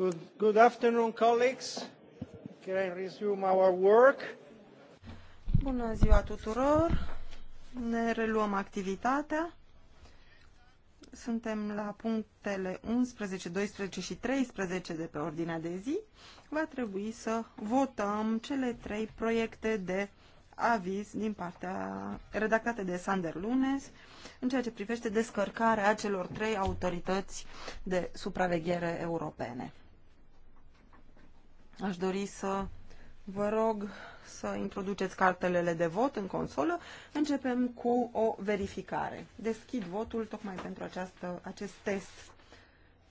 Good, good afternoon, colleagues. Can I resume our work? Bună ziua tuturor. Ne reluăm activitatea. Suntem la punctele 11, 12 și 13 de pe ordinea de zi. Va trebui să votăm cele trei proiecte de aviz din partea redactate de Sander Lunes în ceea ce privește descărcarea celor trei autorități de supraveghere europene. Aș dori să vă rog să introduceți cartelele de vot în consolă. Începem cu o verificare. Deschid votul tocmai pentru această, acest test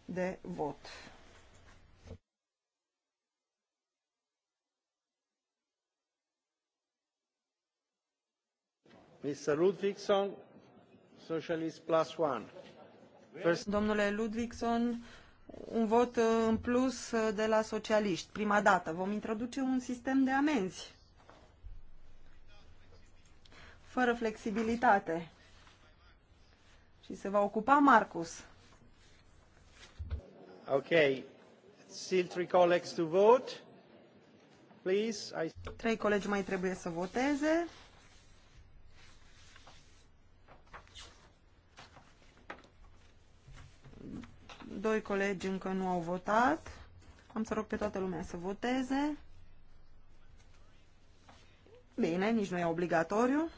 de vot. Mr. Ludvigson, Socialist Plus One. First... Domnule Ludvigson, un vot uh, în plus uh, de la socialiști. Prima dată vom introduce un sistem de amenzi. Fără flexibilitate. Și se va ocupa Marcus. Ok. Still three colleagues to vote. Please. I... Trei colegi mai trebuie să voteze. Doi colegi încă nu au votat. Am să rog pe toată lumea să voteze. Bine, nici nu e obligatoriu.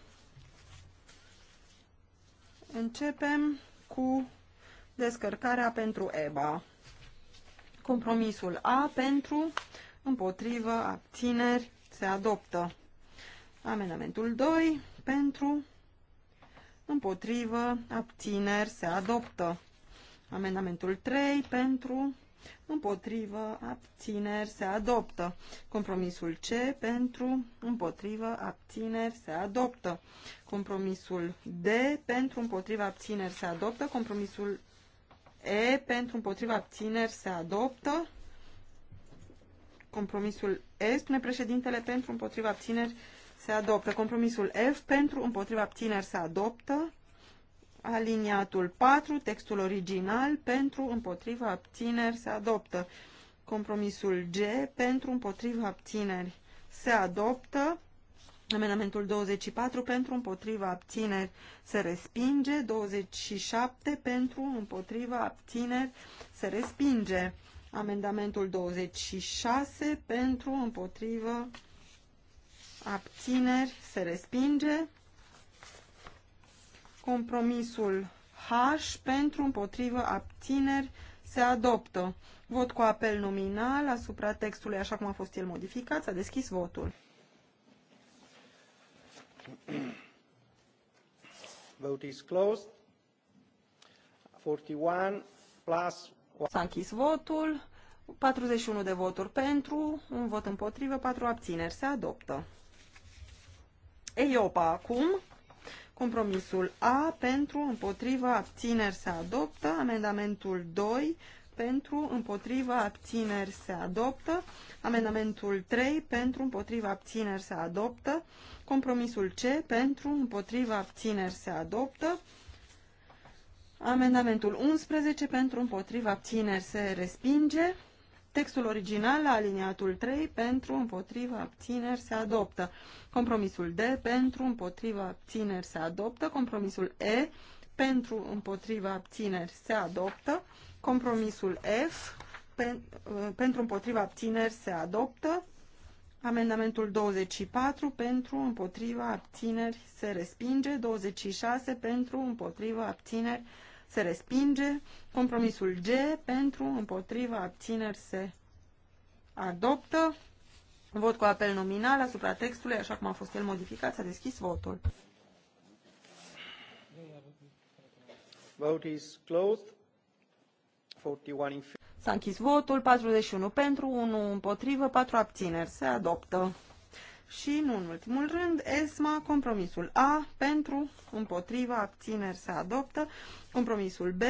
Începem cu descărcarea pentru EBA. Compromisul A pentru, împotrivă, abțineri, se adoptă. Amendamentul 2 pentru, împotrivă, abțineri, se adoptă. Amendamentul 3 pentru, împotrivă, abțineri, se adoptă. Compromisul C pentru, împotrivă, abțineri, se adoptă. Compromisul D pentru, împotrivă, abțineri, se adoptă. Compromisul E pentru, împotrivă, abțineri, se adoptă. Compromisul E, spune președintele, pentru, împotrivă, abțineri, se adoptă. Compromisul F pentru, împotrivă, abțineri, se adoptă. Aliniatul 4, textul original, pentru, împotriva, abțineri, se adoptă. Compromisul G, pentru, împotriva, abțineri, se adoptă. Amendamentul 24 pentru împotriva abțineri se respinge, 27 pentru împotriva abțineri se respinge. Amendamentul 26 pentru împotriva abțineri se respinge. Compromisul H pentru împotrivă abțineri se adoptă. Vot cu apel nominal asupra textului așa cum a fost el modificat. S-a deschis votul. Vote is closed. 41 plus... S-a închis votul. 41 de voturi pentru, un vot împotrivă, 4 abțineri. Se adoptă. EIOPA acum. Compromisul A pentru, împotriva, abțineri se adoptă. Amendamentul 2 pentru, împotriva, abțineri se adoptă. Amendamentul 3 pentru, împotriva, abțineri se adoptă. Compromisul C pentru, împotriva, abțineri se adoptă. Amendamentul 11 pentru, împotriva, abțineri se respinge. Textul original la aliniatul 3 pentru împotriva abțineri se adoptă. Compromisul D pentru împotriva abțineri se adoptă. Compromisul E pentru împotriva abțineri se adoptă. Compromisul F pen, uh, pentru împotriva abțineri se adoptă. Amendamentul 24 pentru împotriva abțineri se respinge. 26 pentru împotriva abțineri se se respinge. Compromisul G pentru, împotriva, abțineri se adoptă. Vot cu apel nominal asupra textului, așa cum a fost el modificat, s-a deschis votul. Vote is closed. 41 in S-a închis votul, 41 pentru, 1 împotrivă, 4 abțineri. Se adoptă. Și, nu în ultimul rând, ESMA, compromisul A, pentru, împotriva, abțineri se adoptă, compromisul B,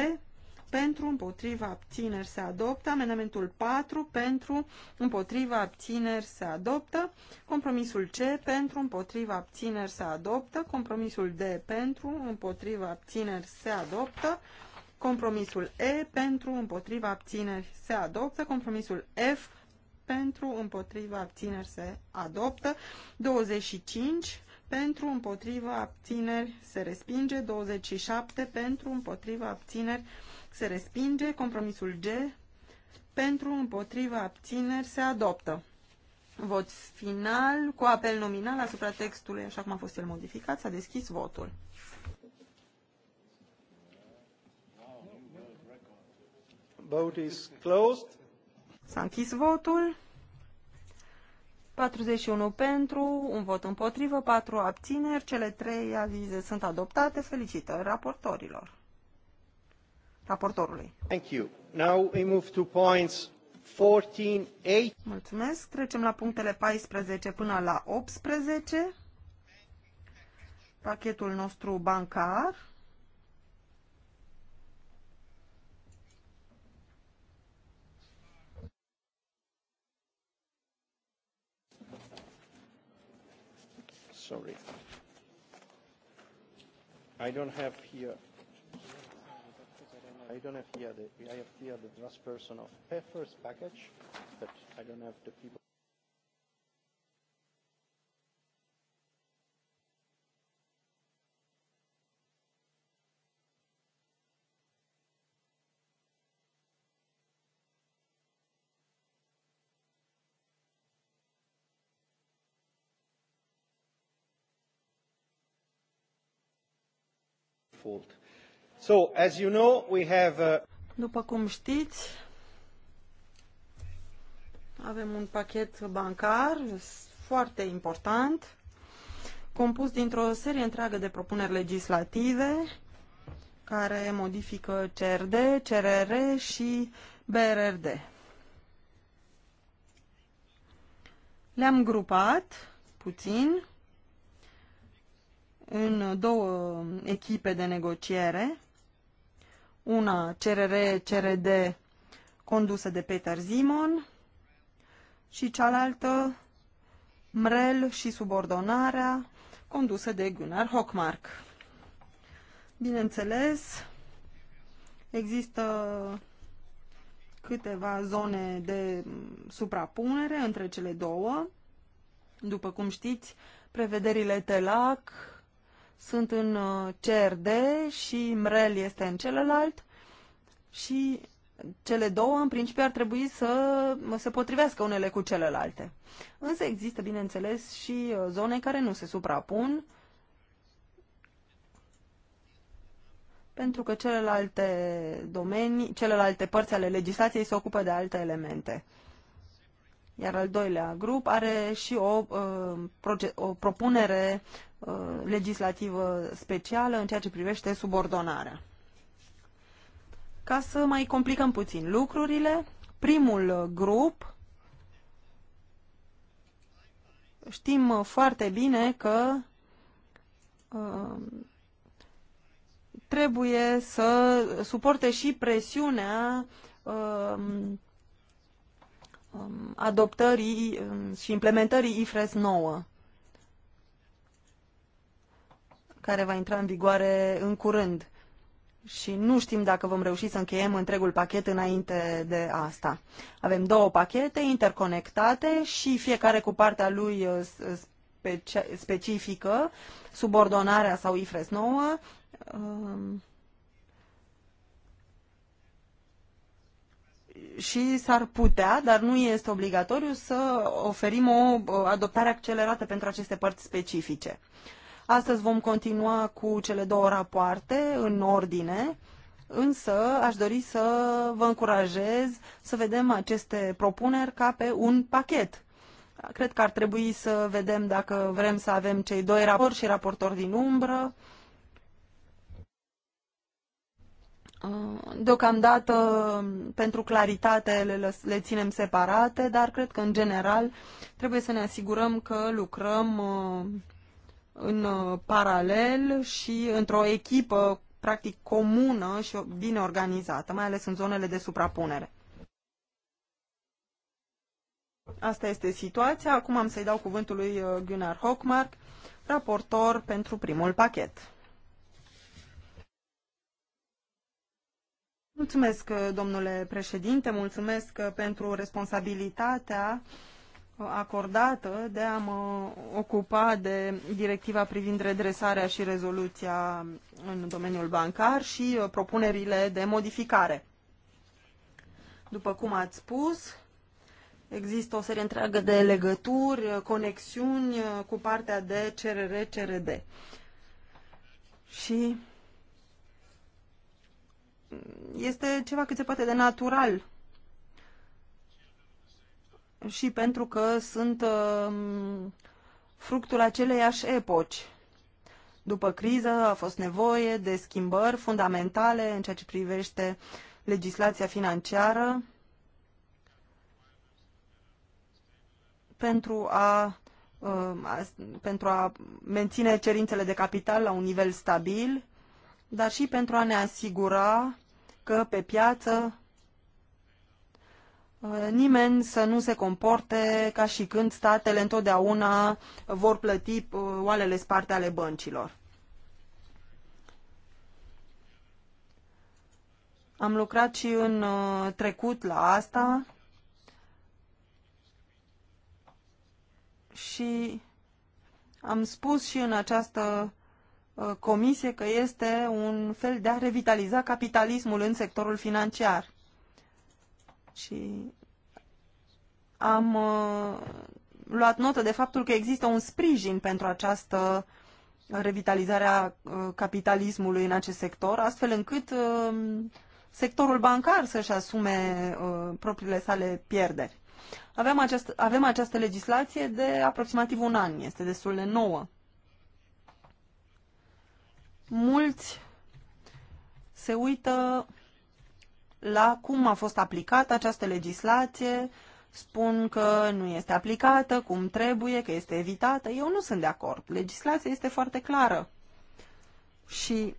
pentru, împotriva, abțineri se adoptă, amendamentul 4, pentru, împotriva, abțineri se adoptă, compromisul C, pentru, împotriva, abțineri se adoptă, compromisul D, pentru, împotriva, abțineri se adoptă, compromisul E, pentru, împotriva, abțineri se adoptă, compromisul F, pentru, împotriva, abțineri se adoptă, 25 pentru, împotriva, abțineri se respinge, 27 pentru, împotriva, abțineri se respinge, compromisul G pentru, împotriva, abțineri se adoptă. Vot final cu apel nominal asupra textului, așa cum a fost el modificat, s-a deschis votul. Vote is closed. S-a închis votul. 41 pentru, un vot împotrivă, 4 abțineri. Cele 3 avize sunt adoptate. Felicitări raportorilor. Raportorului. Thank you. Now we move to points 14, 8. Mulțumesc. Trecem la punctele 14 până la 18. Pachetul nostru bancar. sorry. I don't have here. I don't have here the. I have here the draft person of Pepper's package, but I don't have the people. fault. So, as you know, we have a... Uh, După cum știți, avem un pachet bancar foarte important, compus dintr-o serie întreagă de propuneri legislative care modifică CRD, CRR și BRRD. Le-am grupat puțin în două echipe de negociere, una CRR-CRD condusă de Peter Simon și cealaltă MREL și subordonarea condusă de Gunnar Hockmark. Bineînțeles, există câteva zone de suprapunere între cele două. După cum știți, prevederile TELAC sunt în uh, CRD și MREL este în celălalt și cele două, în principiu, ar trebui să se potrivească unele cu celelalte. Însă există, bineînțeles, și uh, zone care nu se suprapun, pentru că celelalte domenii, celelalte părți ale legislației se ocupă de alte elemente. Iar al doilea grup are și o, uh, o propunere uh, legislativă specială în ceea ce privește subordonarea. Ca să mai complicăm puțin lucrurile, primul grup știm foarte bine că uh, trebuie să suporte și presiunea Um, adoptării um, și implementării IFRS 9, care va intra în vigoare în curând. Și nu știm dacă vom reuși să încheiem întregul pachet înainte de asta. Avem două pachete interconectate și fiecare cu partea lui uh, uh, specifică, subordonarea sau IFRS 9, și s-ar putea, dar nu este obligatoriu, să oferim o adoptare accelerată pentru aceste părți specifice. Astăzi vom continua cu cele două rapoarte în ordine, însă aș dori să vă încurajez să vedem aceste propuneri ca pe un pachet. Cred că ar trebui să vedem dacă vrem să avem cei doi raportori și raportori din umbră, Deocamdată, pentru claritate, le, le ținem separate, dar cred că, în general, trebuie să ne asigurăm că lucrăm uh, în uh, paralel și într-o echipă, practic, comună și bine organizată, mai ales în zonele de suprapunere. Asta este situația. Acum am să-i dau cuvântul lui uh, Gunnar Hockmark, raportor pentru primul pachet. Mulțumesc, uh, domnule președinte, mulțumesc uh, pentru responsabilitatea uh, acordată de a mă ocupa de directiva privind redresarea și rezoluția în domeniul bancar și propunerile de modificare. După cum ați spus, există o serie întreagă de legături, conexiuni cu partea de CRR-CRD. Și este ceva cât se poate de natural și pentru că sunt uh, fructul aceleiași epoci. După criză a fost nevoie de schimbări fundamentale în ceea ce privește legislația financiară pentru a, uh, a, pentru a menține cerințele de capital la un nivel stabil, dar și pentru a ne asigura că pe piață uh, nimeni să nu se comporte ca și când statele întotdeauna vor plăti uh, oalele sparte ale băncilor. Am lucrat și în uh, trecut la asta și am spus și în această Uh, comisie că este un fel de a revitaliza capitalismul în sectorul financiar. Și am uh, luat notă de faptul că există un sprijin pentru această revitalizare a uh, capitalismului în acest sector, astfel încât sectorul bancar să-și asume propriile sale pierderi. Avem, această avem această legislație de aproximativ un an, este destul de nouă mulți se uită la cum a fost aplicată această legislație, spun că nu este aplicată, cum trebuie, că este evitată. Eu nu sunt de acord. Legislația este foarte clară. Și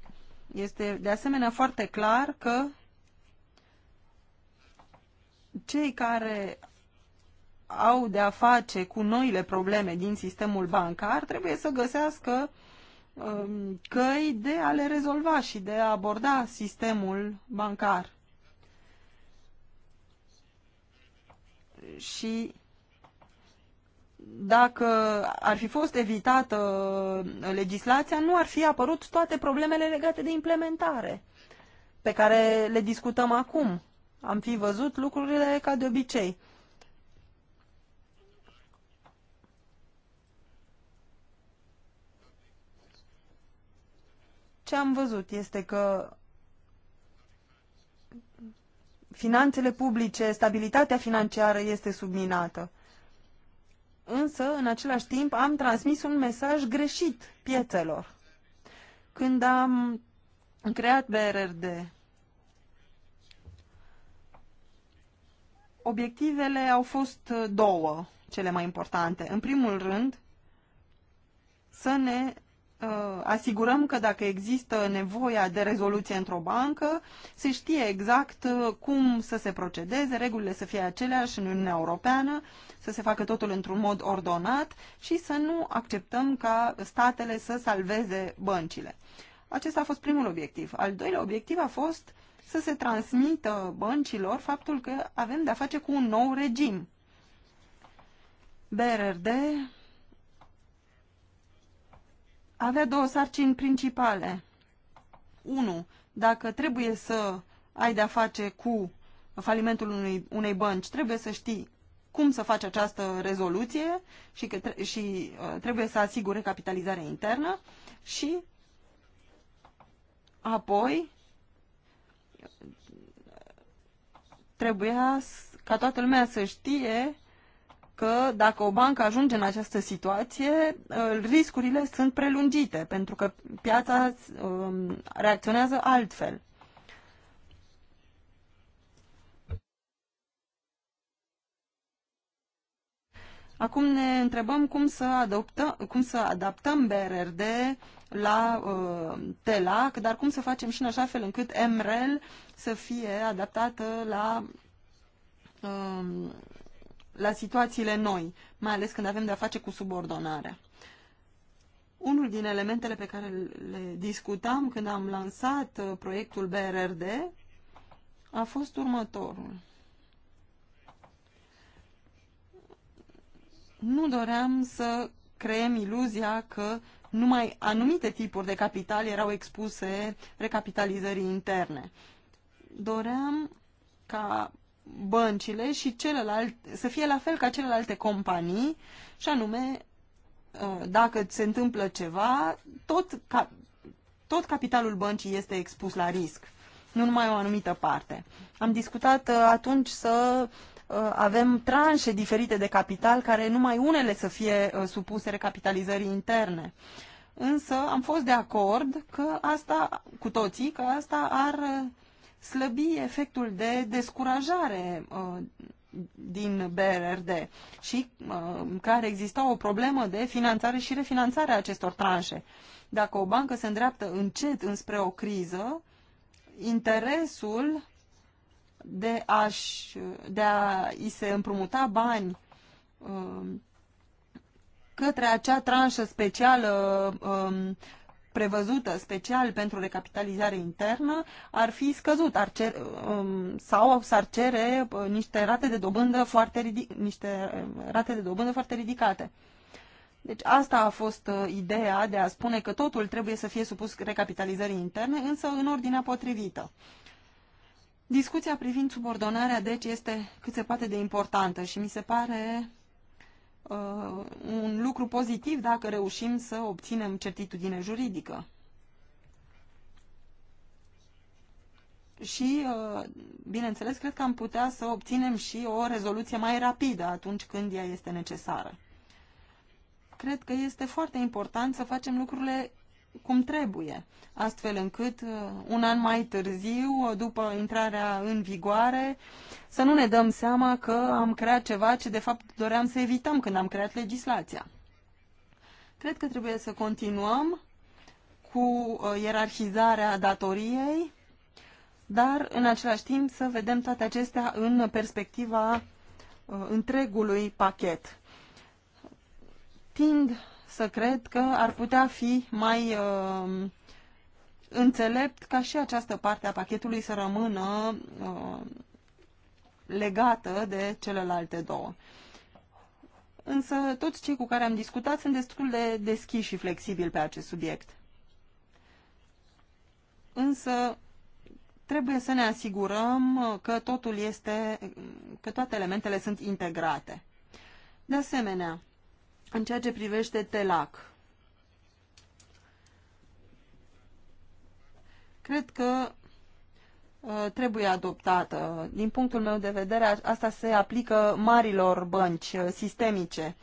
este de asemenea foarte clar că cei care au de a face cu noile probleme din sistemul bancar trebuie să găsească Um, căi de a le rezolva și de a aborda sistemul bancar. Și dacă ar fi fost evitată legislația, nu ar fi apărut toate problemele legate de implementare pe care le discutăm acum. Am fi văzut lucrurile ca de obicei. Ce am văzut este că finanțele publice, stabilitatea financiară este subminată. Însă, în același timp, am transmis un mesaj greșit piețelor. Când am creat BRRD, obiectivele au fost două, cele mai importante. În primul rând, să ne Uh, asigurăm că dacă există nevoia de rezoluție într-o bancă, se știe exact uh, cum să se procedeze, regulile să fie aceleași în Uniunea Europeană, să se facă totul într-un mod ordonat și să nu acceptăm ca statele să salveze băncile. Acesta a fost primul obiectiv. Al doilea obiectiv a fost să se transmită băncilor faptul că avem de-a face cu un nou regim. BRD, avea două sarcini principale. 1. Dacă trebuie să ai de-a face cu falimentul unei, unei bănci, trebuie să știi cum să faci această rezoluție și, că tre- și uh, trebuie să asigure capitalizarea internă și apoi uh, trebuia ca toată lumea să știe că dacă o bancă ajunge în această situație, uh, riscurile sunt prelungite, pentru că piața um, reacționează altfel. Acum ne întrebăm cum să, adoptăm, cum să adaptăm BRRD la uh, TELAC, dar cum să facem și în așa fel încât MREL să fie adaptată la uh, la situațiile noi, mai ales când avem de-a face cu subordonarea. Unul din elementele pe care le discutam când am lansat uh, proiectul BRRD a fost următorul. Nu doream să creăm iluzia că numai anumite tipuri de capital erau expuse recapitalizării interne. Doream ca băncile și celălalt să fie la fel ca celelalte companii și anume uh, dacă se întâmplă ceva, tot, ca, tot capitalul băncii este expus la risc, nu numai o anumită parte. Am discutat uh, atunci să uh, avem tranșe diferite de capital, care numai unele să fie supuse recapitalizării interne. Însă am fost de acord că asta, cu toții, că asta ar slăbi efectul de descurajare uh, din BRRD și uh, care exista o problemă de finanțare și refinanțare a acestor tranșe. Dacă o bancă se îndreaptă încet înspre o criză, interesul de, a de a i se împrumuta bani uh, către acea tranșă specială um, prevăzută special pentru recapitalizare internă ar fi scăzut ar cer, um, sau s-ar cere uh, niște rate de dobândă foarte, niște uh, rate de dobândă foarte ridicate. Deci asta a fost uh, ideea de a spune că totul trebuie să fie supus recapitalizării interne, însă în ordinea potrivită. Discuția privind subordonarea, deci, este cât se poate de importantă și mi se pare Uh, un lucru pozitiv dacă reușim să obținem certitudine juridică. Și, uh, bineînțeles, cred că am putea să obținem și o rezoluție mai rapidă atunci când ea este necesară. Cred că este foarte important să facem lucrurile cum trebuie, astfel încât uh, un an mai târziu, uh, după intrarea în vigoare, să nu ne dăm seama că am creat ceva ce de fapt doream să evităm când am creat legislația. Cred că trebuie să continuăm cu uh, ierarhizarea datoriei, dar în același timp să vedem toate acestea în perspectiva întregului pachet. Tind să cred că ar putea fi mai uh, înțelept ca și această parte a pachetului să rămână uh, legată de celelalte două. Însă toți cei cu care am discutat sunt destul de deschiși și flexibili pe acest subiect. Însă trebuie să ne asigurăm că totul este, că toate elementele sunt integrate. De asemenea, în ceea ce privește TELAC. Cred că uh, trebuie adoptată. Din punctul meu de vedere, asta se aplică marilor bănci uh, sistemice.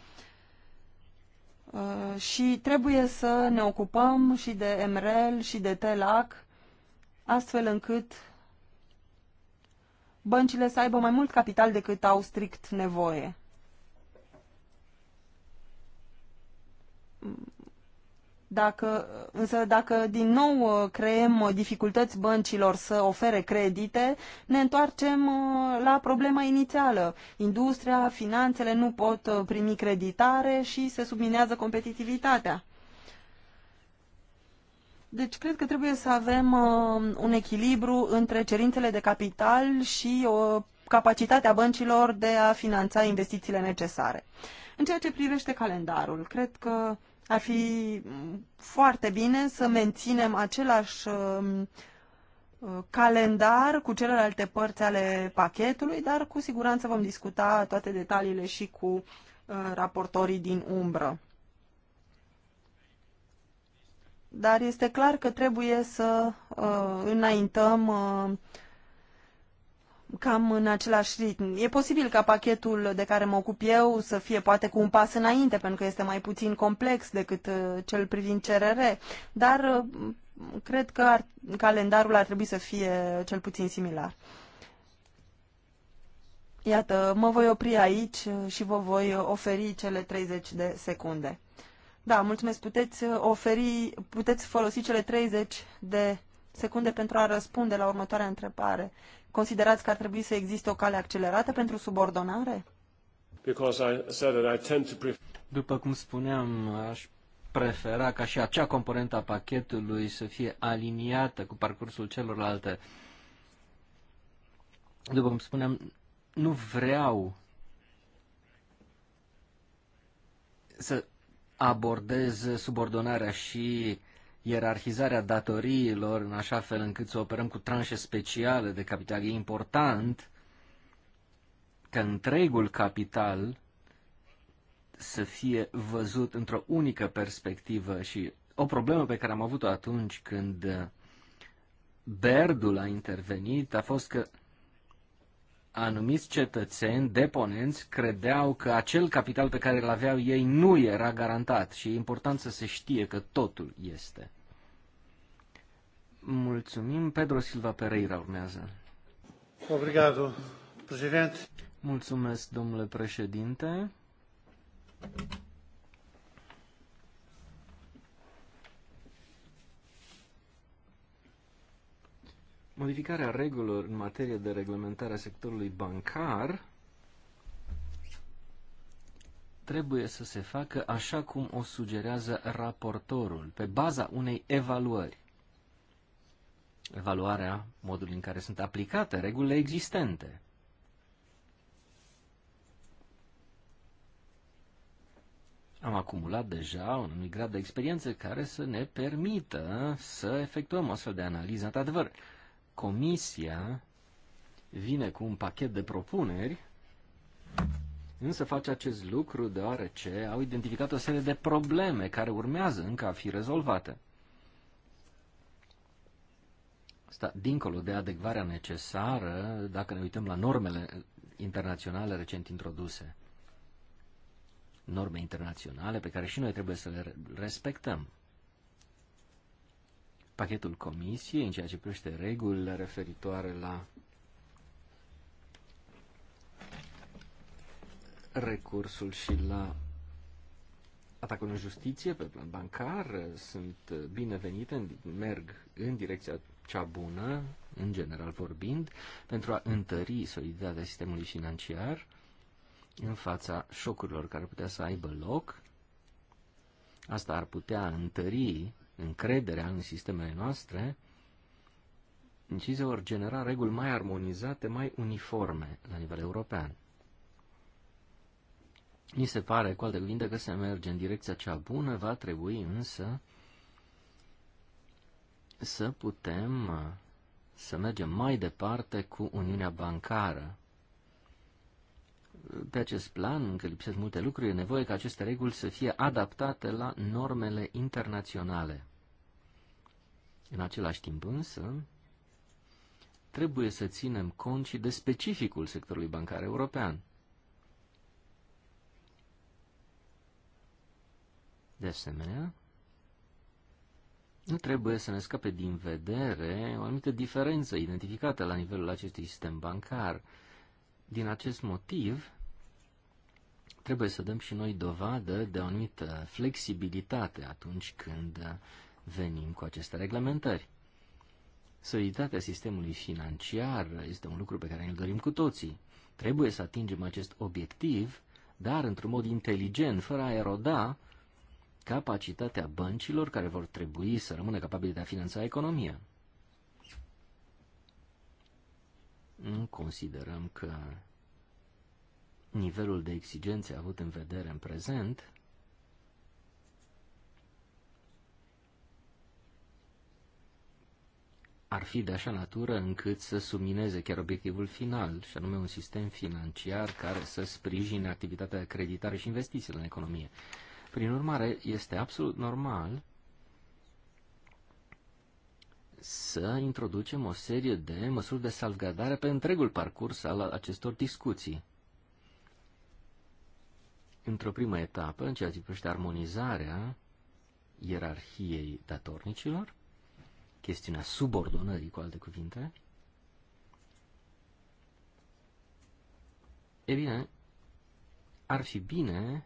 Uh, și trebuie să ne ocupăm și de MREL și de TELAC, astfel încât băncile să aibă mai mult capital decât au strict nevoie. Dacă, însă dacă din nou uh, creăm uh, dificultăți băncilor să ofere credite, ne întoarcem uh, la problema inițială. Industria, finanțele nu pot primi creditare și se subminează competitivitatea. Deci cred că trebuie să avem un echilibru între cerințele de capital și uh, capacitatea băncilor de a finanța investițiile necesare. În ceea ce privește calendarul, cred că ar fi foarte bine să menținem același um, uh, calendar cu celelalte părți ale pachetului, dar cu siguranță vom discuta toate detaliile și cu uh, raportorii din umbră. Dar este clar că trebuie să uh, înaintăm cam în același ritm. E posibil ca pachetul de care mă ocup eu să fie poate cu un pas înainte, pentru că este mai puțin complex decât uh, cel privind CRR, dar uh, cred că ar, calendarul ar trebui să fie cel puțin similar. Iată, mă voi opri aici uh, și vă voi oferi cele 30 de secunde. Da, mulțumesc. Puteți oferi, puteți folosi cele 30 de secunde pentru a răspunde la următoarea întrebare. Considerați că ar trebui să existe o cale accelerată pentru subordonare? După cum spuneam, aș prefera ca și acea componentă a pachetului să fie aliniată cu parcursul celorlalte. După cum spuneam, nu vreau să abordez subordonarea și ierarhizarea datoriilor în așa fel încât să operăm cu tranșe speciale de capital. E important ca întregul capital să fie văzut într-o unică perspectivă și o problemă pe care am avut-o atunci când Berdul a intervenit a fost că anumiți cetățeni, deponenți, credeau că acel capital pe care îl aveau ei nu era garantat și e important să se știe că totul este. Mulțumim. Pedro Silva Pereira urmează. Obrigado, președinte. Mulțumesc, domnule președinte. Modificarea regulilor în materie de reglementare a sectorului bancar trebuie să se facă așa cum o sugerează raportorul, pe baza unei evaluări evaluarea modului în care sunt aplicate regulile existente. Am acumulat deja un anumit grad de experiență care să ne permită să efectuăm o astfel de analiză. Într-adevăr, Comisia vine cu un pachet de propuneri, însă face acest lucru deoarece au identificat o serie de probleme care urmează încă a fi rezolvate. Asta, dincolo de adecvarea necesară, dacă ne uităm la normele internaționale recent introduse, norme internaționale pe care și noi trebuie să le respectăm. Pachetul Comisiei, în ceea ce privește regulile referitoare la recursul și la atacul în justiție pe plan bancar sunt binevenite, merg în direcția cea bună, în general vorbind, pentru a întări soliditatea sistemului financiar în fața șocurilor care putea să aibă loc. Asta ar putea întări încrederea în sistemele noastre și se vor genera reguli mai armonizate, mai uniforme la nivel european. Mi se pare, cu alte cuvinte, că se merge în direcția cea bună, va trebui însă să putem uh, să mergem mai departe cu Uniunea Bancară. Pe acest plan, încă lipsesc multe lucruri, e nevoie ca aceste reguli să fie adaptate la normele internaționale. În același timp însă, trebuie să ținem cont și de specificul sectorului bancar european. De asemenea, nu trebuie să ne scape din vedere o anumită diferență identificată la nivelul acestui sistem bancar. Din acest motiv, trebuie să dăm și noi dovadă de o anumită flexibilitate atunci când venim cu aceste reglementări. Soliditatea sistemului financiar este un lucru pe care ne-l dorim cu toții. Trebuie să atingem acest obiectiv, dar într-un mod inteligent, fără a eroda capacitatea băncilor care vor trebui să rămână capabile de a finanța economia. Nu considerăm că nivelul de exigențe avut în vedere în prezent ar fi de așa natură încât să submineze chiar obiectivul final, și anume un sistem financiar care să sprijine activitatea de creditare și investițiile în economie. Prin urmare, este absolut normal să introducem o serie de măsuri de salvgardare pe întregul parcurs al acestor discuții. Într-o primă etapă, în ceea ce privește armonizarea ierarhiei datornicilor, chestiunea subordonării, cu alte cuvinte, e bine, ar fi bine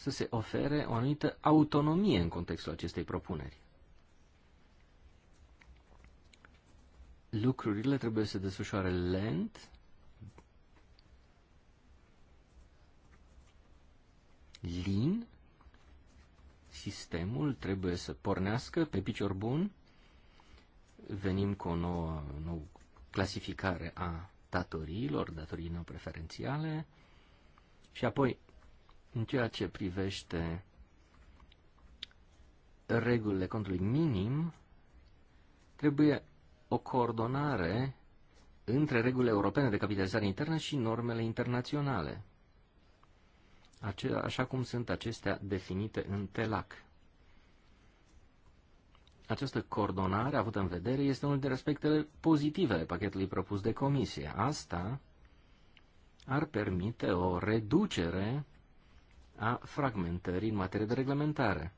să se ofere o anumită autonomie în contextul acestei propuneri. Lucrurile trebuie să se desfășoare lent, lin, sistemul trebuie să pornească pe picior bun, venim cu o nouă, nouă clasificare a datoriilor, datorii preferențiale, și apoi în ceea ce privește regulile contului minim, trebuie o coordonare între regulile europene de capitalizare internă și normele internaționale, așa cum sunt acestea definite în TELAC. Această coordonare avută în vedere este unul din aspectele pozitive ale pachetului propus de comisie. Asta ar permite o reducere a fragmentării în materie de reglementare.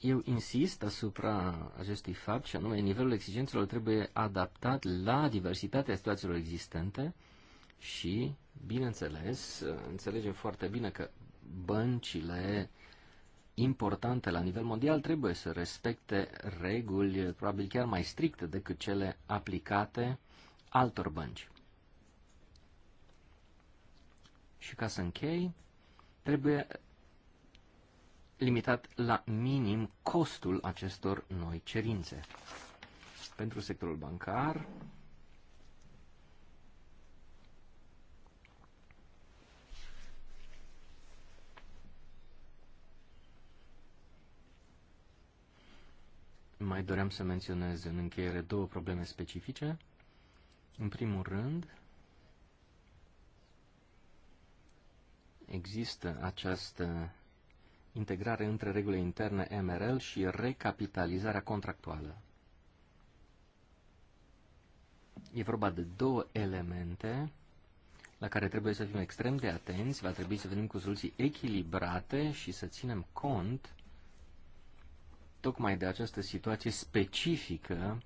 Eu insist asupra acestui fapt și anume nivelul exigențelor trebuie adaptat la diversitatea situațiilor existente și, bineînțeles, înțelegem foarte bine că băncile importante la nivel mondial trebuie să respecte reguli probabil chiar mai stricte decât cele aplicate altor bănci. Și ca să închei, trebuie limitat la minim costul acestor noi cerințe. Pentru sectorul bancar, mai doream să menționez în încheiere două probleme specifice. În primul rând, există această integrare între regulile interne MRL și recapitalizarea contractuală. E vorba de două elemente la care trebuie să fim extrem de atenți, va trebui să venim cu soluții echilibrate și să ținem cont tocmai de această situație specifică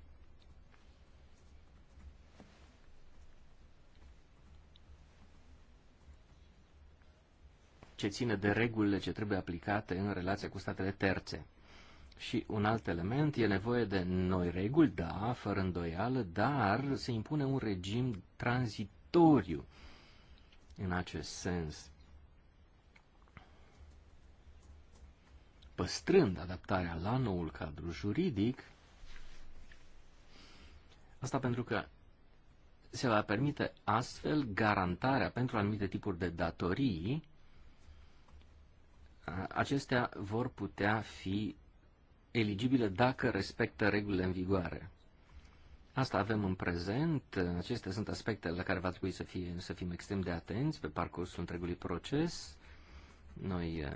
ce ține de regulile ce trebuie aplicate în relația cu statele terțe. Și un alt element, e nevoie de noi reguli, da, fără îndoială, dar se impune un regim tranzitoriu în acest sens. Păstrând adaptarea la noul cadru juridic, asta pentru că se va permite astfel garantarea pentru anumite tipuri de datorii acestea vor putea fi eligibile dacă respectă regulile în vigoare. Asta avem în prezent, acestea sunt aspectele la care va trebui să, fie, să fim extrem de atenți pe parcursul întregului proces. Noi eh,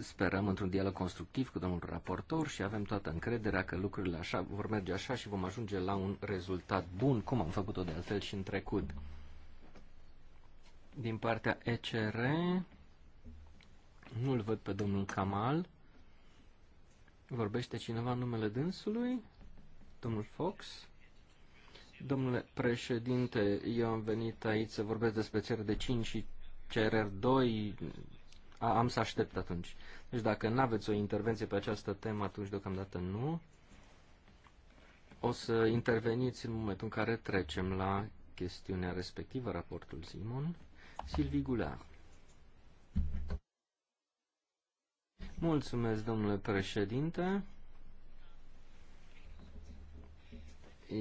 sperăm într-un dialog constructiv cu domnul raportor și avem toată încrederea că lucrurile așa vor merge așa și vom ajunge la un rezultat bun, cum am făcut-o de altfel și în trecut. Din partea ECR, nu-l văd pe domnul Kamal. Vorbește cineva în numele dânsului? Domnul Fox? Domnule președinte, eu am venit aici să vorbesc despre de 5 și cereri 2 A, am să aștept atunci. Deci dacă nu aveți o intervenție pe această temă, atunci deocamdată nu. O să interveniți în momentul în care trecem la chestiunea respectivă, raportul Simon. Silvi Goulart. Mulțumesc, domnule președinte.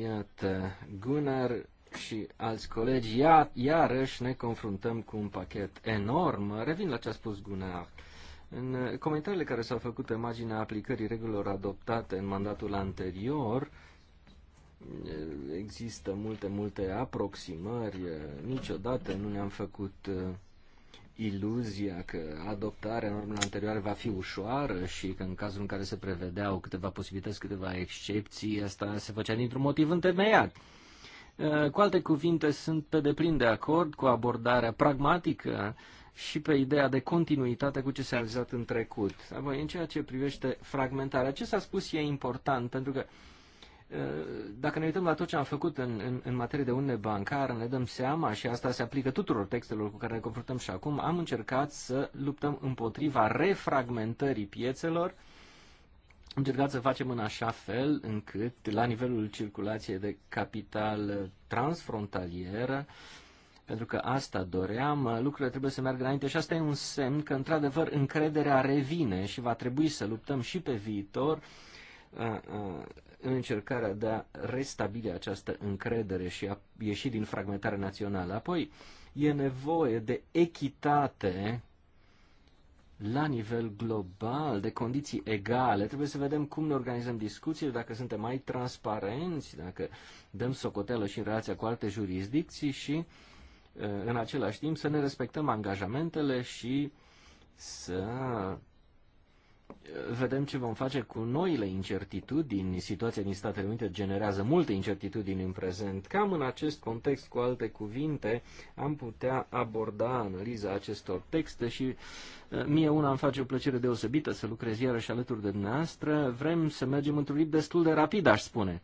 Iată, Gunnar și alți colegi, ia, iarăși ne confruntăm cu un pachet enorm. Revin la ce a spus Gunnar. În comentariile care s-au făcut pe marginea aplicării regulilor adoptate în mandatul anterior, există multe, multe aproximări. Niciodată nu ne-am făcut iluzia că adoptarea normelor anterioare va fi ușoară și că în cazul în care se prevedeau câteva posibilități, câteva excepții, asta se făcea dintr-un motiv întemeiat. Uh, cu alte cuvinte, sunt pe deplin de acord cu abordarea pragmatică și pe ideea de continuitate cu ce s-a realizat în trecut. Apoi, în ceea ce privește fragmentarea, ce s-a spus e important, pentru că Eh, dacă ne uităm la tot ce am făcut în, în, în materie de unde bancară, ne dăm seama, și asta se aplică tuturor textelor cu care ne confruntăm și acum, am încercat să luptăm împotriva refragmentării piețelor, am încercat să facem în așa fel încât, la nivelul circulației de capital transfrontalieră, pentru că asta doream, lucrurile trebuie să meargă înainte și asta e un semn că, într-adevăr, încrederea revine și va trebui să luptăm și pe viitor în încercarea de a restabili această încredere și a ieși din fragmentarea națională. Apoi, e nevoie de echitate la nivel global, de condiții egale. Trebuie să vedem cum ne organizăm discuțiile, dacă suntem mai transparenți, dacă dăm socoteală și în relația cu alte jurisdicții și, în același timp, să ne respectăm angajamentele și să vedem ce vom face cu noile incertitudini. Situația din Statele Unite generează multe incertitudini în prezent. Cam în acest context, cu alte cuvinte, am putea aborda analiza acestor texte și eh, mie una îmi face o plăcere deosebită să lucrez iarăși alături de dumneavoastră. Vrem să mergem într-un ritm destul de rapid, aș spune.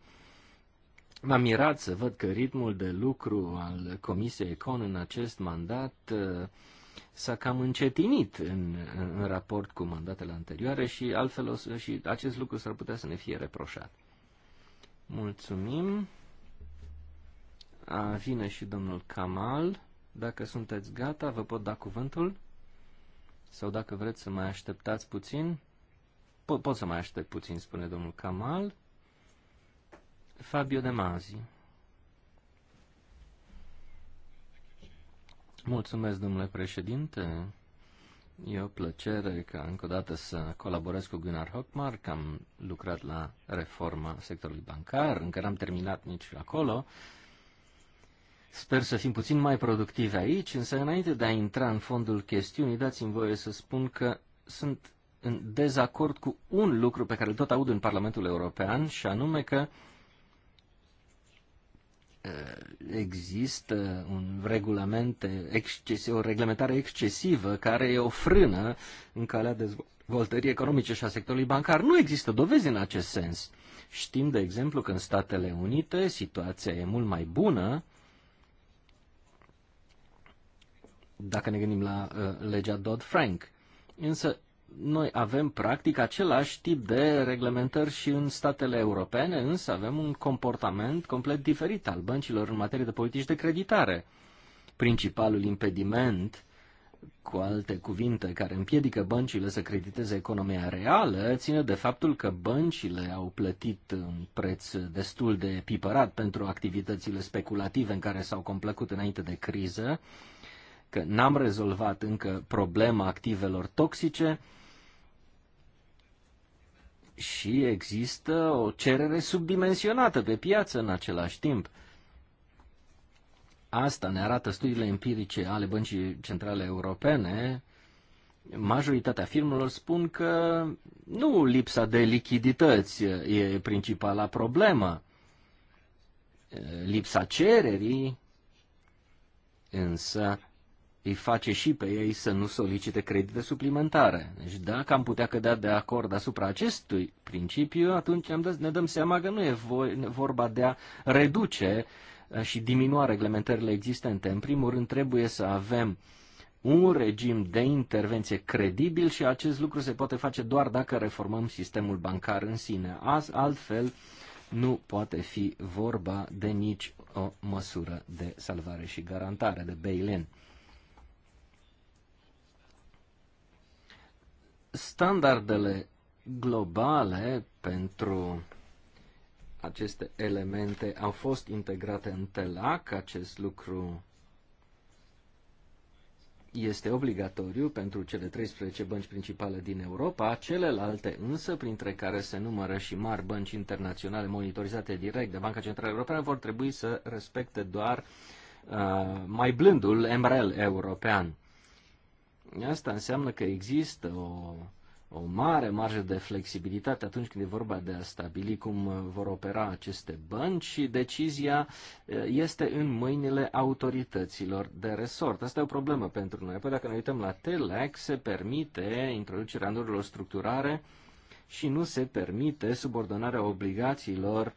M-am mirat să văd că ritmul de lucru al Comisiei Econ în acest mandat uh, s-a cam încetinit în, în raport cu mandatele anterioare și altfel o, să, și acest lucru s-ar putea să ne fie reproșat. Mulțumim. A, vine și domnul Kamal. Dacă sunteți gata, vă pot da cuvântul? Sau dacă vreți să mai așteptați puțin? Po- pot să mai aștept puțin, spune domnul Kamal. Fabio De Mazi. Mulțumesc, domnule președinte. E o plăcere ca încă o dată să colaborez cu Gunnar Hockmark. Am lucrat la reforma sectorului bancar, încă n-am terminat nici acolo. Sper să fim puțin mai productivi aici, însă înainte de a intra în fondul chestiunii, dați-mi voie să spun că sunt în dezacord cu un lucru pe care îl tot aud în Parlamentul European, și anume că uh, Eh, există un regulament excesiv, o reglementare excesivă care e o frână în calea dezvoltării economice și a sectorului bancar. Nu există dovezi în acest sens. Știm, de exemplu, că în Statele Unite situația e mult mai bună dacă ne gândim la uh, legea Dodd-Frank. Însă noi avem practic același tip de reglementări și în statele europene, însă avem un comportament complet diferit al băncilor în materie de politici de creditare. Principalul impediment, cu alte cuvinte, care împiedică băncile să crediteze economia reală, ține de faptul că băncile au plătit un preț destul de pipărat pentru activitățile speculative în care s-au complăcut înainte de criză, că n-am rezolvat încă problema activelor toxice și există o cerere subdimensionată pe piață în același timp. Asta ne arată studiile empirice ale Băncii Centrale Europene. Majoritatea firmelor spun că nu lipsa de lichidități e principala problemă. Lipsa cererii însă îi face și pe ei să nu solicite credite suplimentare. Deci dacă am putea cădea de acord asupra acestui principiu, atunci ne dăm seama că nu e vorba de a reduce uh, și diminua reglementările existente. În primul rând trebuie să avem un regim de intervenție credibil și acest lucru se poate face doar dacă reformăm sistemul bancar în sine. altfel, nu poate fi vorba de nici o măsură de salvare și garantare, de bail-in. standardele globale pentru aceste elemente au fost integrate în TELAC. Acest lucru este obligatoriu pentru cele 13 bănci principale din Europa, celelalte însă, printre care se numără și mari bănci internaționale monitorizate direct de Banca Centrală Europeană, vor trebui să respecte doar uh, mai blândul MREL european. Asta înseamnă că există o, o mare marjă de flexibilitate atunci când e vorba de a stabili cum vor opera aceste bănci și decizia este în mâinile autorităților de resort. Asta e o problemă pentru noi. Apoi dacă ne uităm la TELEC, se permite introducerea norilor structurare și nu se permite subordonarea obligațiilor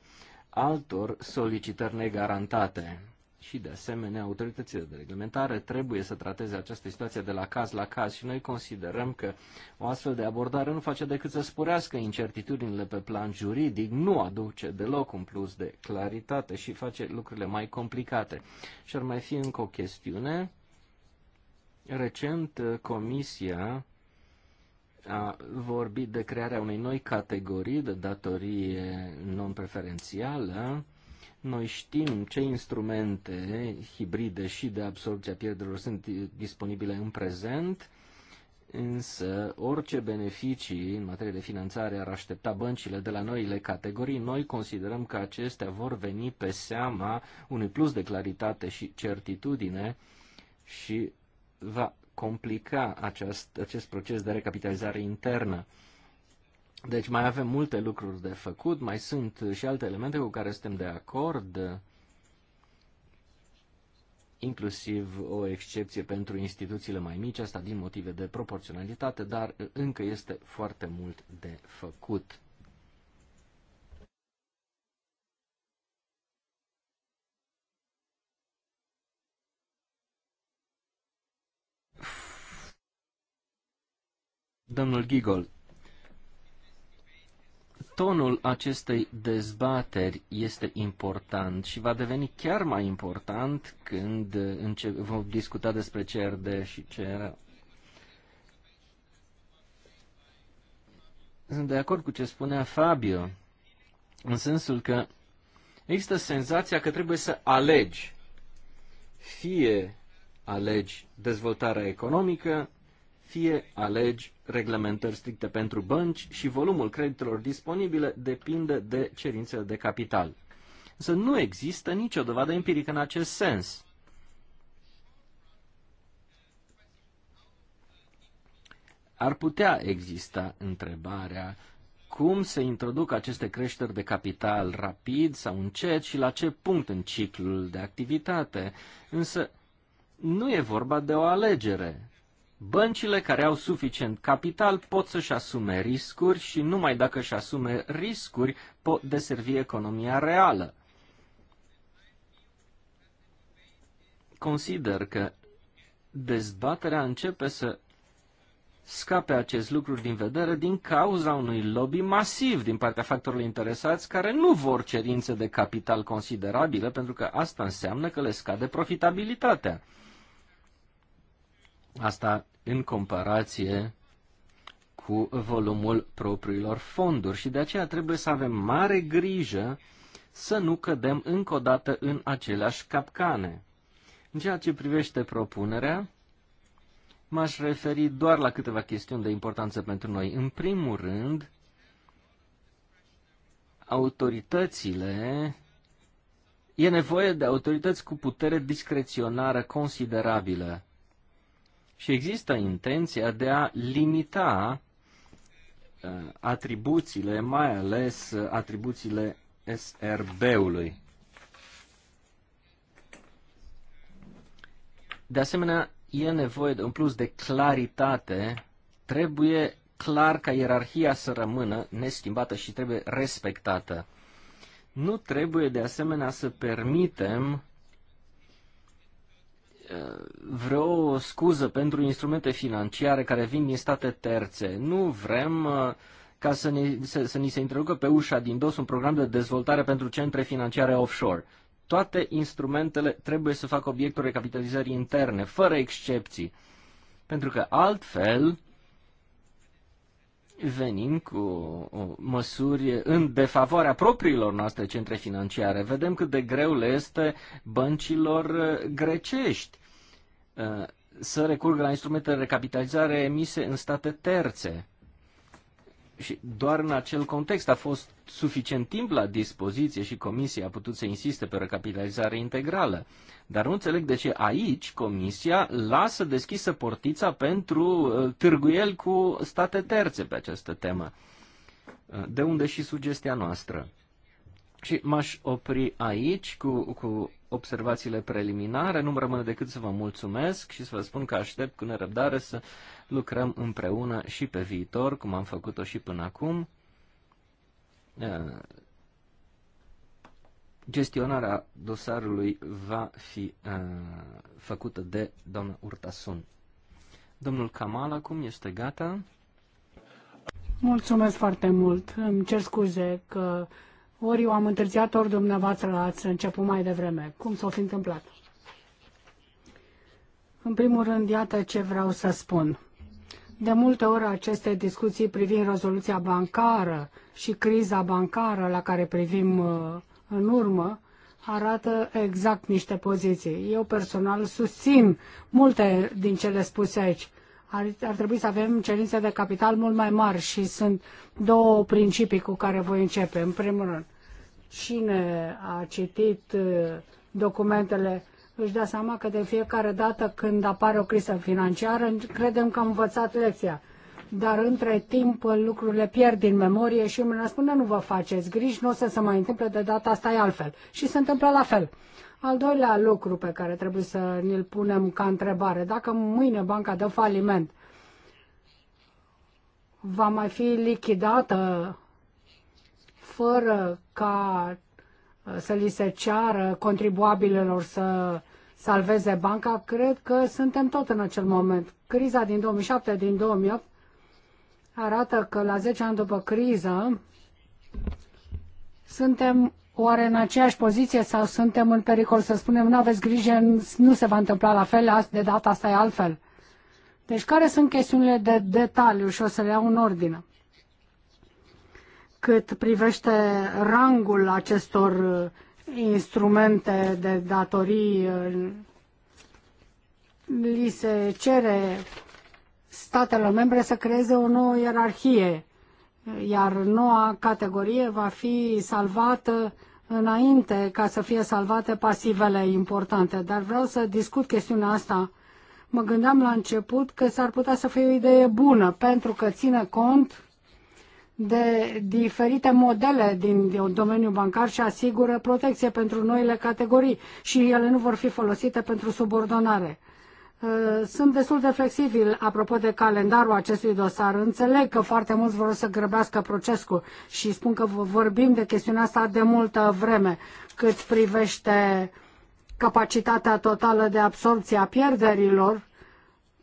altor solicitări negarantate și, de asemenea, autoritățile de reglementare trebuie să trateze această situație de la caz la caz și noi considerăm că o astfel de abordare nu face decât să sporească incertitudinile pe plan juridic, nu aduce deloc un plus de claritate și face lucrurile mai complicate. Și ar mai fi încă o chestiune. Recent, uh, Comisia a vorbit de crearea unei noi categorii de datorie non-preferențială, noi știm ce instrumente hibride și de absorbție a pierderilor sunt disponibile în prezent, însă orice beneficii în materie de finanțare ar aștepta băncile de la noile categorii, noi considerăm că acestea vor veni pe seama unui plus de claritate și certitudine și va complica aceast, acest proces de recapitalizare internă. Deci mai avem multe lucruri de făcut, mai sunt și alte elemente cu care suntem de acord, inclusiv o excepție pentru instituțiile mai mici, asta din motive de proporționalitate, dar încă este foarte mult de făcut. Domnul Gigol, tonul acestei dezbateri este important și va deveni chiar mai important când vom discuta despre CRD și CRA. Sunt de acord cu ce spunea Fabio, în sensul că există senzația că trebuie să alegi. Fie alegi dezvoltarea economică, fie alegi reglementări stricte pentru bănci și volumul creditelor disponibile depinde de cerințele de capital. Însă nu există nicio dovadă empirică în acest sens. Ar putea exista întrebarea cum se introduc aceste creșteri de capital rapid sau încet și la ce punct în ciclul de activitate. Însă nu e vorba de o alegere. Băncile care au suficient capital pot să-și asume riscuri și numai dacă își asume riscuri pot deservi economia reală. Consider că dezbaterea începe să scape acest lucru din vedere din cauza unui lobby masiv din partea factorilor interesați care nu vor cerințe de capital considerabile pentru că asta înseamnă că le scade profitabilitatea. Asta în comparație cu volumul propriilor fonduri și de aceea trebuie să avem mare grijă să nu cădem încă o dată în aceleași capcane. În ceea ce privește propunerea, m-aș referi doar la câteva chestiuni de importanță pentru noi. În primul rând, autoritățile, e nevoie de autorități cu putere discreționară considerabilă. Și există intenția de a limita uh, atribuțiile, mai ales uh, atribuțiile SRB-ului. De asemenea, e nevoie de un plus de claritate. Trebuie clar ca ierarhia să rămână neschimbată și trebuie respectată. Nu trebuie de asemenea să permitem vreo scuză pentru instrumente financiare care vin din state terțe. Nu vrem uh, ca să, ni, să, să ni se introducă pe ușa din dos un program de dezvoltare pentru centre financiare offshore. Toate instrumentele trebuie să facă obiectul recapitalizării interne, fără excepții. Pentru că altfel venim cu măsuri în defavoarea propriilor noastre centre financiare. Vedem cât de greu le este băncilor uh, grecești uh, să recurgă la instrumente de recapitalizare emise în state terțe. Și doar în acel context a fost suficient timp la dispoziție și Comisia a putut să insiste pe o recapitalizare integrală. Dar nu înțeleg de ce aici Comisia lasă deschisă portița pentru uh, târguiel cu state terțe pe această temă. Uh, de unde și sugestia noastră. Și m-aș opri aici cu, cu observațiile preliminare. Nu-mi rămâne decât să vă mulțumesc și să vă spun că aștept cu nerăbdare să lucrăm împreună și pe viitor, cum am făcut-o și până acum. Gestionarea dosarului va fi făcută de doamna Urtasun. Domnul Kamal acum este gata. Mulțumesc foarte mult. Îmi cer scuze că ori eu am întârziat, ori dumneavoastră ați început mai devreme. Cum s a fi întâmplat? În primul rând, iată ce vreau să spun. De multe ori aceste discuții privind rezoluția bancară și criza bancară la care privim uh, în urmă arată exact niște poziții. Eu personal susțin multe din cele spuse aici. Ar, ar trebui să avem cerințe de capital mult mai mari și sunt două principii cu care voi începe. În primul rând, cine a citit uh, documentele își dea seama că de fiecare dată când apare o criză financiară, credem că am învățat lecția. Dar între timp lucrurile pierd din memorie și îmi spune nu vă faceți griji, nu o să se mai întâmple, de data asta e altfel. Și se întâmplă la fel. Al doilea lucru pe care trebuie să ne-l punem ca întrebare, dacă mâine banca dă faliment, va mai fi lichidată fără ca uh, să li se ceară contribuabililor să salveze banca, cred că suntem tot în acel moment. Criza din 2007, din 2008, arată că la 10 ani după criză suntem oare în aceeași poziție sau suntem în pericol să spunem nu aveți grijă, nu se va întâmpla la fel, de data asta e altfel. Deci care sunt chestiunile de detaliu și o să le iau în ordine. Cât privește rangul acestor instrumente de datorii uh, li se cere statelor membre să creeze o nouă ierarhie, iar noua categorie va fi salvată înainte ca să fie salvate pasivele importante. Dar vreau să discut chestiunea asta. Mă gândeam la început că s-ar putea să fie o idee bună, pentru că ține cont de diferite modele din domeniul bancar și asigură protecție pentru noile categorii și ele nu vor fi folosite pentru subordonare. Uh, sunt destul de flexibil apropo de calendarul acestui dosar. Înțeleg că foarte mulți vor să grăbească procesul și spun că vorbim de chestiunea asta de multă vreme cât privește capacitatea totală de absorbție a pierderilor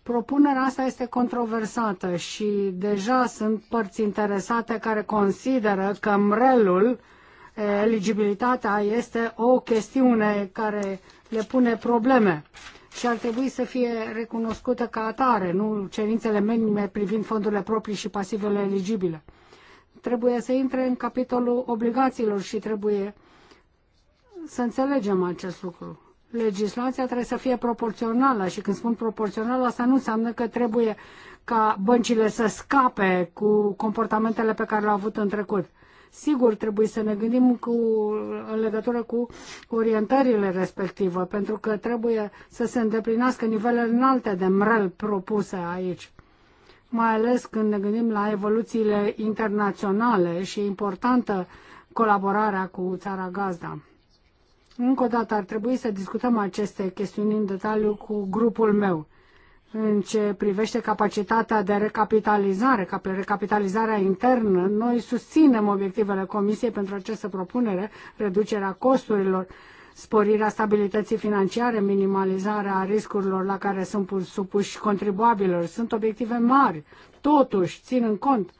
Propunerea asta este controversată și deja sunt părți interesate care consideră că mrelul, eligibilitatea, este o chestiune care le pune probleme și ar trebui să fie recunoscută ca atare, nu cerințele minime privind fondurile proprii și pasivele eligibile. Trebuie să intre în capitolul obligațiilor și trebuie să înțelegem acest lucru legislația trebuie să fie proporțională și când spun proporțională, asta nu înseamnă că trebuie ca băncile să scape cu comportamentele pe care le-au avut în trecut. Sigur, trebuie să ne gândim cu, în legătură cu orientările respective, pentru că trebuie să se îndeplinească nivelele înalte de MREL propuse aici mai ales când ne gândim la evoluțiile internaționale și importantă colaborarea cu țara gazda. Încă o dată ar trebui să discutăm aceste chestiuni în detaliu cu grupul meu în ce privește capacitatea de recapitalizare, recapitalizarea internă, noi susținem obiectivele Comisiei pentru această propunere, reducerea costurilor, sporirea stabilității financiare, minimalizarea riscurilor la care sunt supuși contribuabilor. Sunt obiective mari. Totuși, ținând cont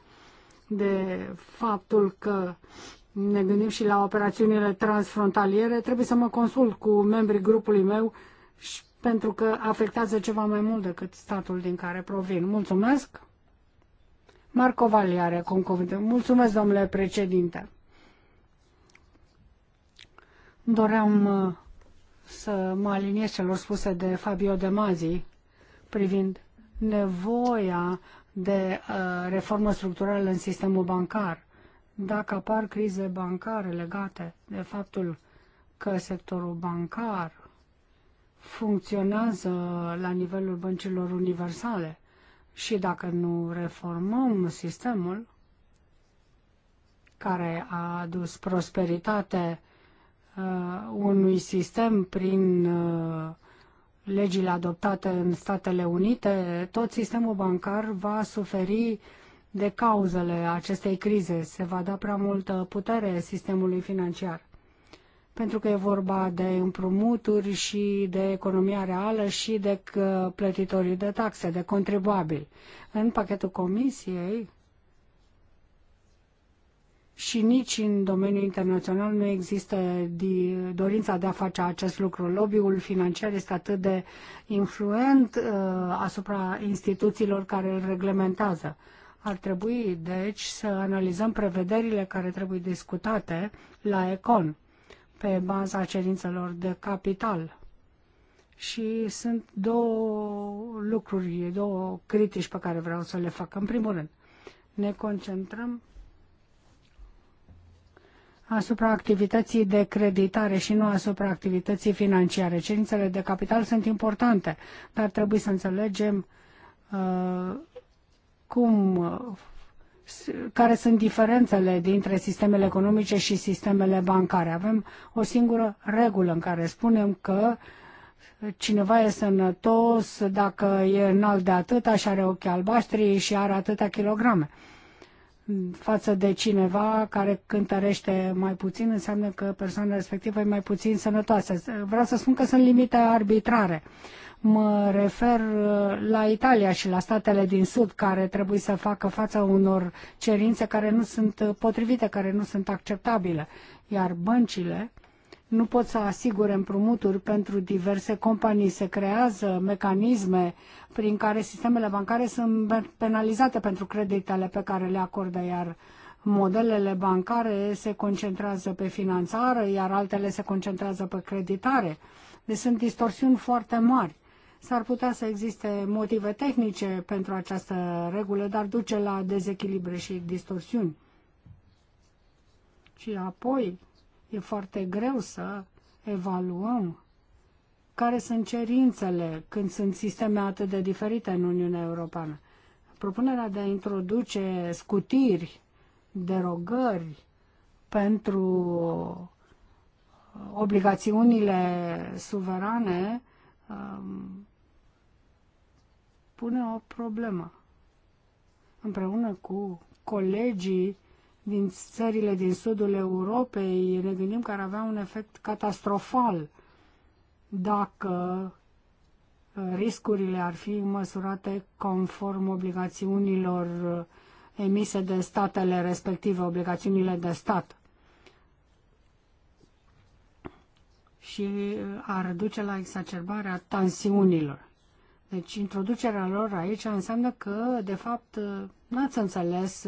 de faptul că ne gândim și la operațiunile transfrontaliere, trebuie să mă consult cu membrii grupului meu și pentru că afectează ceva mai mult decât statul din care provin. Mulțumesc! Marco Valli are acum cuvinte. Mulțumesc, domnule președinte! Doream uh, să mă aliniez celor spuse de Fabio De Mazi privind nevoia de uh, reformă structurală în sistemul bancar dacă apar crize bancare legate de faptul că sectorul bancar funcționează la nivelul băncilor universale și dacă nu reformăm sistemul care a adus prosperitate uh, unui sistem prin uh, legile adoptate în Statele Unite, tot sistemul bancar va suferi uh, de cauzele acestei crize. Se va da prea multă putere sistemului financiar. Pentru că e vorba de împrumuturi și de economia reală și de uh, plătitorii de taxe, de contribuabili. În pachetul comisiei și nici în domeniul internațional nu există dorința de a face acest lucru. Lobby-ul financiar este atât de influent uh, asupra instituțiilor care îl reglementează. Ar trebui, deci, să analizăm prevederile care trebuie discutate la ECON pe baza cerințelor de capital. Și sunt două lucruri, două critici pe care vreau să le fac. În primul rând, ne concentrăm asupra activității de creditare și nu asupra activității financiare. Cerințele de capital sunt importante, dar trebuie să înțelegem uh, cum, care sunt diferențele dintre sistemele economice și sistemele bancare. Avem o singură regulă în care spunem că cineva e sănătos dacă e înalt de atâta și are ochii albaștri și are atâta kilograme față de cineva care cântărește mai puțin, înseamnă că persoana respectivă e mai puțin sănătoasă. Vreau să spun că sunt limite arbitrare. Mă refer uh, la Italia și la statele din Sud care trebuie să facă față unor cerințe care nu sunt uh, potrivite, care nu sunt acceptabile. Iar băncile nu pot să asigure împrumuturi pentru diverse companii. Se creează mecanisme prin care sistemele bancare sunt penalizate pentru creditele pe care le acordă, iar modelele bancare se concentrează pe finanțare, iar altele se concentrează pe creditare. Deci sunt distorsiuni foarte mari S-ar putea să existe motive tehnice pentru această regulă, dar duce la dezechilibre și distorsiuni. Și apoi e foarte greu să evaluăm care sunt cerințele când sunt sisteme atât de diferite în Uniunea Europeană. Propunerea de a introduce scutiri, derogări pentru obligațiunile suverane um, pune o problemă. Împreună cu colegii din țările din sudul Europei, ne gândim că ar avea un efect catastrofal dacă uh, riscurile ar fi măsurate conform obligațiunilor uh, emise de statele respective, obligațiunile de stat. Și uh, ar duce la exacerbarea tensiunilor. Deci introducerea lor aici înseamnă că, de fapt, n-ați înțeles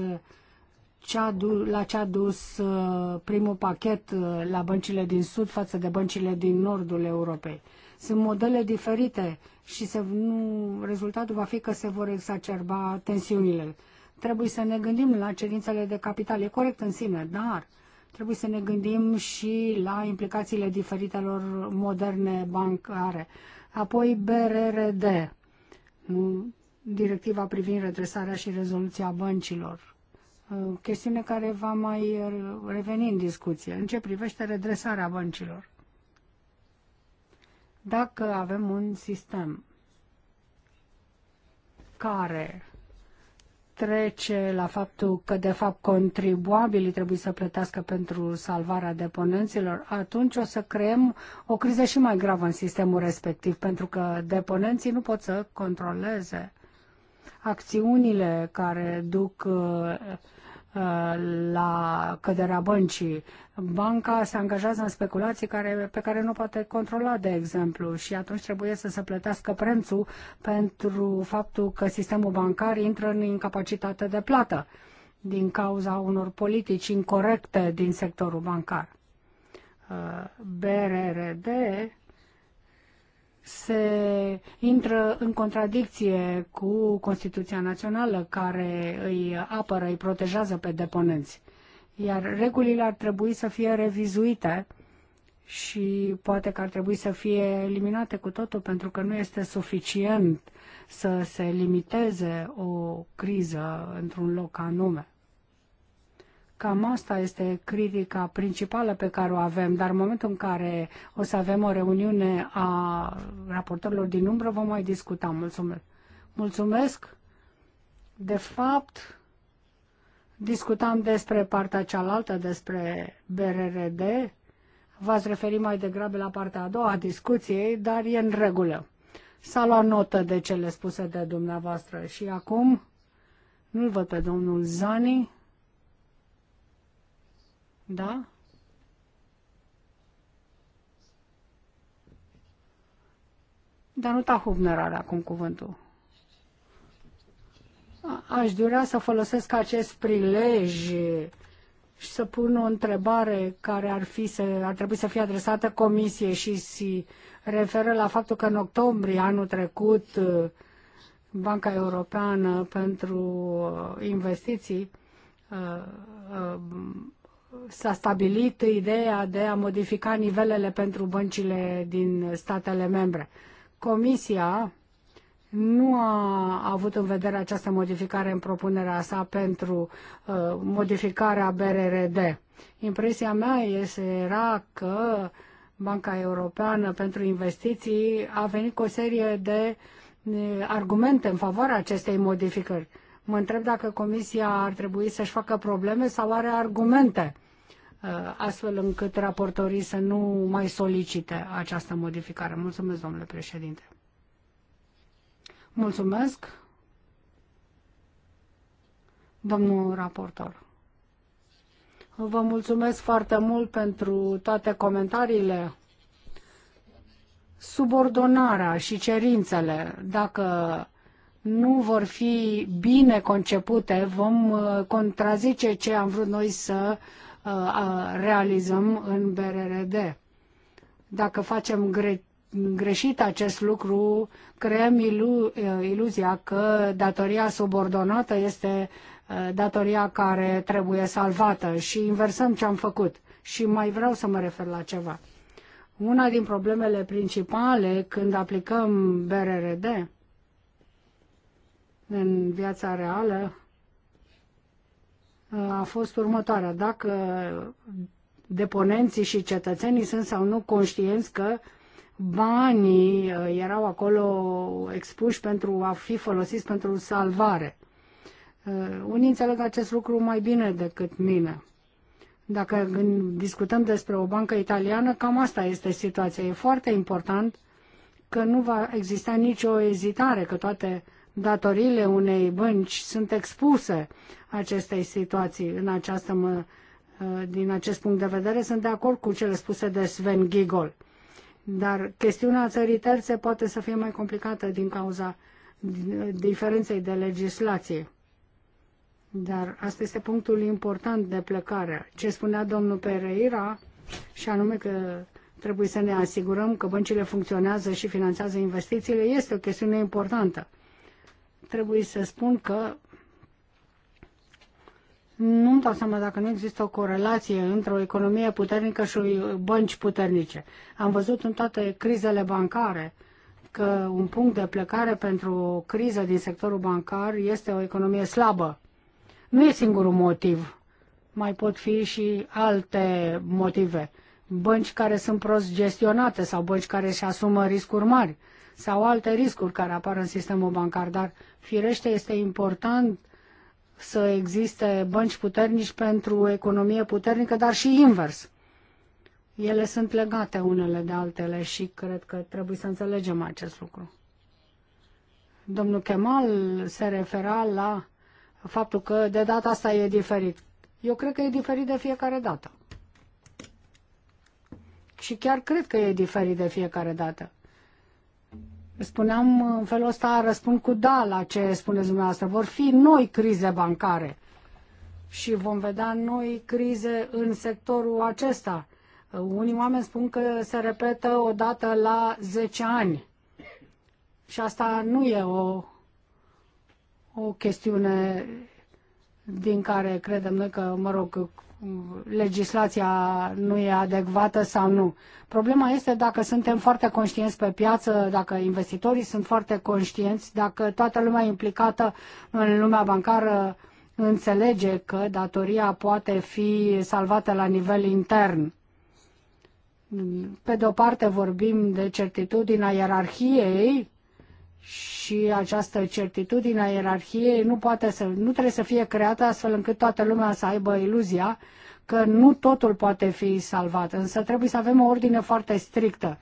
ce a du- la ce a dus uh, primul pachet uh, la băncile din sud față de băncile din nordul Europei. Sunt modele diferite și se, nu, rezultatul va fi că se vor exacerba tensiunile. Trebuie să ne gândim la cerințele de capital. E corect în sine, dar trebuie să ne gândim și la implicațiile diferitelor moderne bancare Apoi BRRD, directiva privind redresarea și rezoluția băncilor. Chestiune care va mai reveni în discuție în ce privește redresarea băncilor. Dacă avem un sistem care trece la faptul că, de fapt, contribuabilii trebuie să plătească pentru salvarea deponenților, atunci o să creăm o criză și mai gravă în sistemul respectiv, pentru că deponenții nu pot să controleze acțiunile care duc uh, Uh, la căderea băncii. Banca se angajează în speculații care, pe care nu poate controla, de exemplu, și atunci trebuie să se plătească prețul pentru faptul că sistemul bancar intră în incapacitate de plată din cauza unor politici incorrecte din sectorul bancar. Uh, BRRD se intră în contradicție cu Constituția Națională care îi apără, îi protejează pe deponenți. Iar regulile ar trebui să fie revizuite și poate că ar trebui să fie eliminate cu totul pentru că nu este suficient să se limiteze o criză într-un loc anume. Cam asta este critica principală pe care o avem, dar în momentul în care o să avem o reuniune a raportorilor din umbră, vom mai discuta. Mulțumesc! Mulțumesc! De fapt, discutam despre partea cealaltă, despre BRRD. V-ați referit mai degrabă la partea a doua a discuției, dar e în regulă. S-a luat notă de cele spuse de dumneavoastră și acum nu-l văd pe domnul Zani. Da? Dar nu Tahubner are acum cuvântul. Aș durea să folosesc acest prilej și să pun o întrebare care ar, fi să, ar trebui să fie adresată comisiei și se referă la faptul că în octombrie anul trecut uh, Banca Europeană pentru uh, Investiții uh, s-a stabilit ideea de a modifica nivelele pentru băncile din statele membre. Comisia nu a avut în vedere această modificare în propunerea sa pentru uh, modificarea BRRD. Impresia mea este, era că Banca Europeană pentru Investiții a venit cu o serie de uh, argumente în favoarea acestei modificări. Uh, Mă întreb dacă Comisia ar trebui să-și facă probleme sau are argumente uh, astfel încât raportorii să nu mai solicite această modificare. Mulțumesc, domnule președinte. Mulțumesc. Domnul raportor. Vă mulțumesc foarte mult pentru toate comentariile. Subordonarea și cerințele, dacă nu vor fi bine concepute, vom uh, contrazice ce am vrut noi să uh, realizăm în BRRD. Dacă facem gre- greșit acest lucru, creăm ilu- uh, iluzia că datoria subordonată este datoria care trebuie salvată și inversăm ce am făcut. Și mai vreau să mă refer la ceva. Una din problemele principale când aplicăm BRRD în viața reală a fost următoarea. Dacă deponenții și cetățenii sunt sau nu conștienți că banii uh, erau acolo expuși pentru a fi folosiți pentru salvare. Uh, unii înțeleg acest lucru mai bine decât mine. Dacă discutăm despre o bancă italiană, cam asta este situația. E foarte important că nu va exista nicio ezitare, că toate uh, datoriile unei bănci sunt expuse acestei situații în această mă, uh, din acest punct de vedere, sunt de acord cu cele spuse de Sven Gigol. Dar chestiunea țării terțe poate să fie mai complicată din cauza diferenței de legislație. Dar asta este punctul important de plecare. Ce spunea domnul Pereira, și anume că trebuie să ne asigurăm că băncile funcționează și finanțează investițiile, este o chestiune importantă trebuie să spun că nu-mi dau seama dacă nu există o corelație între o economie puternică și bănci puternice. Am văzut în toate crizele bancare că un punct de plecare pentru o criză din sectorul bancar este o economie slabă. Nu e singurul motiv. Mai pot fi și alte motive. Bănci care sunt prost gestionate sau bănci care își asumă riscuri mari sau alte riscuri care apar în sistemul bancar, dar firește este important să existe bănci puternici pentru o economie puternică, dar și invers. Ele sunt legate unele de altele și cred că trebuie să înțelegem acest lucru. Domnul Kemal se refera la faptul că de data asta e diferit. Eu cred că e diferit de fiecare dată. Și chiar cred că e diferit de fiecare dată. Spuneam în felul ăsta, răspund cu da la ce spuneți dumneavoastră. Vor fi noi crize bancare și vom vedea noi crize în sectorul acesta. Unii oameni spun că se repetă o dată la 10 ani. Și asta nu e o, o chestiune din care credem noi că, mă rog, legislația nu e adecvată sau nu. Problema este dacă suntem foarte conștienți pe piață, dacă investitorii sunt foarte conștienți, dacă toată lumea implicată în lumea bancară înțelege că datoria poate fi salvată la nivel intern. Pe de o parte vorbim de certitudinea ierarhiei, și această certitudine a ierarhiei nu, poate să, nu trebuie să fie creată astfel încât toată lumea să aibă iluzia că nu totul poate fi salvat, însă trebuie să avem o ordine foarte strictă.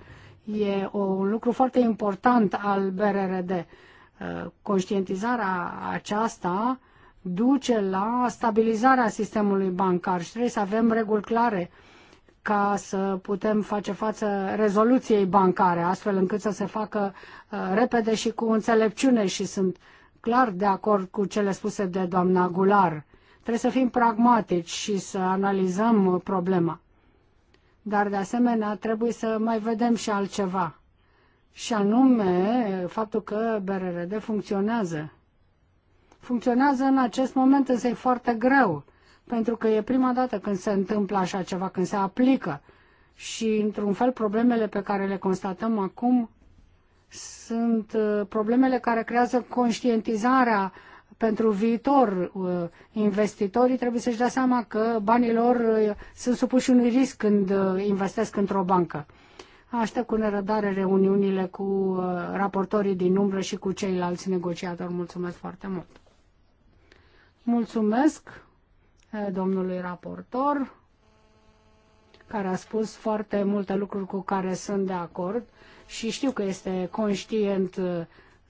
E un lucru foarte important al BRRD. Uh, conștientizarea aceasta duce la stabilizarea sistemului bancar și trebuie să avem reguli clare ca să putem face față rezoluției bancare, astfel încât să se facă uh, repede și cu înțelepciune și sunt clar de acord cu cele spuse de doamna Gular. Trebuie să fim pragmatici și să analizăm problema. Dar, de asemenea, trebuie să mai vedem și altceva. Și anume, faptul că BRRD funcționează. Funcționează în acest moment, însă e foarte greu pentru că e prima dată când se întâmplă așa ceva, când se aplică. Și, într-un fel, problemele pe care le constatăm acum sunt uh, problemele care creează conștientizarea pentru viitor. Uh, investitorii trebuie să-și dea seama că banii lor uh, sunt supuși unui risc când investesc într-o bancă. Aștept cu nerăbdare reuniunile cu raportorii din umbră și cu ceilalți negociatori. Mulțumesc foarte mult! Mulțumesc! domnului raportor, care a spus foarte multe lucruri cu care sunt de acord și știu că este conștient uh,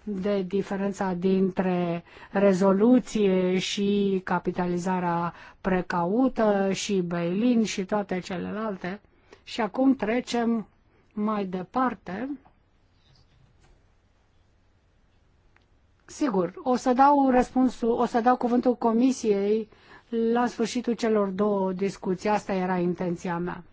de diferența dintre rezoluție și capitalizarea precaută și bail-in și toate celelalte. Și acum trecem mai departe. Sigur, o să dau răspunsul, o să dau cuvântul comisiei uh, la sfârșitul celor două discuții. Asta era intenția mea.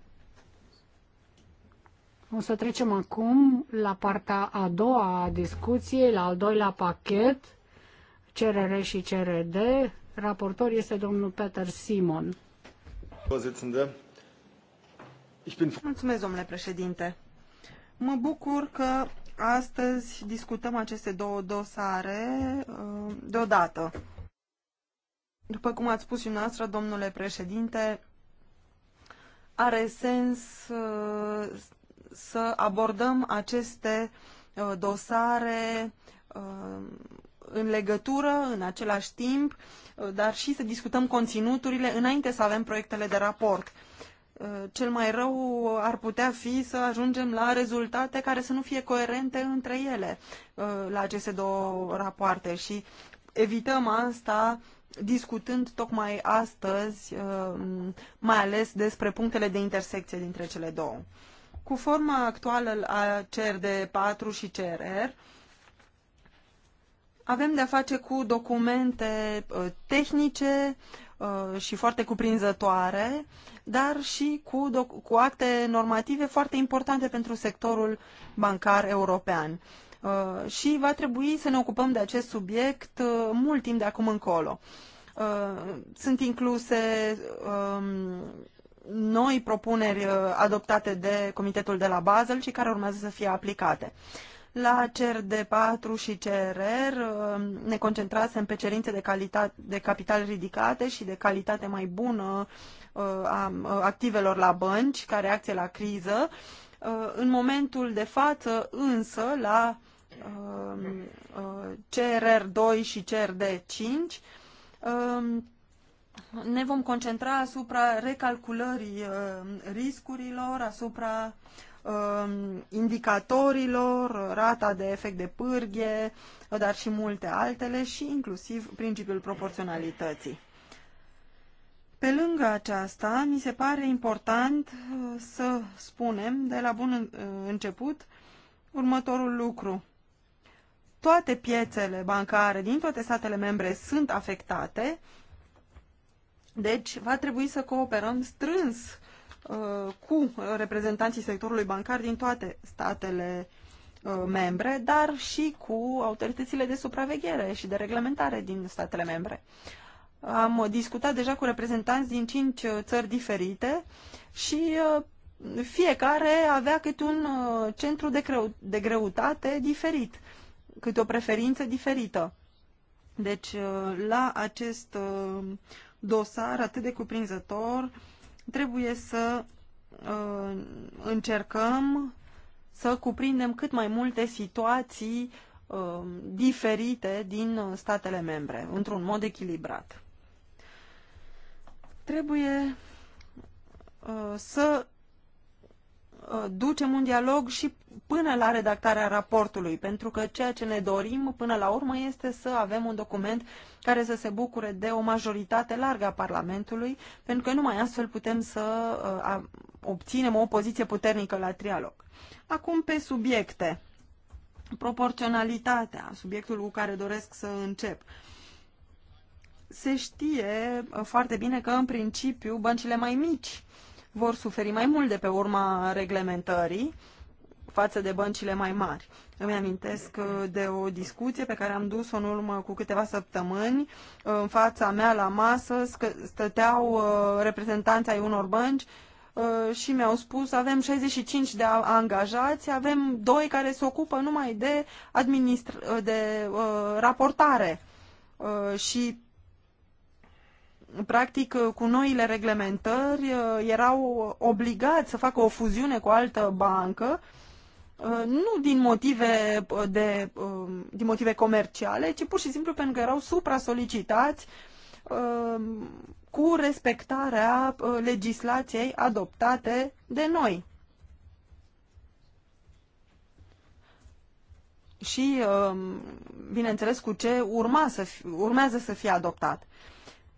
O să trecem acum la partea a doua a discuției, la al doilea pachet, CRR și CRD. Raportor este domnul Peter Simon. Mulțumesc, domnule președinte. Mă bucur că astăzi discutăm aceste două dosare uh, deodată. După cum ați spus și noastră, domnule președinte, are sens uh, să abordăm aceste uh, dosare uh, în legătură, în același timp, dar și să discutăm conținuturile înainte să avem proiectele de raport. Cel mai rău ar putea fi să ajungem la rezultate care să nu fie coerente între ele la aceste două rapoarte și evităm asta discutând tocmai astăzi, uh, mai ales despre punctele de intersecție dintre cele două. Cu forma actuală a CRD4 și CRR, avem de-a face cu documente uh, tehnice uh, și foarte cuprinzătoare, dar și cu, cu acte normative foarte importante pentru sectorul bancar european. Uh, și va trebui să ne ocupăm de acest subiect uh, mult timp de acum încolo. Uh, sunt incluse um, noi propuneri adoptate de Comitetul de la Basel și care urmează să fie aplicate. La CRD4 și CRR ne concentrasem pe cerințe de, calitate, de capital ridicate și de calitate mai bună a activelor la bănci ca reacție la criză. În momentul de față, însă, la Um, uh, CRR2 și CRD5, um, ne vom concentra asupra recalculării uh, riscurilor, asupra um, indicatorilor, rata de efect de pârghie, dar și multe altele și inclusiv principiul proporționalității. Pe lângă aceasta, mi se pare important uh, să spunem de la bun început următorul lucru toate piețele bancare din toate statele membre sunt afectate, deci va trebui să cooperăm strâns uh, cu reprezentanții sectorului bancar din toate statele uh, membre, dar și cu autoritățile de supraveghere și de reglementare din statele membre. Am discutat deja cu reprezentanți din cinci uh, țări diferite și uh, fiecare avea câte un uh, centru de, greutate diferit câte o preferință diferită. Deci, uh, la acest uh, dosar atât de cuprinzător, trebuie să uh, încercăm să cuprindem cât mai multe situații diferite din statele membre, într-un mod echilibrat. Trebuie să Uh, ducem un dialog și până la redactarea raportului, pentru că ceea ce ne dorim până la urmă este să avem un document care să se bucure de o majoritate largă a Parlamentului, pentru că numai astfel putem să uh, obținem o poziție puternică la trialog. Acum pe subiecte. Proporționalitatea, subiectul cu care doresc să încep se știe uh, foarte bine că, în principiu, băncile mai mici vor suferi mai mult de pe urma reglementării față de băncile mai mari. Îmi amintesc uh, de o discuție pe care am dus-o în urmă cu câteva săptămâni. Uh, în fața mea la masă stăteau uh, reprezentanți ai unor bănci și mi-au spus avem 65 de angajați, avem doi care se ocupă numai de, administr- de uh, raportare uh, și practic, uh, cu noile reglementări, uh, erau obligați să facă o fuziune cu o altă bancă, uh, nu din motive, de, um, din motive comerciale, ci pur și simplu pentru că erau supra-solicitați um, cu respectarea legislației adoptate de noi. Și, um, bineînțeles, cu ce urma să fi, urmează să fie adoptat.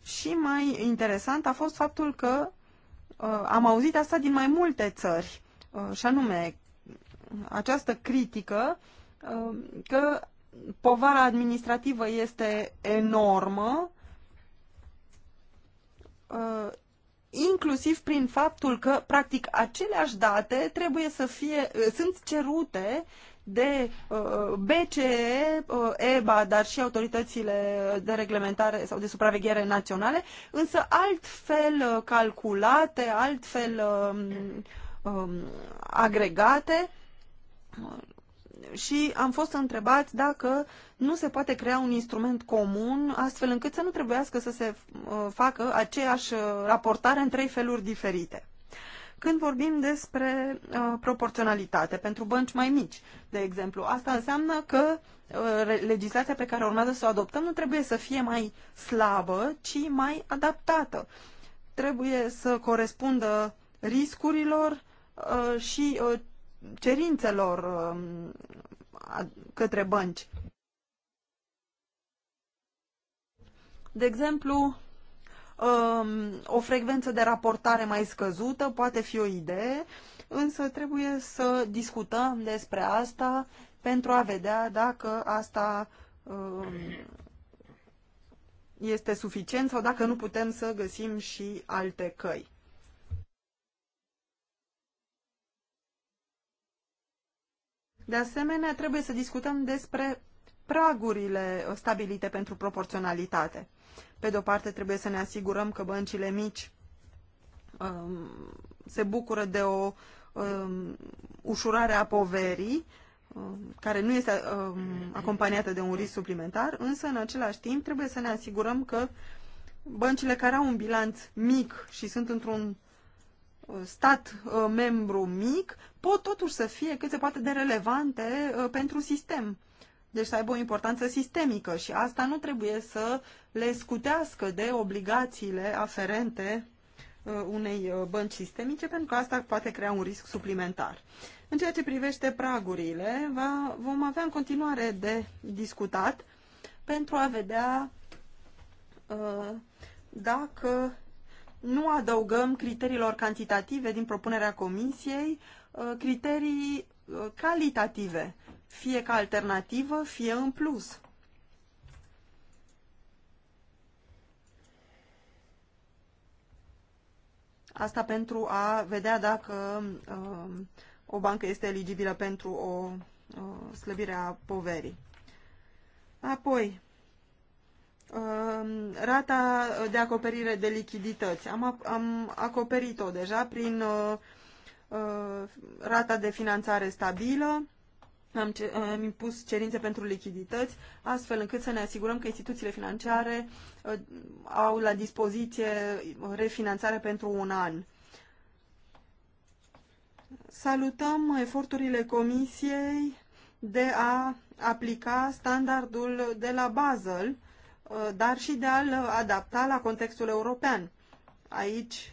Și mai interesant a fost faptul că uh, am auzit asta din mai multe țări, uh, și anume această critică uh, că povara administrativă este enormă uh, inclusiv prin faptul că, practic, aceleași date trebuie să fie, uh, sunt cerute de uh, BCE, uh, EBA, dar și autoritățile de reglementare sau de supraveghere naționale, însă altfel calculate, altfel um, um agregate și am fost întrebați dacă nu se poate crea un instrument comun, astfel încât să nu trebuiască să se uh, facă aceeași uh, raportare în trei feluri diferite. Când vorbim despre uh, proporționalitate pentru bănci mai mici, de exemplu, asta înseamnă că uh, legislația pe care urmează să o adoptăm nu trebuie să fie mai slabă, ci mai adaptată. Trebuie să corespundă riscurilor uh, și uh, cerințelor um, către bănci. De exemplu, um, o frecvență de raportare mai scăzută poate fi o idee, însă trebuie să discutăm despre asta pentru a vedea dacă asta um, este suficient sau dacă nu putem să găsim și alte căi. De asemenea, trebuie să discutăm despre pragurile stabilite pentru proporționalitate. Pe de o parte, trebuie să ne asigurăm că băncile mici um, se bucură de o um, ușurare a poverii, um, care nu este um, acompaniată de un risc suplimentar, însă în același timp trebuie să ne asigurăm că băncile care au un bilanț mic și sunt într-un Uh, stat uh, membru mic pot totuși să fie cât se poate de relevante uh, pentru sistem. Deci să aibă o importanță sistemică și asta nu trebuie să le scutească de obligațiile aferente unei bănci sistemice, pentru că asta poate crea un risc suplimentar. În ceea ce privește pragurile, va, vom avea în continuare de discutat pentru a vedea uh, dacă nu adăugăm criteriilor cantitative din propunerea comisiei uh, criterii uh, calitative, fie ca alternativă, fie în plus. Asta pentru a vedea dacă uh, o bancă este eligibilă pentru o uh, slăbire a poverii. Apoi, Um, rata de acoperire de lichidități. Am, am acoperit-o deja prin uh, uh, rata de finanțare stabilă, am, ce, uh, am impus cerințe pentru lichidități, astfel încât să ne asigurăm că instituțiile financiare au la dispoziție refinanțare pentru un an. Salutăm eforturile Comisiei de a aplica standardul de la Basel, Uh, dar și de a-l adapta la contextul european. Aici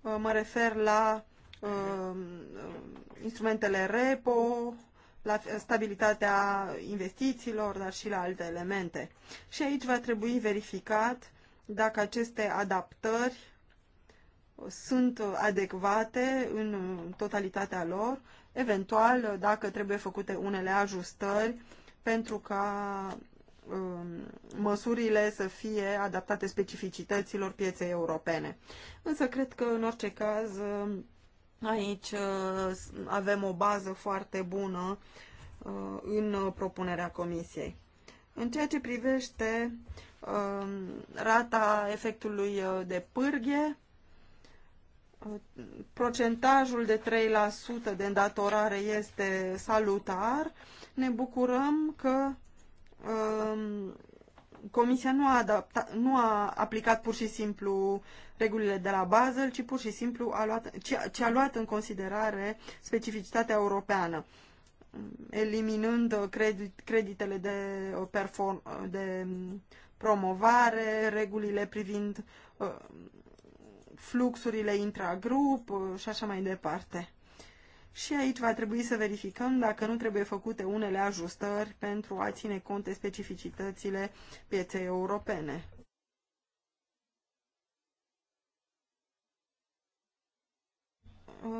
uh, mă refer la uh, instrumentele repo, la stabilitatea investițiilor, dar și la alte elemente. Și aici va trebui verificat dacă aceste adaptări sunt adecvate în totalitatea lor, eventual dacă trebuie făcute unele ajustări pentru ca Um, măsurile să fie adaptate specificităților pieței europene. Însă cred că, în orice caz, um, aici uh, avem o bază foarte bună uh, în propunerea Comisiei. În ceea ce privește um, rata efectului uh, de pârghie, procentajul de 3% de îndatorare este salutar. Ne bucurăm că Um, comisia nu a, adaptat, nu a aplicat pur și simplu regulile de la Basel, ci pur și simplu a luat, ci, ci a luat în considerare specificitatea europeană, eliminând uh, credit, creditele de, uh, perform, uh, de um, promovare, regulile privind fluxurile intragrup grup, și așa mai departe. Și aici va trebui să verificăm dacă nu trebuie făcute unele ajustări pentru a ține cont de specificitățile pieței europene.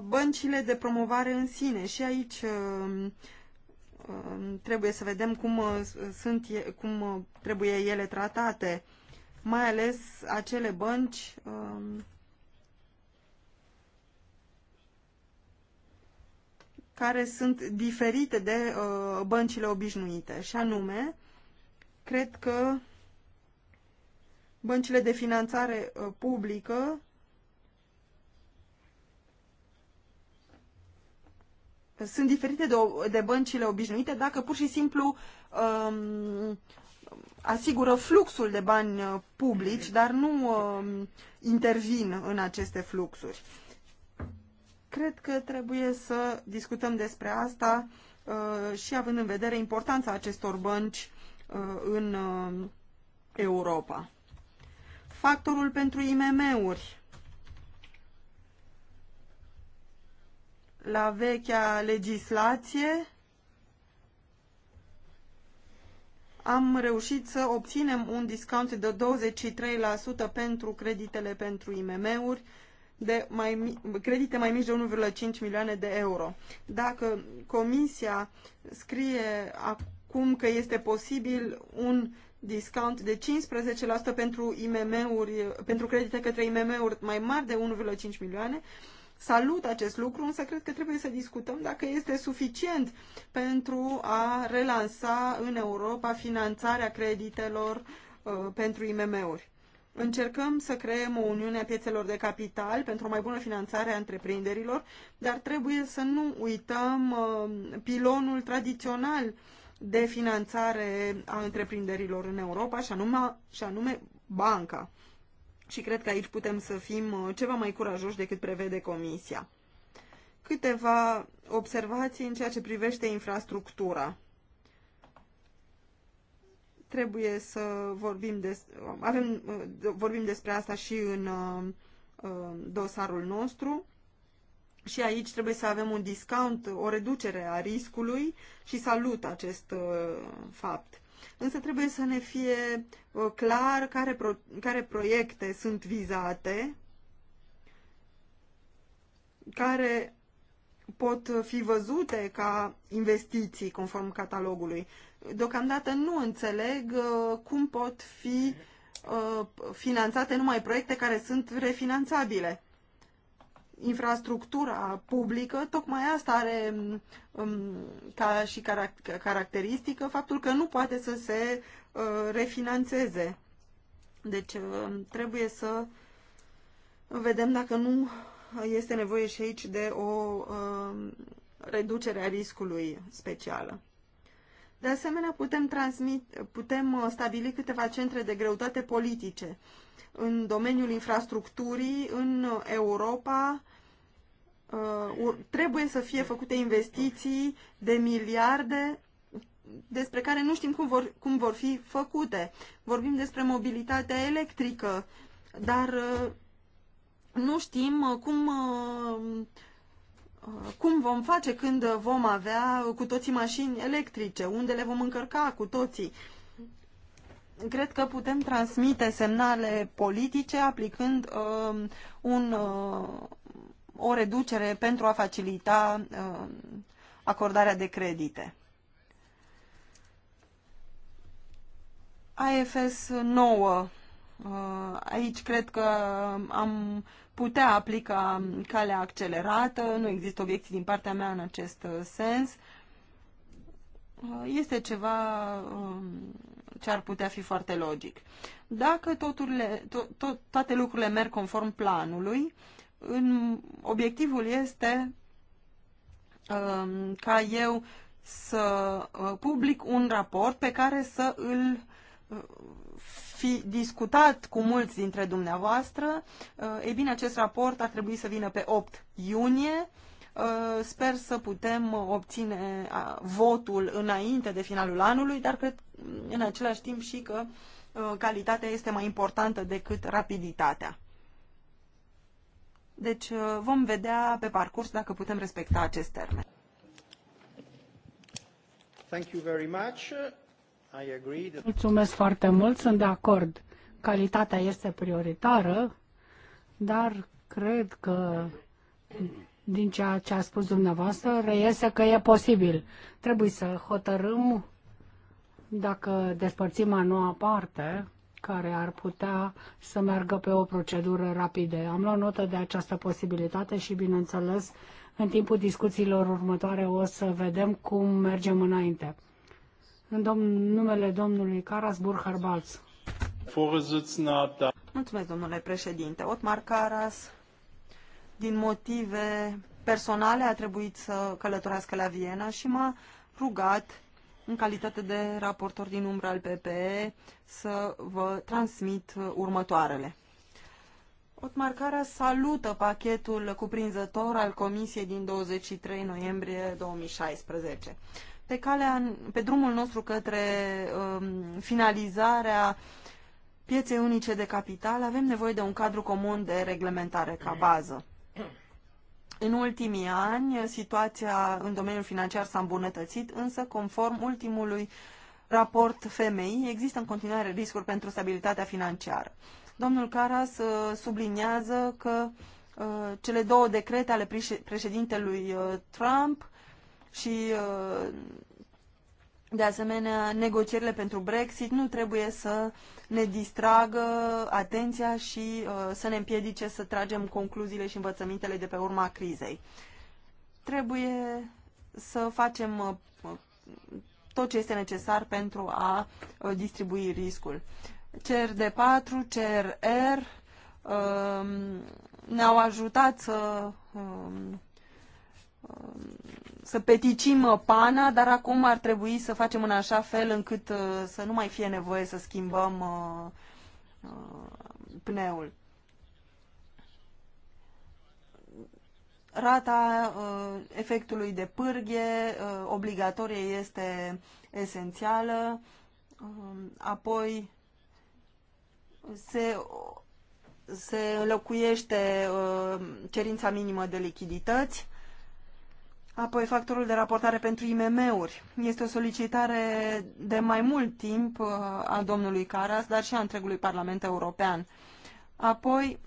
Băncile de promovare în sine și aici um, um, trebuie să vedem cum, uh, sunt, cum uh, trebuie ele tratate, mai ales acele bănci um, care sunt diferite de uh, băncile obișnuite. Și anume, cred că băncile de finanțare uh, publică sunt diferite de, de băncile obișnuite dacă pur și simplu um, asigură fluxul de bani uh, publici, dar nu um, intervin în aceste fluxuri. Cred că trebuie să discutăm despre asta uh, și având în vedere importanța acestor bănci uh, în uh, Europa. Factorul pentru IMM-uri. La vechea legislație am reușit să obținem un discount de 23% pentru creditele pentru IMM-uri de mai, credite mai mici de 1,5 milioane de euro. Dacă Comisia scrie acum că este posibil un discount de 15% pentru IMM-uri, pentru credite către IMM-uri mai mari de 1,5 milioane, Salut acest lucru, însă cred că trebuie să discutăm dacă este suficient pentru a relansa în Europa finanțarea creditelor uh, pentru IMM-uri. Încercăm să creăm o uniune a piețelor de capital pentru o mai bună finanțare a întreprinderilor, dar trebuie să nu uităm uh, pilonul tradițional de finanțare a întreprinderilor în Europa, și anume, și anume banca. Și cred că aici putem să fim uh, ceva mai curajoși decât prevede Comisia. Câteva observații în ceea ce privește infrastructura. Trebuie să vorbim, des, avem, uh, vorbim despre asta și în uh, uh, dosarul nostru. Și aici trebuie să avem un discount, o reducere a riscului și salut acest fapt. Însă trebuie să ne fie clar care, pro, care proiecte sunt vizate, care pot fi văzute ca investiții conform catalogului. Deocamdată nu înțeleg uh, cum pot fi uh, finanțate numai proiecte care sunt refinanțabile. Infrastructura publică, tocmai asta are um, ca și caracteristică faptul că nu poate să se uh, refinanțeze. Deci trebuie să vedem dacă nu este nevoie și aici de o reducere a riscului specială. De asemenea, putem, transmit, putem uh, stabili câteva centre de greutate politice în domeniul infrastructurii, în Europa, uh, trebuie să fie făcute investiții de miliarde despre care nu știm cum vor, cum vor fi făcute. Vorbim despre mobilitatea electrică, dar uh, nu știm cum Uh, cum vom face când vom avea cu toții mașini electrice, unde le vom încărca cu toții. Cred că putem transmite semnale politice aplicând uh, un, uh, o reducere pentru a facilita uh, acordarea de credite. AFS 9. Uh, aici cred că am putea aplica calea accelerată, nu există obiecții din partea mea în acest uh, sens. Uh, este ceva um, ce ar putea fi foarte logic. Dacă toturile, to, to, toate lucrurile merg conform planului, în, obiectivul este um, ca eu să uh, public un raport pe care să îl fi discutat cu mulți dintre dumneavoastră. Uh, ei bine, acest raport ar trebui să vină pe 8 iunie. Uh, sper să putem obține uh, votul înainte de finalul anului, dar cred mm, în același timp și că calitatea este mai importantă decât rapiditatea. Deci vom vedea pe parcurs dacă putem respecta acest termen. Thank you very much. Mulțumesc foarte mult, sunt de acord. Calitatea este prioritară, dar cred că din ceea ce a spus dumneavoastră reiese că e posibil. Trebuie să hotărâm dacă despărțim a noua parte care ar putea să meargă pe o procedură rapidă. Am luat notă de această posibilitate și, bineînțeles, în timpul discuțiilor următoare o să vedem cum mergem înainte în domn, numele domnului Caras Balț. Da. Mulțumesc, domnule președinte. Otmar Caras, din motive personale, a trebuit să călătorească la Viena și m-a rugat, în calitate de raportor din umbră al PPE, să vă transmit următoarele. Otmar Caras salută pachetul cuprinzător al Comisiei din 23 noiembrie 2016 pe, calea, pe drumul nostru către um, finalizarea pieței unice de capital, avem nevoie de un cadru comun de reglementare ca bază. În ultimii ani, situația în domeniul financiar s-a îmbunătățit, însă, conform ultimului raport FMI, există în continuare riscuri pentru stabilitatea financiară. Domnul Caras uh, subliniază că uh, cele două decrete ale președintelui uh, Trump și uh, de asemenea, negocierile pentru Brexit nu trebuie să ne distragă atenția și uh, să ne împiedice să tragem concluziile și învățămintele de pe urma crizei. Trebuie să facem uh, tot ce este necesar pentru a distribui riscul. CER de 4, CRR ne-au ajutat să um, să peticim uh, pana, dar acum ar trebui să facem în așa fel încât uh, să nu mai fie nevoie să schimbăm uh, pneul. Rata efectului de pârghie obligatorie este esențială, um, apoi se se înlocuiește uh, cerința minimă de lichidități. Apoi factorul de raportare pentru IMM-uri. Este o solicitare de mai mult timp uh, a domnului Caras, dar și a întregului Parlament European. Apoi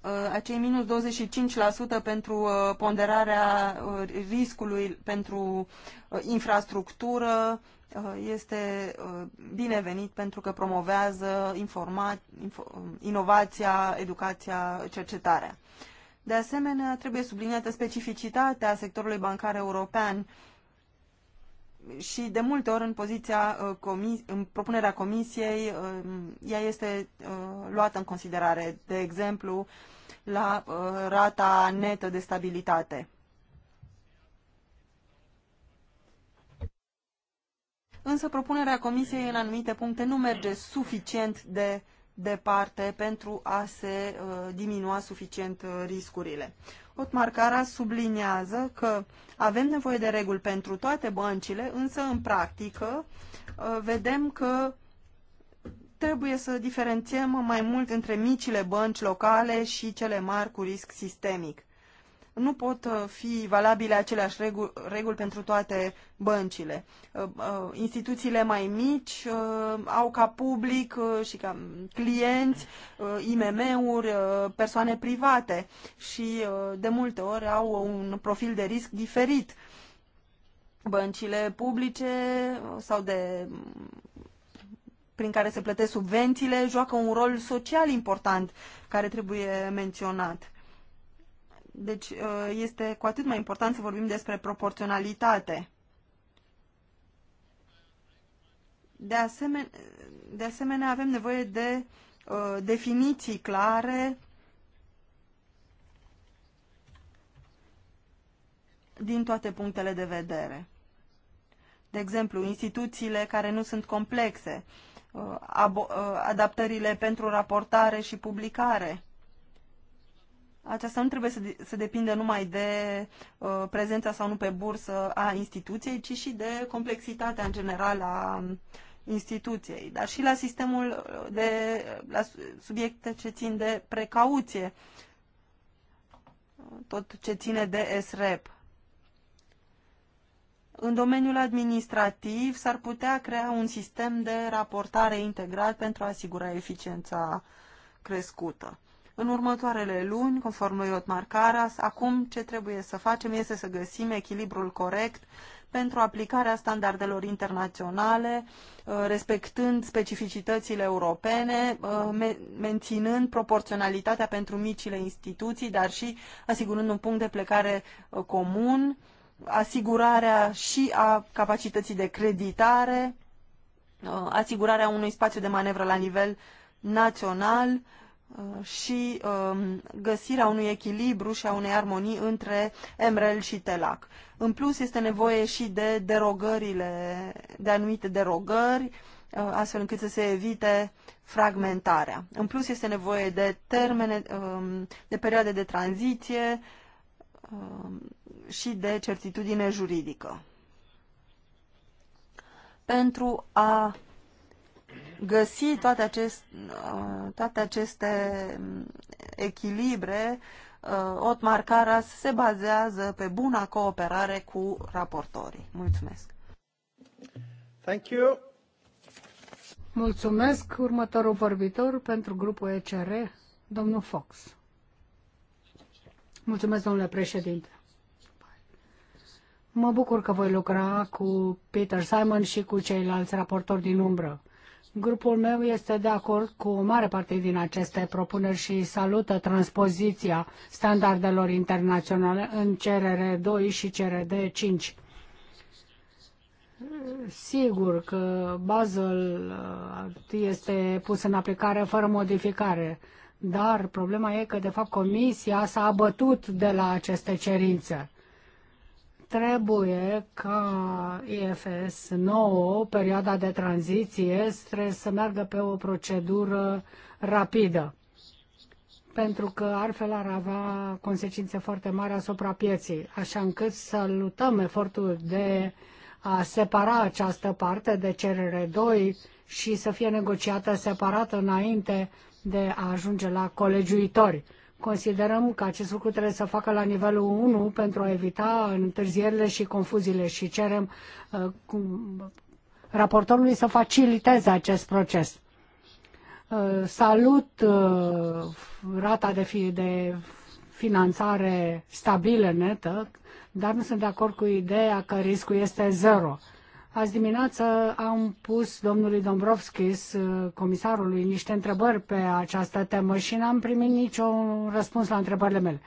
uh, acei minus 25% pentru uh, ponderarea riscului pentru infrastructură este binevenit pentru că promovează informa- inovația, educația, cercetarea. De asemenea, trebuie subliniată specificitatea sectorului bancar european și de multe ori în poziția uh, în propunerea comisiei um, ea este uh, luată în considerare, de exemplu, la uh, rata netă de stabilitate. Însă propunerea comisiei în anumite puncte nu merge suficient de uh, departe pentru a se uh, diminua suficient uh, riscurile. Otmar Cara subliniază că avem nevoie de reguli pentru toate băncile, însă în practică uh, vedem că trebuie să diferențiem mai mult între micile bănci locale și cele mari cu risc sistemic nu pot uh, fi valabile aceleași reguli, reguli pentru toate băncile. Uh, uh, instituțiile mai mici au ca public și ca clienți IMM-uri, persoane private și de multe ori au un profil de risc diferit. Băncile publice sau de prin care se plătesc subvențiile joacă un rol social important care trebuie menționat deci uh, este cu atât mai important să vorbim despre proporționalitate. De asemenea, de asemenea avem nevoie de uh, definiții clare din toate punctele de vedere. De exemplu, instituțiile care nu sunt complexe, uh, uh, adaptările pentru raportare și publicare – aceasta nu trebuie să, de, să depindă numai de uh, prezența sau nu pe bursă a instituției, ci și de complexitatea în general a instituției, dar și la sistemul uh, de la subiecte ce țin de precauție, uh, tot ce ține de SREP. În domeniul administrativ s-ar putea crea un sistem de raportare integrat pentru a asigura eficiența crescută. În următoarele luni, conform lui Otmar Caras, acum ce trebuie să facem este să găsim echilibrul corect pentru aplicarea standardelor internaționale, uh, respectând specificitățile europene, uh, menținând proporționalitatea pentru micile instituții, dar și asigurând un punct de plecare uh, comun, asigurarea și a capacității de creditare, asigurarea unui spațiu de manevră la nivel național, Uh, și um, găsirea unui echilibru și a unei armonii între MREL și TELAC. În plus, este nevoie și de derogările, de anumite derogări, uh, astfel încât să se evite fragmentarea. În plus, este nevoie de termene, um, de perioade de tranziție um, și de certitudine juridică. Pentru a găsi toate, acest, uh, toate aceste mm, echilibre, uh, Otmar Caras se bazează pe buna cooperare cu raportorii. Mulțumesc! Thank you. Mulțumesc. Următorul vorbitor pentru grupul ECR, domnul Fox. Mulțumesc, domnule președinte. Mă bucur că voi lucra cu Peter Simon și cu ceilalți raportori din umbră. Grupul meu este de acord cu o mare parte din aceste propuneri și salută transpoziția standardelor internaționale în CRR2 și CRD5. Sigur că Basel uh, este pus în aplicare fără modificare, dar problema e că, de fapt, Comisia s-a abătut de la aceste cerințe trebuie ca IFS 9, perioada de tranziție, trebuie să meargă pe o procedură rapidă, pentru că altfel ar avea consecințe foarte mari asupra pieții, așa încât salutăm efortul de a separa această parte de cerere 2 și să fie negociată separată înainte de a ajunge la colegiuitori Considerăm că acest lucru trebuie să facă la nivelul 1 pentru a evita întârzierile și confuziile și cerem uh, cu, raportorului să faciliteze acest proces. Uh, salut uh, rata de, fi, de finanțare stabilă netă, dar nu sunt de acord cu ideea că riscul este zero. Uh, Azi dimineață am pus domnului Dombrovskis, uh, comisarului, niște întrebări pe această temă și n-am primit niciun răspuns la întrebările mele.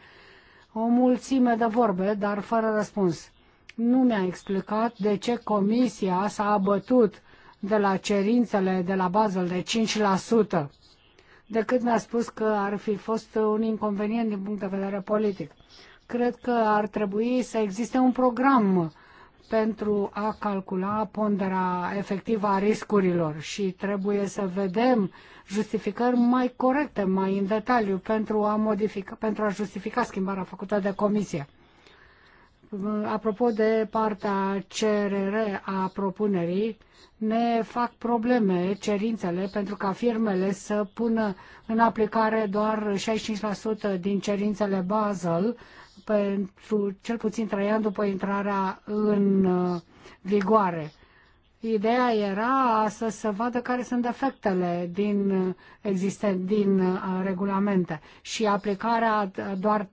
O mulțime de vorbe, dar fără răspuns. Nu mi-a explicat de ce comisia s-a abătut de la cerințele de la Basel de 5%, decât mi-a spus că ar fi fost un inconvenient din punct de vedere politic. Cred că ar trebui să existe un program pentru a calcula pondera efectivă a riscurilor și trebuie să vedem justificări mai corecte, mai în detaliu, pentru a, modifica, pentru a justifica schimbarea făcută de comisie. Apropo de partea CRR a propunerii, ne fac probleme cerințele pentru ca firmele să pună în aplicare doar 65% din cerințele Basel, pentru cel puțin trei ani după intrarea în uh, vigoare. Ideea era să se vadă care sunt defectele din, uh, existent din uh, regulamente și aplicarea doar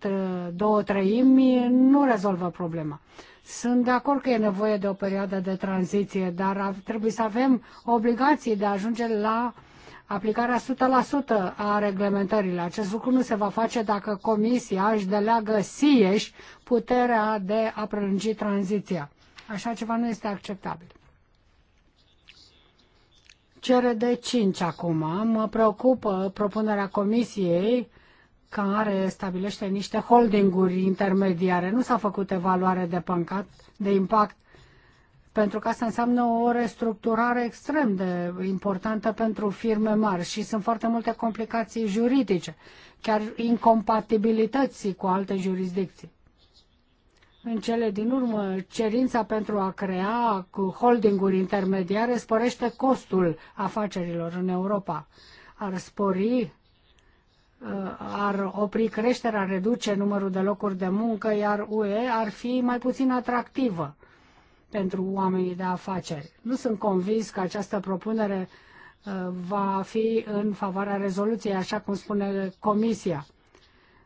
două treimi nu rezolvă problema. Sunt de acord că e nevoie de o perioadă de tranziție, dar trebuie să avem obligații de a ajunge la aplicarea 100% a reglementărilor. Acest lucru nu se va face dacă Comisia își deleagă SIEș puterea de a prelungi tranziția. Așa ceva nu este acceptabil. Cere de 5 acum. Mă preocupă propunerea Comisiei care stabilește niște holdinguri intermediare. Nu s-a făcut evaluare de, pâncat, de impact pentru că asta înseamnă o restructurare extrem de importantă pentru firme mari și sunt foarte multe complicații juridice, chiar incompatibilități cu alte jurisdicții. În cele din urmă, cerința pentru a crea holdinguri intermediare sporește costul afacerilor în Europa. Ar spori uh, ar opri creșterea, reduce numărul de locuri de muncă, iar UE ar fi mai puțin atractivă pentru oamenii de afaceri. Nu sunt convins că această propunere uh, va fi în favoarea rezoluției, așa cum spune Comisia.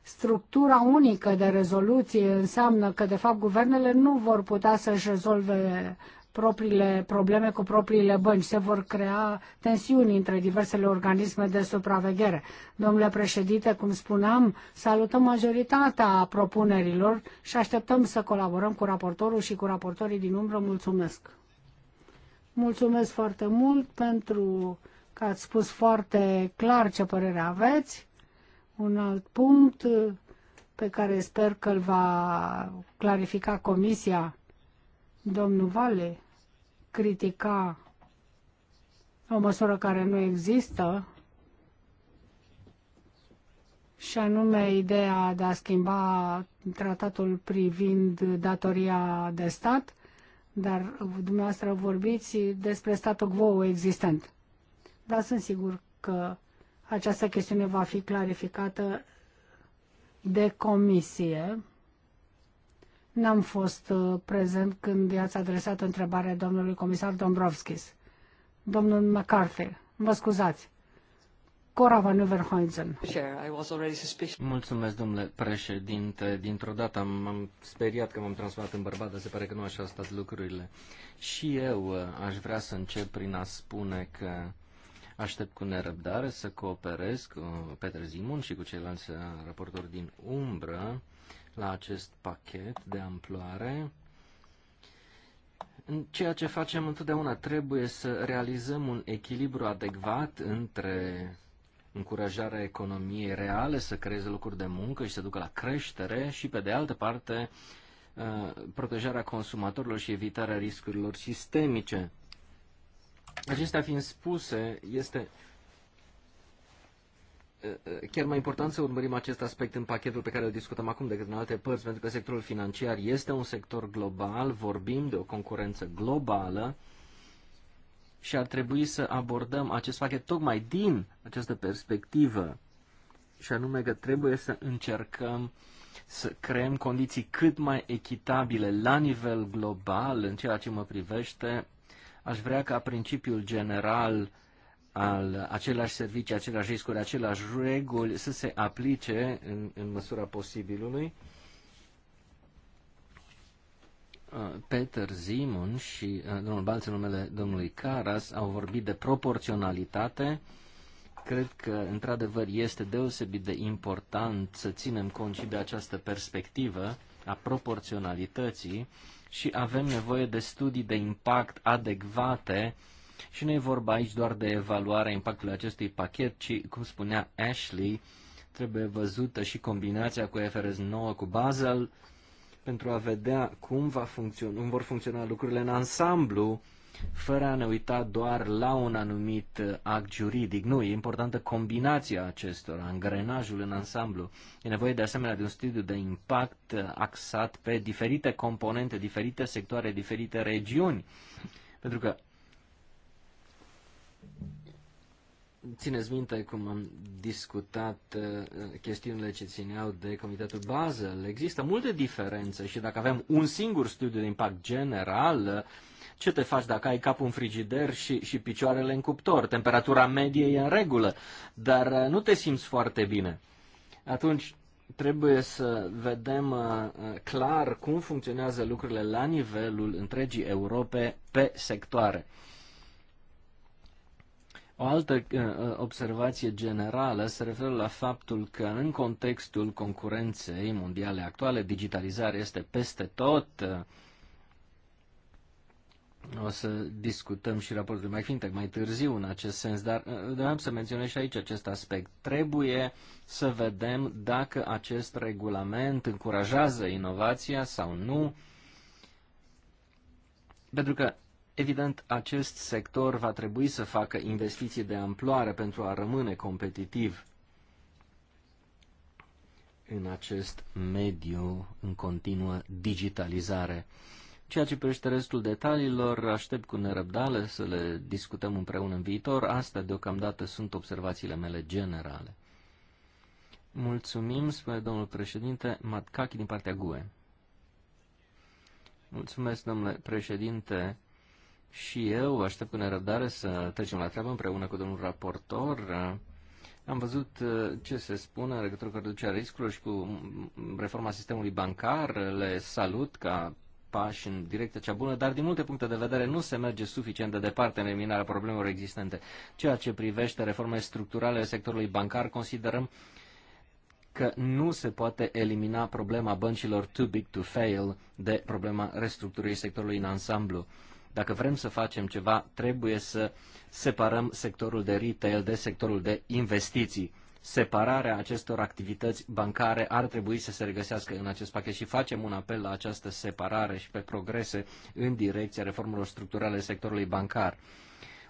Structura unică de rezoluție înseamnă că, de fapt, guvernele nu vor putea să-și rezolve propriile probleme cu propriile bănci. Se vor crea tensiuni între diversele organisme de supraveghere. Domnule președinte, cum spuneam, salutăm majoritatea propunerilor și așteptăm să colaborăm cu raportorul și cu raportorii din umbră. Mulțumesc! Mulțumesc foarte mult pentru că ați spus foarte clar ce părere aveți. Un alt punct pe care sper că îl va clarifica Comisia Domnul Vale critica o măsură care nu există și anume ideea de a schimba tratatul privind datoria de stat, dar dumneavoastră vorbiți despre statul quo existent. Dar sunt sigur că această chestiune va fi clarificată de comisie N-am fost uh, prezent când i-ați adresat întrebarea domnului comisar Dombrovskis. Domnul McCarthy, mă scuzați. Cora van Uverhoinzen. Mulțumesc, domnule președinte. Dintr-o dată am, am speriat că m-am transformat în bărbat, dar se pare că nu așa au stat lucrurile. Și eu uh, aș vrea să încep prin a spune că aștept cu nerăbdare să cooperez cu Peter Zimun și cu ceilalți uh, raportori din umbră la acest pachet de amploare. În ceea ce facem întotdeauna trebuie să realizăm un echilibru adecvat între încurajarea economiei reale să creeze locuri de muncă și să ducă la creștere și, pe de altă parte, uh, protejarea consumatorilor și evitarea riscurilor sistemice. Acestea fiind spuse, este chiar mai important să urmărim acest aspect în pachetul pe care îl discutăm acum decât în alte părți, pentru că sectorul financiar este un sector global, vorbim de o concurență globală și ar trebui să abordăm acest pachet tocmai din această perspectivă, și anume că trebuie să încercăm să creăm condiții cât mai echitabile la nivel global în ceea ce mă privește. Aș vrea ca principiul general uh, al același servicii, același riscuri, același reguli să se aplice în, în măsura posibilului. Uh, Peter Simon și uh, domnul Balț, numele domnului Caras, au vorbit de proporționalitate. Cred că, într-adevăr, este deosebit de important să ținem cont și de această perspectivă a proporționalității și avem nevoie de studii de impact adecvate uh, și nu e vorba aici doar de evaluarea impactului acestui pachet, ci, cum spunea Ashley, trebuie văzută și combinația cu FRS 9 cu Basel pentru a vedea cum, va funcționa, cum vor funcționa lucrurile în ansamblu, fără a ne uita doar la un anumit act juridic. Nu, e importantă combinația acestora, angrenajul în ansamblu. E nevoie de asemenea de un studiu de impact axat pe diferite componente, diferite sectoare, diferite regiuni. Pentru că Țineți minte cum am discutat uh, chestiunile ce țineau de Comitetul Basel. Există multe diferențe și dacă avem un singur studiu de impact general, ce te faci dacă ai capul în frigider și, și picioarele în cuptor? Temperatura medie e în regulă, dar uh, nu te simți foarte bine. Atunci trebuie să vedem uh, clar cum funcționează lucrurile la nivelul întregii Europe pe sectoare. O altă uh, uh, observație generală se referă la faptul că în contextul concurenței mondiale actuale, digitalizarea este peste tot. O să discutăm și raportul mai fintec mai târziu în acest sens, dar uh, vreau să menționez și aici acest aspect. Trebuie să vedem dacă acest regulament încurajează inovația sau nu, pentru că Evident, acest sector va trebui să facă investiții de amploare pentru a rămâne competitiv în acest mediu în continuă digitalizare. Ceea ce privește restul detaliilor, aștept cu nerăbdare să le discutăm împreună în viitor. Astea deocamdată sunt observațiile mele generale. Mulțumim, spune domnul președinte, matkaki din partea GUE. Mulțumesc, domnule președinte și eu aștept cu nerăbdare să trecem la treabă împreună cu domnul raportor. Am văzut uh, ce se spune în legătură cu reducerea riscurilor și cu reforma sistemului bancar. Le salut ca pași în direcția cea bună, dar din multe puncte de vedere nu se merge suficient de departe în eliminarea problemelor existente. Ceea ce privește reforme structurale sectorului bancar, considerăm că nu se poate elimina problema băncilor too big to fail de problema restructurării sectorului în ansamblu. Dacă vrem să facem ceva, trebuie să separăm sectorul de retail de sectorul de investiții. Separarea acestor activități bancare ar trebui să se regăsească în acest pachet și facem un apel la această separare și pe progrese în direcția reformelor structurale sectorului bancar.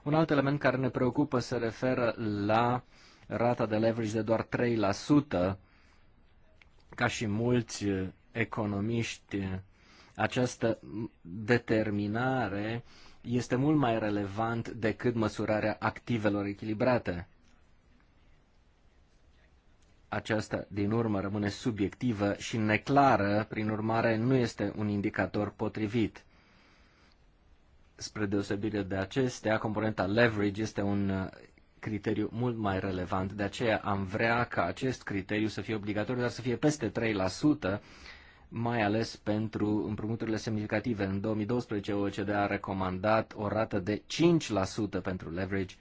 Un alt element care ne preocupă se referă la rata de leverage de doar 3%, ca și mulți eh, economiști eh, această determinare este mult mai relevant decât măsurarea activelor echilibrate. Aceasta, din urmă, rămâne subiectivă și neclară, prin urmare, nu este un indicator potrivit. Spre deosebire de acestea, componenta leverage este un uh, criteriu mult mai relevant. De aceea am vrea ca acest criteriu să fie obligatoriu, dar să fie peste 3% mai ales pentru împrumuturile semnificative. În 2012 OECD a recomandat o rată de 5% pentru leverage.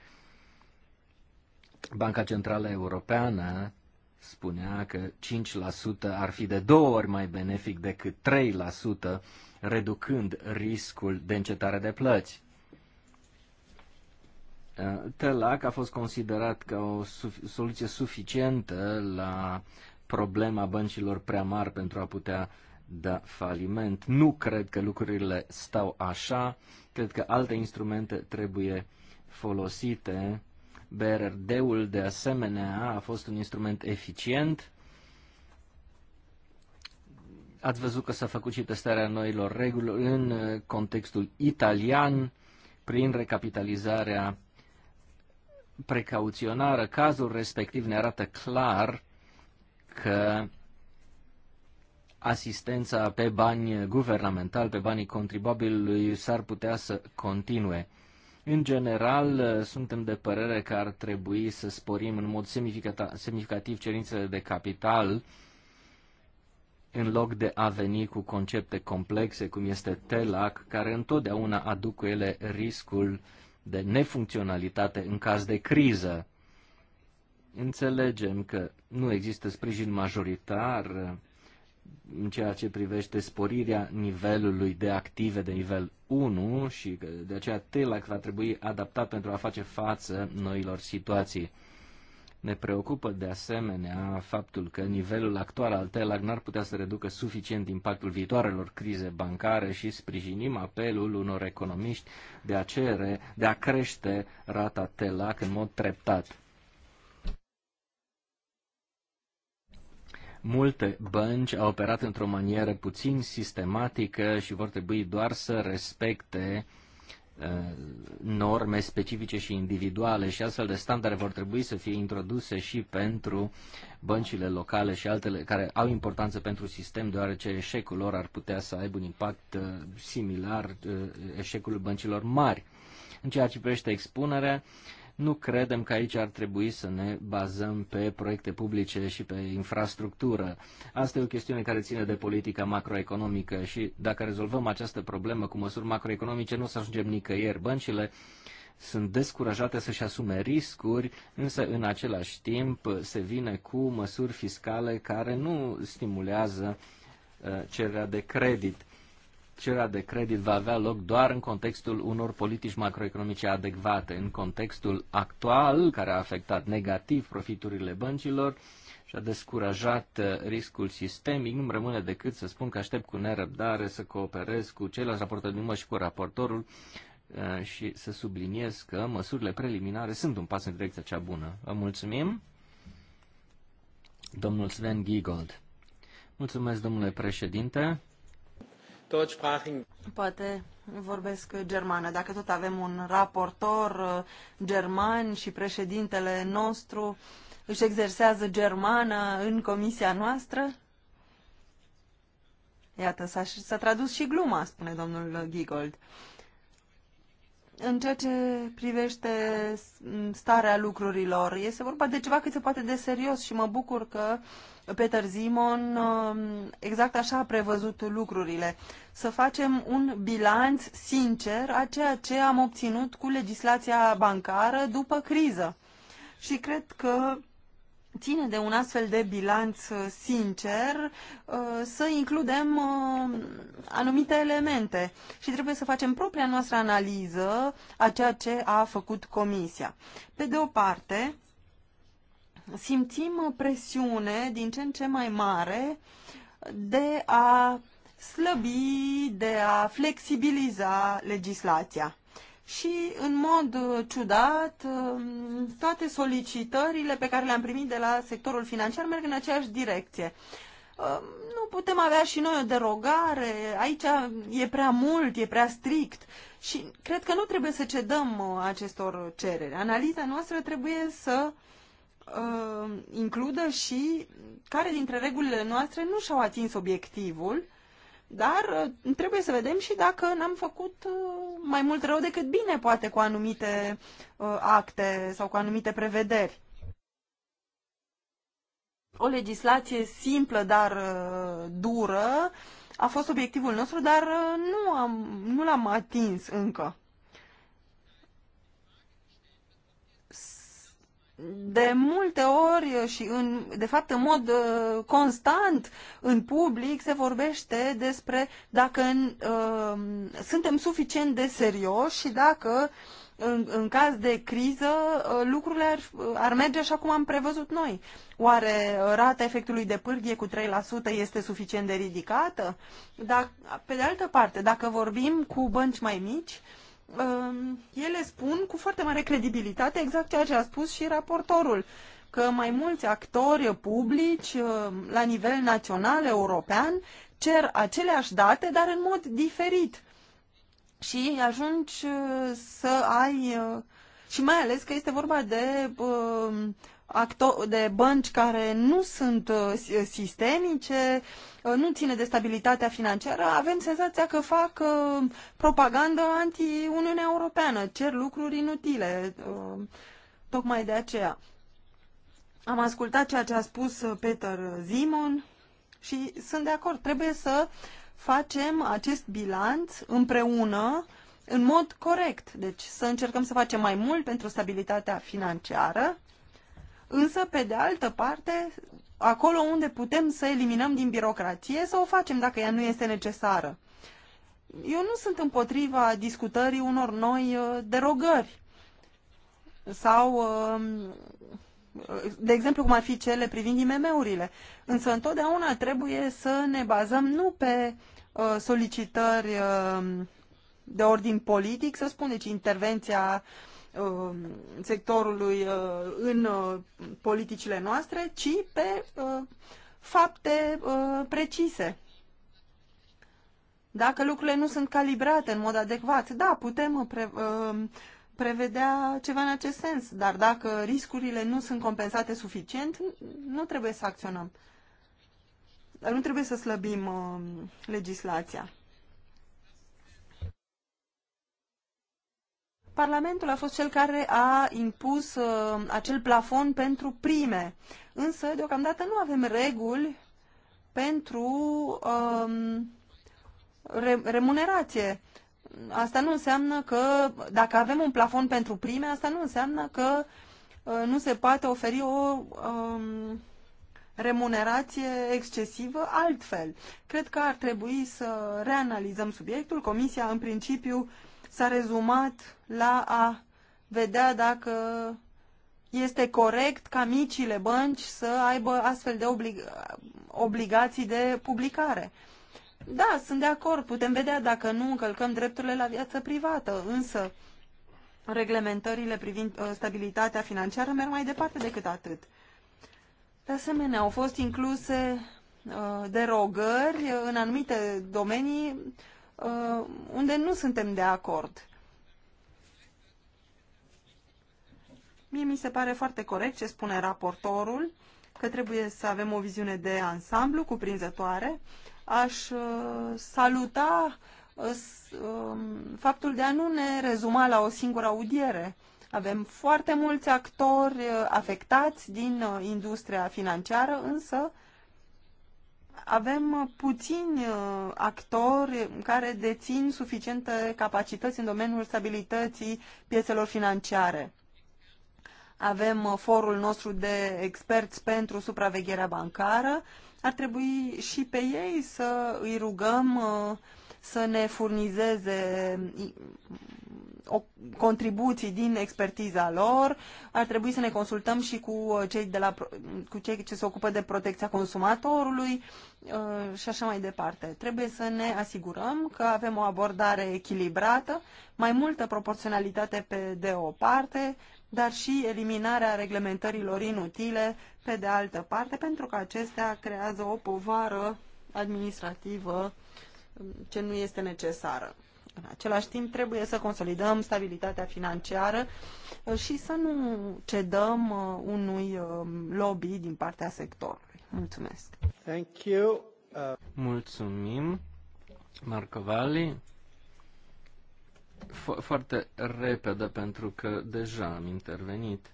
Banca Centrală Europeană spunea că 5% ar fi de două ori mai benefic decât 3%, reducând riscul de încetare de plăți. TELAC a fost considerat ca o soluție suficientă la problema băncilor prea mari pentru a putea da faliment. Nu cred că lucrurile stau așa. Cred că alte instrumente trebuie folosite. BRD-ul, de asemenea, a fost un instrument eficient. Ați văzut că s-a făcut și testarea noilor reguli în contextul italian, prin recapitalizarea precauționară. Cazul respectiv ne arată clar că asistența pe bani guvernamental, pe banii contribuabilului s-ar putea să continue. În general, suntem de părere că ar trebui să sporim în mod semnificativ cerințele de capital în loc de a veni cu concepte complexe, cum este TELAC, care întotdeauna aduc cu ele riscul de nefuncționalitate în caz de criză. Înțelegem că nu există sprijin majoritar uh, în ceea ce privește sporirea nivelului de active de nivel 1 și că de aceea TELAC va trebui adaptat pentru a face față noilor situații. Ne preocupă de asemenea faptul că nivelul actual al TELAC n-ar putea să reducă suficient impactul viitoarelor crize bancare și sprijinim apelul unor economiști de a cere, de a crește rata TELAC în mod treptat. Multe bănci au operat într-o manieră puțin sistematică și vor trebui doar să respecte uh, norme specifice și individuale și astfel de standarde vor trebui să fie introduse și pentru băncile locale și altele care au importanță pentru sistem, deoarece eșecul lor ar putea să aibă un impact uh, similar uh, eșecului băncilor mari. În ceea ce privește expunerea, nu credem că aici ar trebui să ne bazăm pe proiecte publice și pe infrastructură. Asta e o chestiune care ține de politica macroeconomică și dacă rezolvăm această problemă cu măsuri macroeconomice, nu o să ajungem nicăieri. Băncile sunt descurajate să-și asume riscuri, însă în același timp se vine cu măsuri fiscale care nu stimulează uh, cererea de credit cererea de credit va avea loc doar în contextul unor politici macroeconomice adecvate. În contextul actual, care a afectat negativ profiturile băncilor și a descurajat uh, riscul sistemic, nu-mi rămâne decât să spun că aștept cu nerăbdare să cooperez cu ceilalți raportori din și cu raportorul uh, și să subliniez că măsurile preliminare sunt un pas în direcția cea bună. Vă mulțumim! Domnul Sven Giegold. Mulțumesc, domnule președinte. Poate vorbesc germană. Dacă tot avem un raportor uh, german și președintele nostru își exersează germana în comisia noastră? Iată, s-a, s-a tradus și gluma, spune domnul Gigold. În ceea ce privește starea lucrurilor, este vorba de ceva cât se poate de serios și mă bucur că uh, Peter Simon, um, exact așa a prevăzut lucrurile. Să facem un bilanț sincer a ceea ce am obținut cu legislația bancară după criză. Și cred că ține de un astfel de bilanț uh, sincer uh, să includem uh, anumite elemente și trebuie să facem propria noastră analiză a ceea ce a făcut Comisia. Pe de o parte, simțim presiune din ce în ce mai mare de a slăbi, de a flexibiliza legislația. Și, în mod ciudat, toate solicitările pe care le-am primit de la sectorul financiar merg în aceeași direcție. Nu putem avea și noi o derogare, aici e prea mult, e prea strict și cred că nu trebuie să cedăm acestor cereri. Analiza noastră trebuie să uh, uh, includă și care dintre regulile noastre nu și-au atins obiectivul, dar uh, trebuie să vedem și dacă n-am făcut uh, mai mult rău decât bine, poate, cu anumite uh, acte sau cu anumite prevederi. O legislație simplă, dar uh, dură, a fost obiectivul nostru, dar uh, nu, am, nu l-am atins încă. de multe ori și în, de fapt în mod uh, constant în public se vorbește despre dacă uh, suntem suficient de serioși și dacă în, în caz de criză uh, lucrurile ar, uh, ar merge așa cum am prevăzut noi. Oare rata efectului de pârghie cu 3% este suficient de ridicată? Dar, pe de altă parte, dacă vorbim cu bănci mai mici, uh, Um, ele spun cu foarte mare credibilitate exact ceea ce a spus și raportorul, că mai mulți actori publici uh, la nivel național european cer aceleași date, dar în mod diferit. Și ajungi uh, să ai uh, și mai ales că este vorba de de bănci care nu sunt uh, sistemice, uh, nu ține de stabilitatea financiară, avem senzația că fac uh, propagandă anti-Uniunea Europeană, cer lucruri inutile. Tocmai de aceea. Am ascultat ceea ce a spus Peter Zimon și sunt de acord. Trebuie să facem acest bilanț împreună în mod corect. Deci să încercăm să facem mai mult pentru stabilitatea financiară însă, pe de altă parte, acolo unde putem să eliminăm din birocrație, să o facem dacă ea nu este necesară. Eu nu sunt împotriva discutării unor noi uh, derogări sau, um, de exemplu, cum ar fi cele privind IMM-urile. Însă întotdeauna trebuie să ne bazăm nu pe uh, solicitări um, de ordin politic, să spun, deci intervenția uh, Um, sectorului uh, în uh, politicile noastre, ci pe uh, fapte precise. Dacă lucrurile nu sunt calibrate în mod adecvat, da, putem pre, prevedea ceva în acest sens, dar dacă riscurile nu sunt compensate suficient, nu trebuie să acționăm. Dar nu trebuie să slăbim legislația. Parlamentul a fost cel care a impus uh, acel plafon pentru prime. Însă, deocamdată, nu avem reguli pentru uh, re remunerație. Asta nu înseamnă că, dacă avem un plafon pentru prime, asta nu înseamnă că uh, nu se poate oferi o Uh, remunerație excesivă altfel. Cred că ar trebui să reanalizăm subiectul. Comisia, în principiu, uh, s-a rezumat la a vedea dacă este corect ca micile bănci să aibă astfel de oblig- obligații de publicare. Da, sunt de acord, putem vedea dacă nu încălcăm drepturile la viață privată, însă reglementările privind uh, stabilitatea financiară merg mai departe decât atât. De asemenea, au fost incluse uh, derogări în anumite domenii Uh, unde nu suntem de acord. Mie mi se pare foarte corect ce spune raportorul, că trebuie să avem o viziune de ansamblu cuprinzătoare. Aș uh, saluta uh, um, faptul de a nu ne rezuma la o singură audiere. Avem foarte mulți actori afectați din industria financiară, însă avem uh, puțini uh, actori care dețin suficiente capacități în domeniul stabilității piețelor financiare. Avem uh, forul nostru de experți pentru supravegherea bancară. Ar trebui și pe ei să îi rugăm să ne furnizeze o, contribuții din expertiza lor. Ar trebui să ne consultăm și cu uh, cei, de la, cu cei ce se ocupă de protecția consumatorului uh, și așa mai departe. Trebuie să ne asigurăm că avem o abordare echilibrată, mai multă proporționalitate pe de o parte, dar și eliminarea reglementărilor inutile pe de altă parte, pentru că acestea creează o povară administrativă um, ce nu este necesară. În același timp, trebuie să consolidăm stabilitatea financiară uh, și să nu cedăm uh, unui um, lobby din partea sectorului. Mulțumesc! Thank you. Uh... Mulțumim, Marco Valli. Fo- foarte repede, pentru că deja am intervenit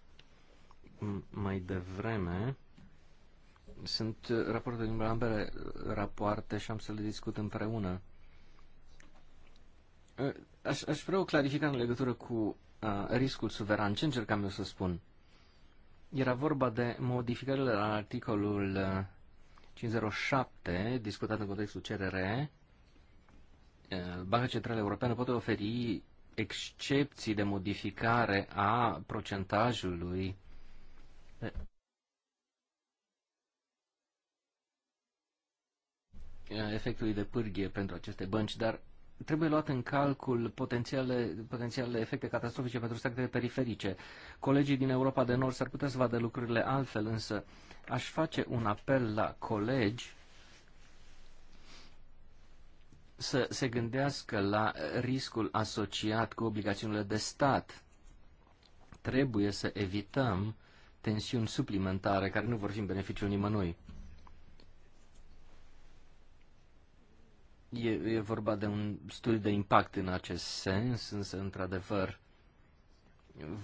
mai devreme. Sunt uh, rapoarte din ambele rapoarte și am să le discut împreună. Ă, aș, aș vrea o clarificare în legătură cu uh, riscul suveran. Ce încercam eu să spun? Era vorba de modificările la articolul 507, ă, discutat în contextul CRR. Banca Centrală Europeană poate oferi excepții de modificare a procentajului efectului de pârghie pentru aceste bănci, dar trebuie luat în calcul potențiale, potențiale efecte catastrofice pentru statele periferice. Colegii din Europa de Nord s-ar putea să vadă lucrurile altfel, însă aș face un apel la colegi să se gândească la riscul asociat cu obligațiunile de stat. Trebuie să evităm tensiuni suplimentare care nu vor fi în beneficiul nimănui. E, e vorba de un studiu de impact în acest sens, însă, într-adevăr,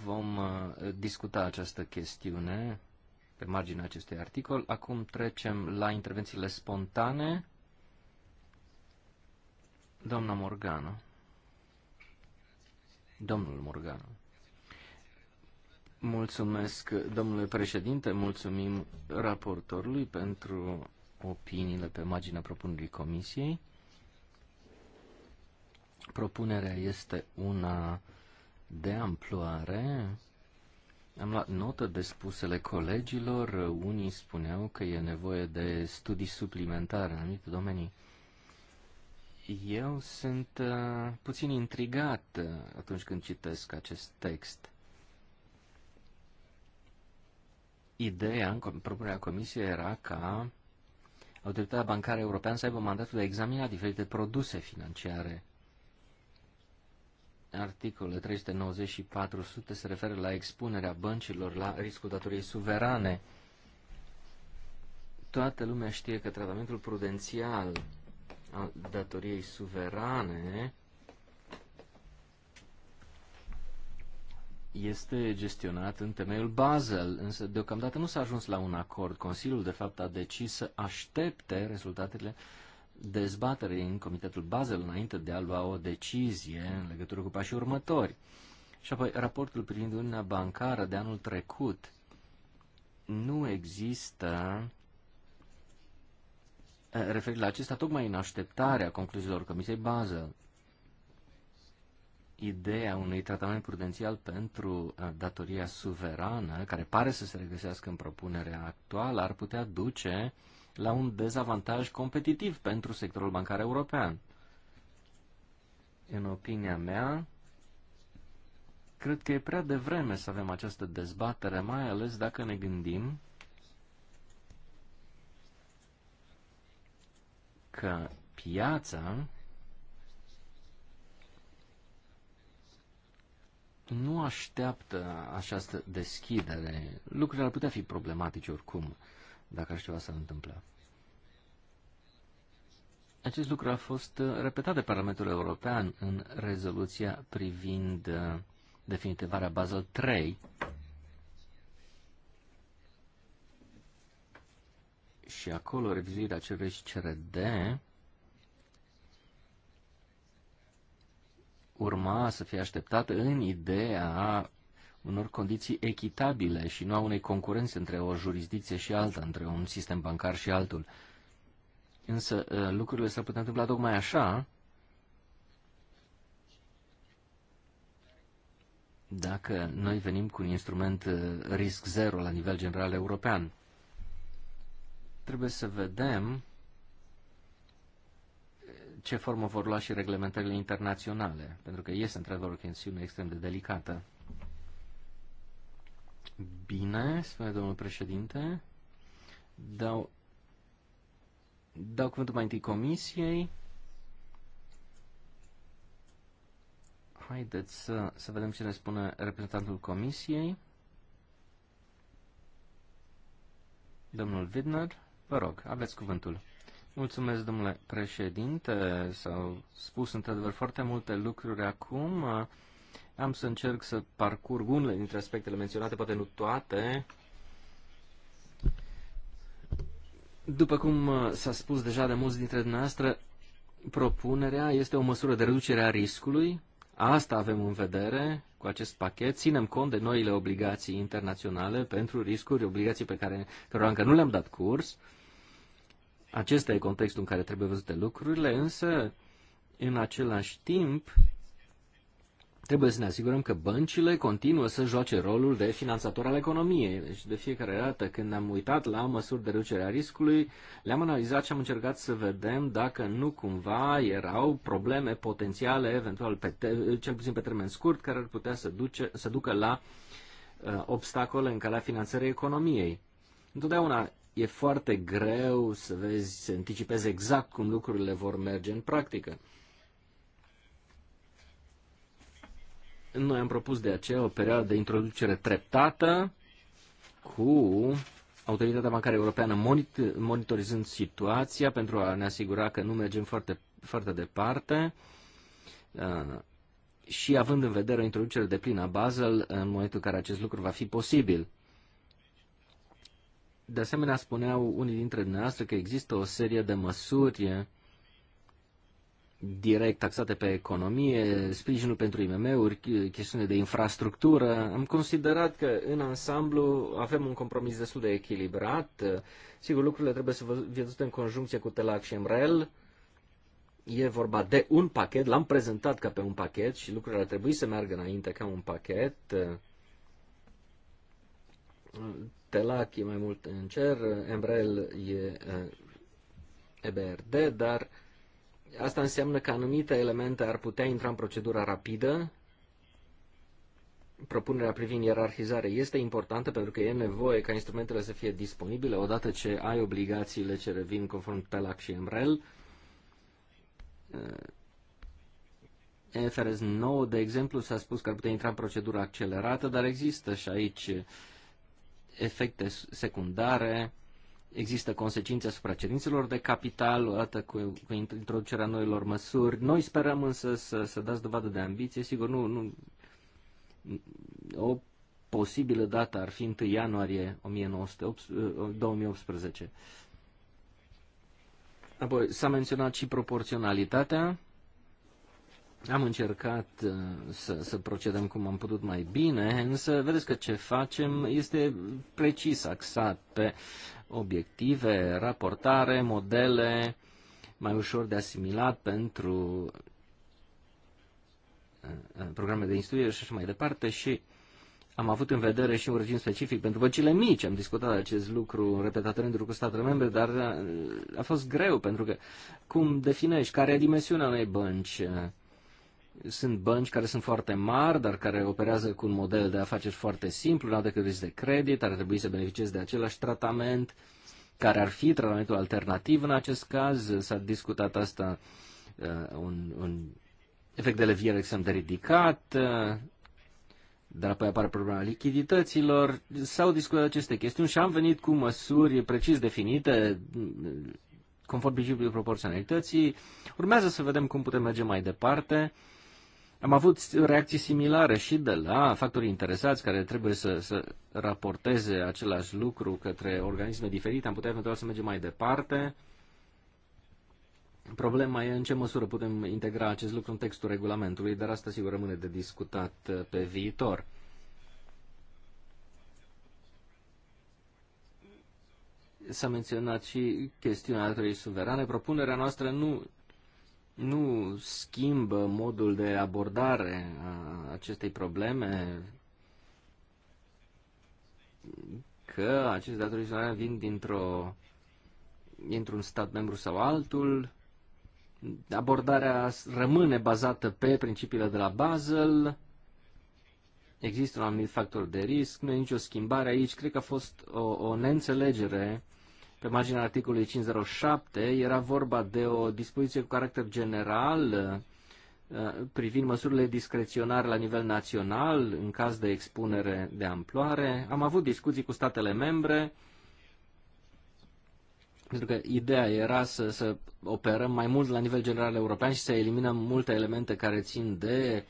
vom uh, discuta această chestiune pe marginea acestui articol. Acum trecem la intervențiile spontane. Doamna Morgana. Domnul Morgana. Mulțumesc, domnule președinte, mulțumim raportorului pentru opiniile pe marginea propunerii comisiei. Propunerea este una de amploare. Am luat notă de spusele colegilor. Unii spuneau că e nevoie de studii suplimentare în anumite domenii. Eu sunt uh, puțin intrigat uh, atunci când citesc acest text. Ideea în propunerea comisiei era ca Autoritatea Bancară Europeană să aibă mandatul de a examina diferite produse financiare Articolele 390 și 400 se referă la expunerea băncilor la riscul datoriei suverane. Toată lumea știe că tratamentul prudențial al datoriei suverane este gestionat în temeiul Basel, însă deocamdată nu s-a ajuns la un acord. Consiliul, de fapt, a decis să aștepte rezultatele uh, dezbatere în Comitetul Basel înainte de a lua o decizie în legătură cu pașii următori. Și apoi raportul privind Uniunea Bancară de anul trecut. Nu există referit la acesta tocmai în așteptarea concluziilor Comisiei Basel. Ideea unui tratament prudențial pentru datoria suverană, care pare să se regăsească în propunerea actuală, ar putea duce uh, la un dezavantaj competitiv pentru sectorul bancar european. În opinia mea, cred că e prea devreme să avem această dezbatere, mai ales dacă ne gândim că piața nu așteaptă această deschidere. Lucrurile ar putea fi problematice oricum dacă așa ceva s-ar întâmpla. Acest lucru a fost uh, repetat de Parlamentul European în rezoluția privind uh, definitivarea Basel 3 și acolo revizuirea acelui CRD urma să fie așteptată în ideea unor condiții echitabile și nu a unei concurențe între o jurisdicție și alta, între un sistem bancar și altul. Însă ă, lucrurile s-ar putea întâmpla tocmai așa, dacă noi venim cu un instrument ă, risc zero la nivel general european. Trebuie să vedem ă, ce formă vor lua și reglementările internaționale, pentru că este într-adevăr o chestiune extrem de delicată. Bine, spune domnul președinte. Dau, dau cuvântul mai întâi comisiei. Haideți să, să vedem ce ne spune reprezentantul comisiei. Domnul Widner, vă rog, aveți cuvântul. Mulțumesc, domnule președinte. S-au spus într-adevăr foarte multe lucruri acum. Am să încerc să parcurg unele dintre aspectele menționate, poate nu toate. După cum uh, s-a spus deja de mulți dintre dumneavoastră, propunerea este o măsură de reducere a riscului. Asta avem în vedere cu acest pachet. Ținem cont de noile obligații internaționale pentru riscuri, obligații pe care cărora încă nu le-am dat curs. Acesta e contextul în care trebuie văzute lucrurile, însă, în același timp, Trebuie să ne asigurăm că băncile continuă să joace rolul de finanțator al economiei. Deci de fiecare dată când ne-am uitat la măsuri de reducere a riscului, le-am analizat și am încercat să vedem dacă nu cumva erau probleme potențiale, eventual pe te- cel puțin pe termen scurt, care ar putea să, duce, să ducă la uh, obstacole în calea finanțării economiei. Întotdeauna e foarte greu să vezi, să anticipezi exact cum lucrurile vor merge în practică. Noi am propus de aceea o perioadă de introducere treptată cu Autoritatea Bancară Europeană monitorizând situația pentru a ne asigura că nu mergem foarte, foarte departe uh, și având în vedere o introducere de plină a Basel în momentul în care acest lucru va fi posibil. De asemenea, spuneau unii dintre dumneavoastră că există o serie de măsuri direct taxate pe economie, sprijinul pentru IMM-uri, chestiune de infrastructură. Am considerat că în ansamblu avem un compromis destul de echilibrat. Sigur, lucrurile trebuie să văzute în conjuncție cu TELAC și MREL. E vorba de un pachet, l-am prezentat ca pe un pachet și lucrurile ar trebui să meargă înainte ca un pachet. TELAC e mai mult în cer, MREL e EBRD, eh, dar uh, Asta înseamnă că anumite elemente ar putea intra în procedura rapidă. Propunerea privind ierarhizare este importantă pentru că e nevoie ca instrumentele să fie disponibile odată ce ai obligațiile ce revin conform TELAC și MREL. EFRS eh, 9, de exemplu, s-a spus că ar putea intra în procedura accelerată, dar există și aici efecte secundare există consecințe asupra cerințelor de capital, odată cu, cu introducerea noilor măsuri. Noi sperăm însă să, să dați dovadă de ambiție. Sigur, nu, nu, o posibilă dată ar fi 1 ianuarie 1918, 2018. Ă, Apoi, s-a menționat și proporționalitatea. Am încercat ă, să, să procedăm cum am putut mai bine, însă vedeți că ce facem este precis axat pe obiective, raportare, modele mai ușor de asimilat pentru uh, uh, programe de instruire și așa mai departe și am avut în vedere și un regim specific pentru băcile mici. Am discutat acest lucru în repetate rânduri cu statele membre, dar uh, a fost greu pentru că cum definești care e dimensiunea unei bănci, sunt bănci care sunt foarte mari, dar care operează cu un model de afaceri foarte simplu, nu au decât risc de credit, ar trebui să beneficieze de același tratament, care ar fi tratamentul alternativ în acest caz. S-a discutat asta uh, un, un efect de levier extrem de ridicat, uh, dar apoi apare problema lichidităților. S-au discutat aceste chestiuni și am venit cu măsuri precis definite, conform principiului proporționalității. Urmează să vedem cum putem merge mai departe. Am avut reacții similare și de la factorii interesați care trebuie să, să raporteze același lucru către organisme diferite. Am putea eventual să mergem mai departe. Problema e în ce măsură putem integra acest lucru în textul regulamentului, dar asta sigur rămâne de discutat uh, pe viitor. S-a menționat și chestiunea datoriei suverane. Propunerea noastră nu nu schimbă modul de abordare a acestei probleme, că aceste datorii suverane vin dintr-o, dintr-un stat membru sau altul, abordarea rămâne bazată pe principiile de la Basel, există un anumit factor de risc, nu e nicio schimbare aici, cred că a fost o, o neînțelegere pe marginea articolului 507 era vorba de o dispoziție cu caracter general uh, privind măsurile discreționare la nivel național în caz de expunere de amploare. Am avut discuții cu statele membre pentru că ideea era să, să operăm mai mult la nivel general european și să eliminăm multe elemente care țin de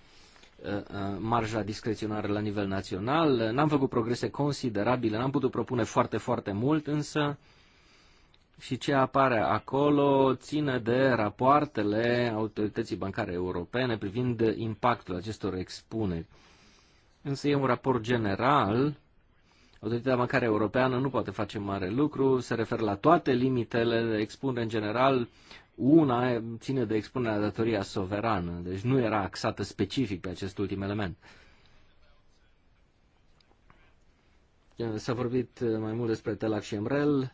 uh, uh, marja discreționară la nivel național. N-am făcut progrese considerabile, n-am putut propune foarte, foarte mult, însă uh, și ce apare acolo ține de rapoartele autorității bancare europene privind impactul acestor expuneri. Însă e un raport general, autoritatea bancară europeană nu poate face mare lucru, se referă la toate limitele de expunere în general, una ține de expunerea datoria soverană, deci nu era axată specific pe acest ultim element. S-a vorbit mai mult despre TELAC și MREL,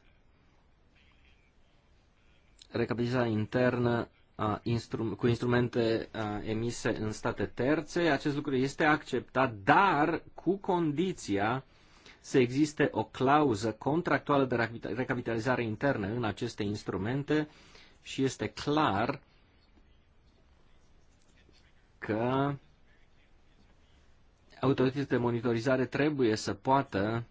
recapitalizarea internă a instru- cu instrumente a, emise în state terțe. Acest lucru este acceptat, dar cu condiția să existe o clauză contractuală de recapitalizare internă în aceste instrumente și este clar că autoritățile de monitorizare trebuie să poată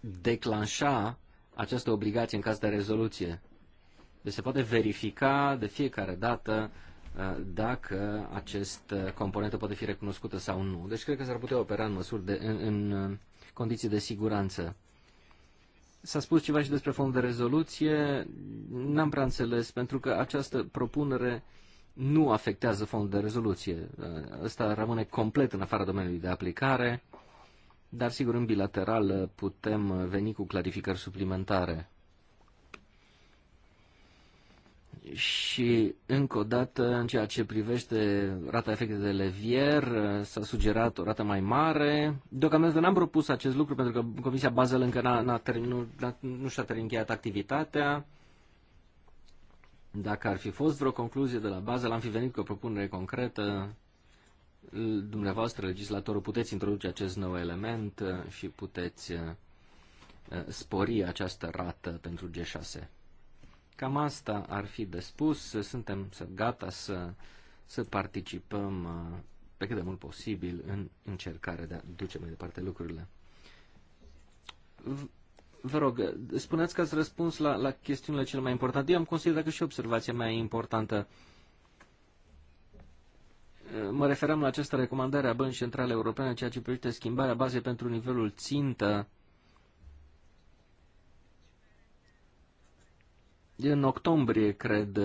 declanșa această obligație în caz de rezoluție. Deci se poate verifica de fiecare dată uh, dacă acest uh, component poate fi recunoscută sau nu. Deci cred că s-ar putea opera în, măsuri de, în, în uh, condiții de siguranță. S-a spus ceva și despre fondul de rezoluție. N-am prea înțeles, pentru că această propunere nu afectează fondul de rezoluție. Ăsta rămâne complet în afara domeniului de aplicare dar sigur în bilateral uh, putem uh, veni cu clarificări suplimentare. Și încă o dată, în ceea ce privește rata efectelor de levier, uh, s-a sugerat o rată mai mare. Deocamdată n-am propus acest lucru pentru că Comisia Basel încă n-a, n-a terminut, nu și-a terminat activitatea. Dacă ar fi fost vreo concluzie de la Basel, am fi venit cu o propunere concretă dumneavoastră, legislatorul, puteți introduce acest nou element uh, și puteți uh, uh, spori această rată pentru G6. Cam asta ar fi de spus. Suntem gata să, să participăm pe cât de mult posibil în încercarea de a duce mai departe lucrurile. Vă rog, spuneți că ați răspuns la, la chestiunile cele mai importante. Eu am considerat că și observația mea e importantă. Uh, Mă referam la această recomandare a Băncii Centrale Europene ceea ce privește schimbarea bazei pentru nivelul țintă. În octombrie, cred,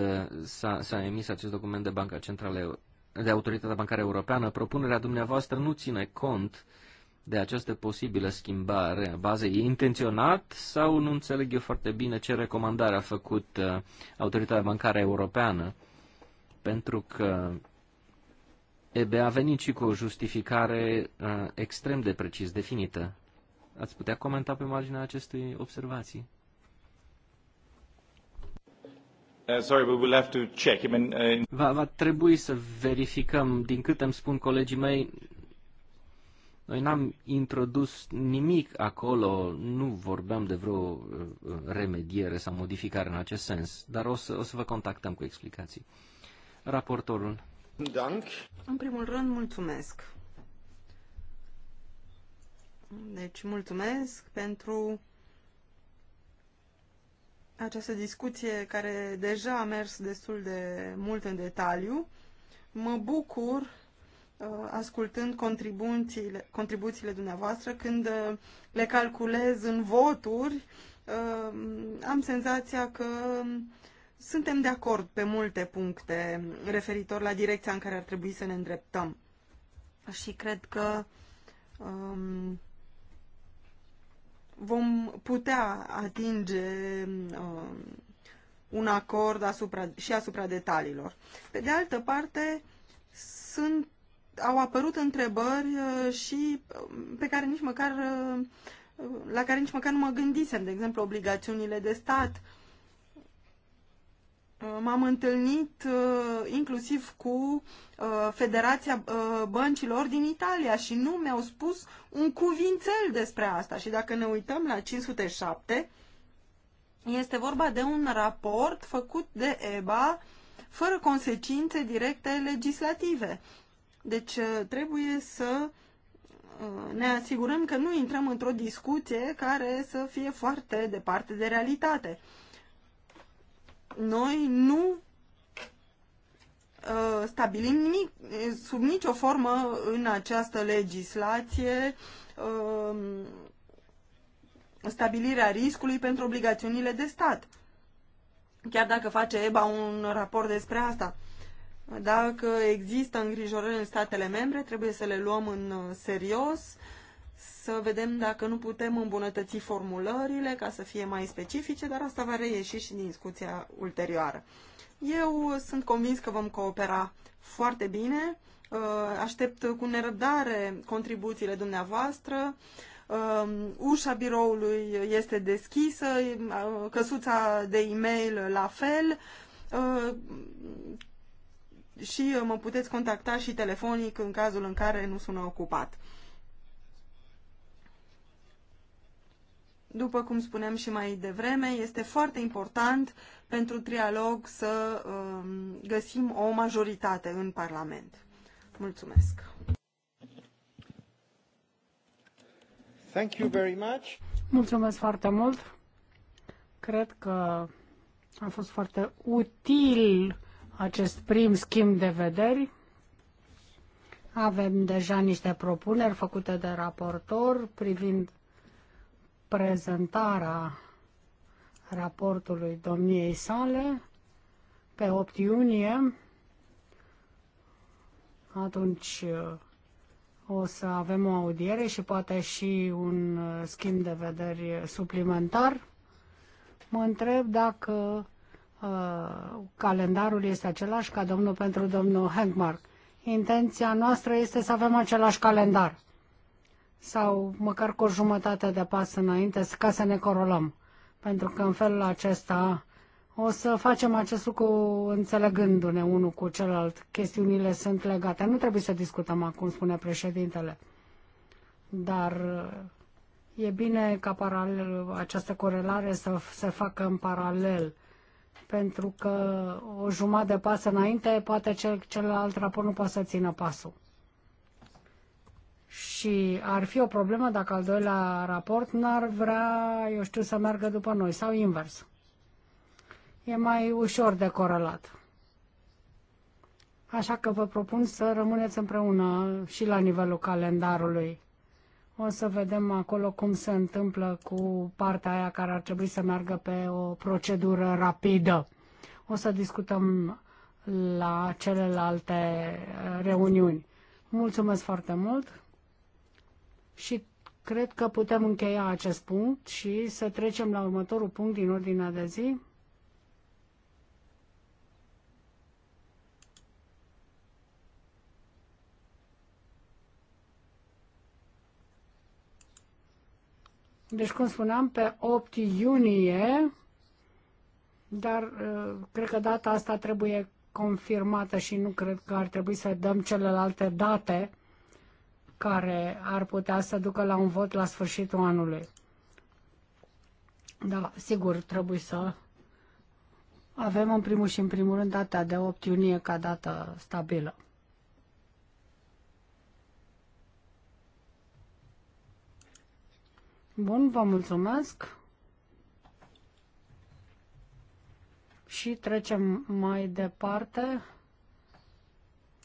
s-a, emis acest document de Banca Centrală de Autoritatea Bancară Europeană. Propunerea dumneavoastră nu ține cont de această posibilă schimbare a bazei. E intenționat sau nu înțeleg eu foarte bine ce recomandare a făcut uh, Autoritatea Bancară Europeană? Pentru că Ebe a venit și cu o justificare uh, extrem de precis definită. Ați putea comenta pe marginea acestei observații? Uh, sorry, we will have to check. I mean, uh... va, va trebui să verificăm. Din cât îmi spun colegii mei, noi n-am introdus nimic acolo, nu vorbeam de vreo uh, remediere sau modificare în acest sens, dar o să, o să vă contactăm cu explicații. Raportorul. Dank. În primul rând, mulțumesc. Deci, mulțumesc pentru această discuție care deja a mers destul de mult în detaliu. Mă bucur uh, ascultând contribuțiile, contribuțiile dumneavoastră, când uh, le calculez în voturi, uh, am senzația că suntem de acord pe multe puncte referitor la direcția în care ar trebui să ne îndreptăm. Și cred că um, vom putea atinge um, un acord asupra, și asupra detaliilor. Pe de altă parte, sunt, au apărut întrebări uh, și um, pe care nici măcar uh, la care nici măcar nu mă gândisem, de exemplu, obligațiunile de stat Uh, m-am întâlnit uh, inclusiv cu uh, Federația Băncilor din Italia și nu mi-au spus un cuvințel despre asta. Și dacă ne uităm la 507, este vorba de un raport făcut de EBA fără consecințe directe legislative. Deci trebuie să ne asigurăm că nu intrăm într-o discuție care să fie foarte departe de realitate noi nu uh, stabilim nimic, sub nicio formă în această legislație um, stabilirea riscului pentru obligațiunile de stat. Chiar dacă face EBA un raport despre asta. Dacă există îngrijorări în statele membre, trebuie să le luăm în uh, serios să vedem dacă nu putem îmbunătăți formulările ca să fie mai specifice, dar asta va reieși și din discuția ulterioară. Eu sunt convins că vom coopera foarte bine, uh, aștept cu nerăbdare contribuțiile dumneavoastră, um, ușa biroului este deschisă, uh, căsuța de e-mail la fel, uh, și mă puteți contacta și telefonic în cazul în care nu sună ocupat. După cum spuneam și mai devreme, este foarte important pentru trialog să um, găsim o majoritate în Parlament. Mulțumesc! Thank you very much. Mulțumesc foarte mult! Cred că a fost foarte util acest prim schimb de vederi. Avem deja niște propuneri făcute de raportor privind prezentarea raportului domniei sale pe 8 iunie. Atunci uh, o să avem o audiere și poate și un uh, schimb de vederi suplimentar. Mă întreb dacă uh, calendarul este același ca domnul pentru domnul Henkmark. Intenția noastră este să avem același calendar sau măcar cu o jumătate de pas înainte ca să ne corolăm. Pentru că în felul acesta o să facem acest lucru înțelegându-ne unul cu celălalt. Chestiunile sunt legate. Nu trebuie să discutăm acum, spune președintele. Dar e bine ca paralel, această corelare să se facă în paralel. Pentru că o jumătate de pas înainte, poate cel, celălalt raport nu poate să țină pasul și ar fi o problemă dacă al doilea raport n-ar vrea, eu știu, să meargă după noi sau invers. E mai ușor de corelat. Așa că vă propun să rămâneți împreună și la nivelul calendarului. O să vedem acolo cum se întâmplă cu partea aia care ar trebui să meargă pe o procedură rapidă. O să discutăm la celelalte reuniuni. Mulțumesc foarte mult! Și cred că putem încheia acest punct și să trecem la următorul punct din ordinea de zi. Deci, cum spuneam, pe 8 iunie, dar uh, cred că data asta trebuie confirmată și nu cred că ar trebui să dăm celelalte date care ar putea să ducă la un vot la sfârșitul anului. Da, sigur, trebuie să avem în primul și în primul rând data de 8 iunie ca dată stabilă. Bun, vă mulțumesc. Și trecem mai departe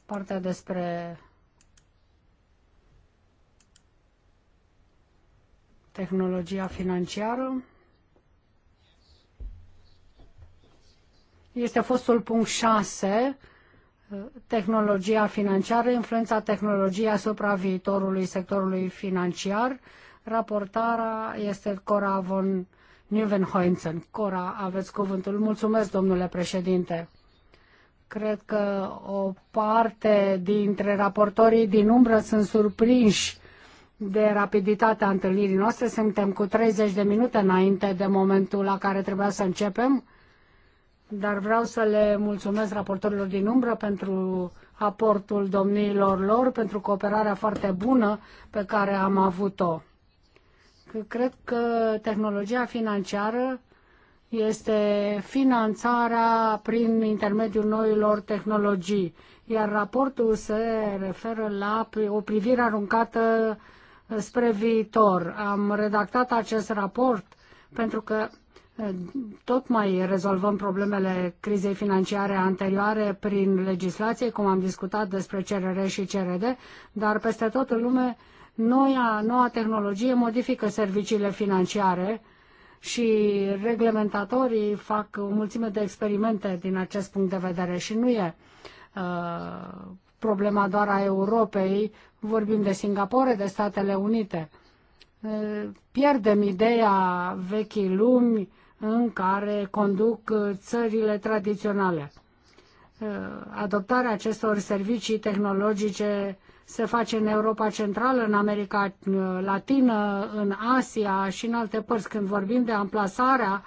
partea despre tehnologia financiară. Este fostul punct 6, tehnologia financiară, influența tehnologiei asupra viitorului sectorului financiar. Raportarea este Cora von Nieuwenhuizen. Cora, aveți cuvântul. Mulțumesc, domnule președinte cred că o parte dintre raportorii din umbră sunt surprinși de a întâlnirii noastre. Suntem cu 30 de minute înainte de momentul la care trebuia să începem, dar vreau să le mulțumesc raportorilor din umbră pentru aportul domniilor lor, pentru cooperarea foarte bună pe care am avut-o. Cred că tehnologia financiară este finanțarea prin intermediul noilor tehnologii, iar raportul se referă la o privire aruncată spre viitor. Am redactat acest raport pentru că eh, tot mai rezolvăm problemele crizei financiare anterioare prin legislație, cum am discutat despre CRR și CRD, dar peste tot în lume noua, noua tehnologie modifică serviciile financiare și reglementatorii fac o mulțime de experimente din acest punct de vedere și nu e uh, problema doar a Europei, vorbim de Singapore, de Statele Unite. Pierdem ideea vechii lumi în care conduc țările tradiționale. Adoptarea acestor servicii tehnologice se face în Europa Centrală, în America Latină, în Asia și în alte părți. Când vorbim de amplasarea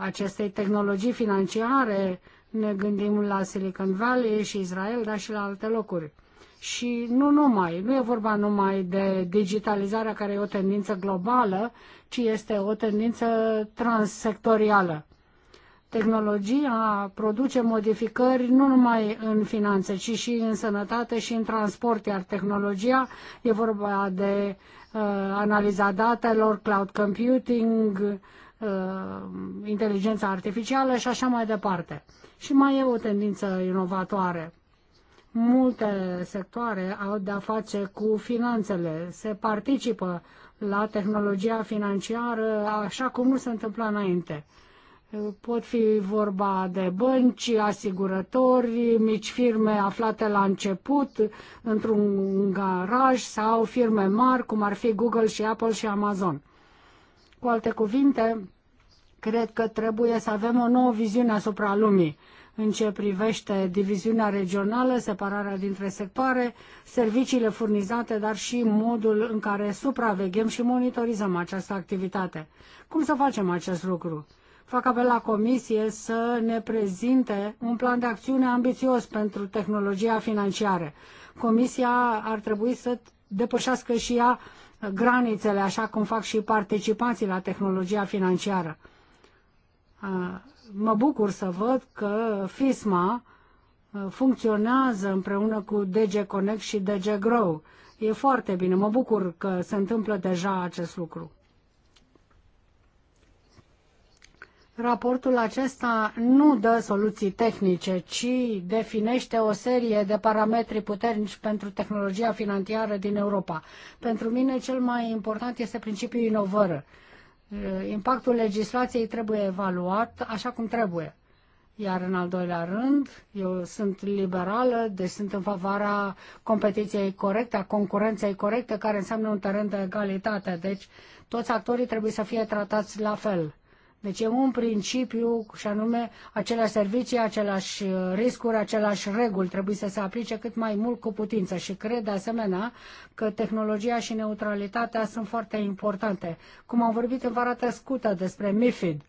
acestei tehnologii financiare, ne gândim la Silicon Valley și Israel, dar și la alte locuri și nu numai, nu e vorba numai de digitalizarea care e o tendință globală, ci este o tendință transsectorială. Tehnologia produce modificări nu numai în finanțe, ci și în sănătate și în transport, iar tehnologia e vorba de uh, analiza datelor, cloud computing, uh, inteligența artificială și așa mai departe. Și mai e o tendință inovatoare Multe sectoare au de-a face cu finanțele, se participă la tehnologia financiară așa cum nu se întâmpla înainte. Pot fi vorba de bănci, asigurători, mici firme aflate la început într-un garaj sau firme mari cum ar fi Google și Apple și Amazon. Cu alte cuvinte, cred că trebuie să avem o nouă viziune asupra lumii în ce privește diviziunea regională, separarea dintre sectoare, serviciile furnizate, dar și modul în care supraveghem și monitorizăm această activitate. Cum să facem acest lucru? Fac apel la Comisie să ne prezinte un plan de acțiune ambițios pentru tehnologia financiară. Comisia ar trebui să depășească și ea granițele, așa cum fac și participanții la tehnologia financiară mă bucur să văd că FISMA uh, funcționează împreună cu DG Connect și DG Grow. E foarte bine, mă bucur că se întâmplă deja acest lucru. Raportul acesta nu dă soluții tehnice, ci definește o serie de parametri puternici pentru tehnologia financiară din Europa. Pentru mine cel mai important este principiul inovării Eh, impactul legislației trebuie evaluat așa cum trebuie. Iar în al doilea rând, eu sunt liberală, deci sunt în favoarea competiției corecte, a concurenței corecte, care înseamnă un teren de egalitate. Deci toți actorii trebuie să fie tratați la fel. Deci e un principiu și anume acelea servicii, același riscuri, același reguli trebuie să se aplice cât mai mult cu putință și cred de asemenea că tehnologia și neutralitatea sunt foarte importante. Cum am vorbit în vara trecută despre MIFID,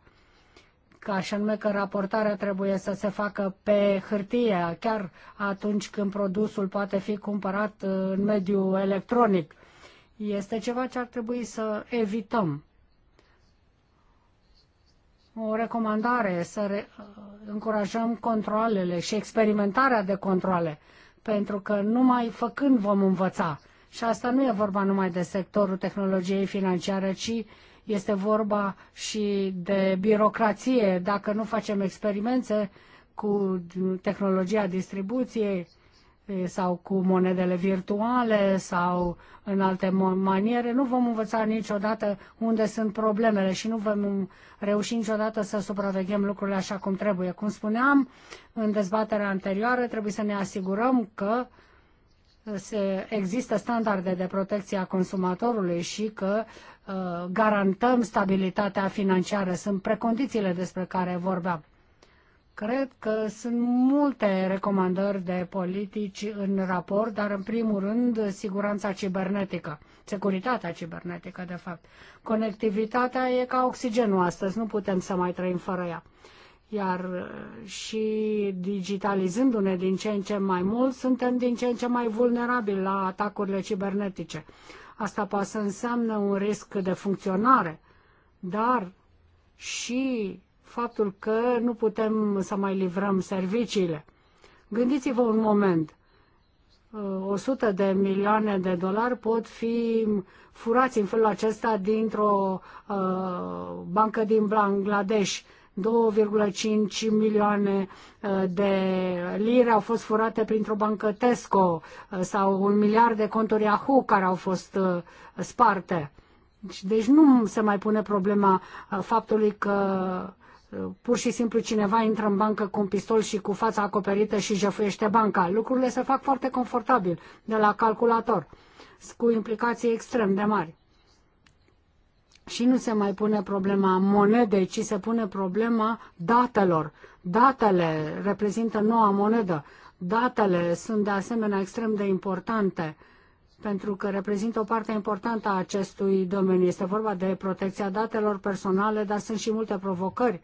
că așa nume că raportarea trebuie să se facă pe hârtie, chiar atunci când produsul poate fi cumpărat uh, în mediul electronic. Este ceva ce ar trebui să evităm o recomandare să re- încurajăm controlele și experimentarea de controle, pentru că numai făcând vom învăța. Și asta nu e vorba numai de sectorul tehnologiei financiare, ci este vorba și de birocrație. Dacă nu facem experimente cu tehnologia distribuției, Eh, sau cu monedele virtuale sau în alte maniere, nu vom învăța niciodată unde sunt problemele și nu vom reuși niciodată să supraveghem lucrurile așa cum trebuie. Cum spuneam în dezbaterea anterioară, trebuie să ne asigurăm că se, există standarde de protecție a consumatorului și că uh, garantăm stabilitatea financiară. Sunt precondițiile despre care vorbeam. Cred că sunt multe recomandări de politici în raport, dar în primul rând siguranța cibernetică, securitatea cibernetică, de fapt. Conectivitatea e ca oxigenul astăzi, nu putem să mai trăim fără ea. Iar uh, și digitalizându-ne din ce în ce mai mult, suntem din ce în ce mai vulnerabili la atacurile cibernetice. Asta poate să înseamnă un risc de funcționare, dar și faptul că nu putem să mai livrăm serviciile. Gândiți-vă un moment. 100 uh, de milioane de dolari pot fi furați în felul acesta dintr-o uh, bancă din Bangladesh. 2,5 milioane uh, de lire au fost furate printr-o bancă Tesco uh, sau un miliard de conturi Yahoo care au fost sparte. Deci nu se mai pune problema faptului că pur și simplu cineva intră în bancă cu un pistol și cu fața acoperită și jefuiește banca. Lucrurile se fac foarte confortabil de la calculator, cu implicații extrem de mari. Și nu se mai pune problema monedei, ci se pune problema datelor. Datele reprezintă noua monedă. Datele sunt de asemenea extrem de importante pentru că reprezintă o parte importantă a acestui domeniu. Este vorba de protecția datelor personale, dar sunt și multe provocări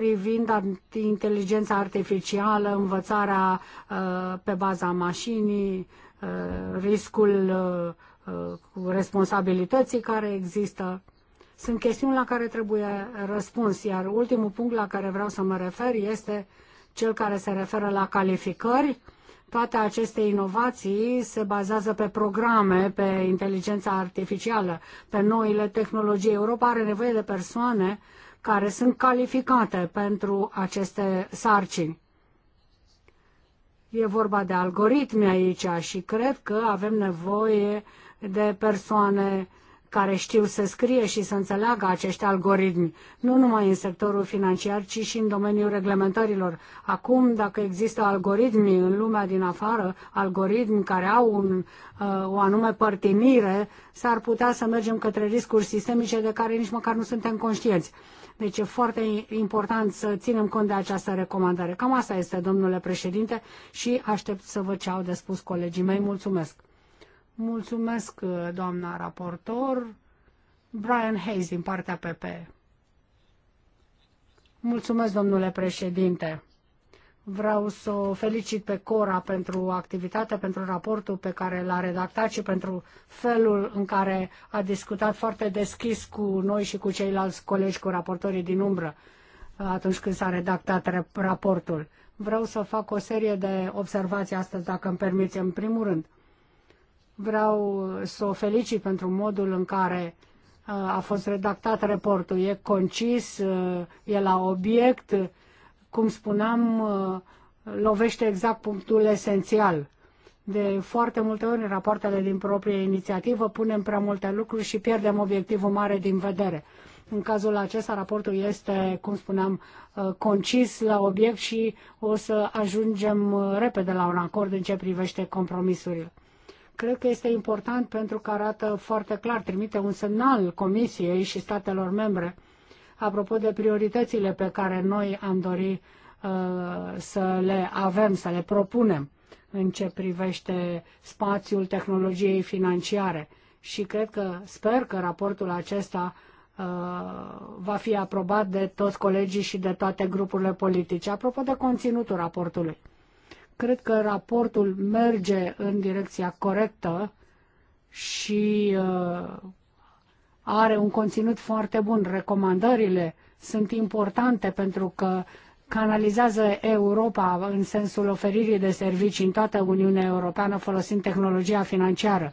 privind inteligența artificială, învățarea uh, pe baza mașinii, uh, riscul uh, responsabilității care există. Sunt chestiuni la care trebuie răspuns, iar ultimul punct la care vreau să mă refer este cel care se referă la calificări. Toate aceste inovații se bazează pe programe, pe inteligența artificială, pe noile tehnologii. Europa are nevoie de persoane uh, care sunt calificate pentru aceste sarcini. E vorba de algoritmi aici și cred că avem nevoie de persoane care știu să scrie și să înțeleagă acești algoritmi, nu numai în sectorul financiar, ci și în domeniul reglementărilor. Acum, dacă există algoritmi în lumea din afară, algoritmi care au un, uh, o anume părtinire, s-ar putea să mergem către riscuri sistemice de care nici măcar nu suntem conștienți. Deci e foarte important să ținem cont de această recomandare. Cam asta este, domnule președinte, și aștept să văd ce au de spus colegii mei. Mulțumesc! Mulțumesc, uh, doamna raportor. Brian Hayes din partea PP. Mulțumesc, domnule președinte. Vreau să o felicit pe Cora pentru activitatea, pentru raportul pe care l-a redactat și pentru felul în care a discutat foarte deschis cu noi și cu ceilalți colegi, cu raportorii din umbră, uh, atunci când s-a redactat raportul. Vreau să fac o serie de observații astăzi, dacă îmi permiți. În primul rând, vreau să o felicit pentru modul în care uh, a fost redactat raportul. E concis, uh, e la obiect, cum spuneam, uh, lovește exact punctul esențial. De foarte multe ori, în rapoartele din proprie inițiativă, punem prea multe lucruri și pierdem obiectivul mare din vedere. În cazul acesta, raportul este, cum spuneam, uh, concis la obiect și o să ajungem uh, repede la un acord în ce privește compromisurile. Cred că este important pentru că arată foarte clar, trimite un semnal Comisiei și statelor membre apropo de prioritățile pe care noi am dori uh, să le avem, să le propunem în ce privește spațiul tehnologiei financiare. Și cred că, sper că raportul acesta uh, va fi aprobat de toți colegii și de toate grupurile politice. Apropo de conținutul raportului, cred că raportul merge în direcția corectă și uh, are un conținut foarte bun. Recomandările sunt importante pentru că canalizează Europa în sensul oferirii de servicii în toată Uniunea Europeană folosind tehnologia financiară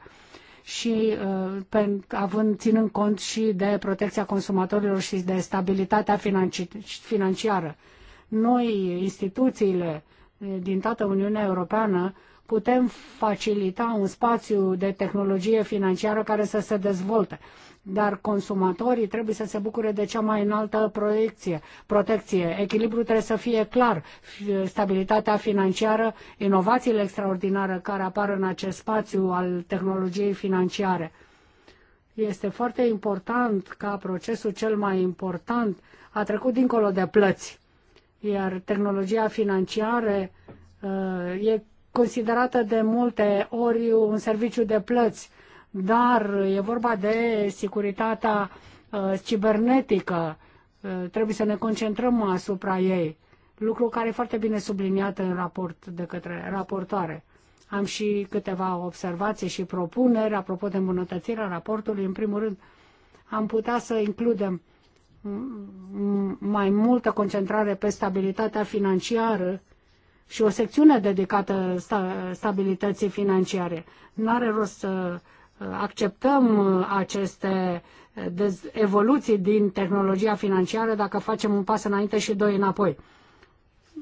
și uh, pe, având, ținând cont și de protecția consumatorilor și de stabilitatea financi, financiară. Noi, instituțiile uh, din toată Uniunea Europeană, putem facilita un spațiu de tehnologie financiară care să se dezvolte dar consumatorii trebuie să se bucure de cea mai înaltă proiecție, protecție. Echilibrul trebuie să fie clar, stabilitatea financiară, inovațiile extraordinare care apar în acest spațiu al tehnologiei financiare. Este foarte important ca procesul cel mai important a trecut dincolo de plăți, iar tehnologia financiară uh, e considerată de multe ori un serviciu de plăți dar e vorba de securitatea uh, cibernetică. Uh, trebuie să ne concentrăm asupra ei, lucru care e foarte bine subliniat în raport de către raportoare. Am și câteva observații și propuneri apropo de îmbunătățirea raportului. În primul rând, am putea să includem mai multă concentrare pe stabilitatea financiară și o secțiune dedicată sta- stabilității financiare. Nu are rost să acceptăm uh, aceste uh, evoluții din tehnologia financiară dacă facem un pas înainte și doi înapoi.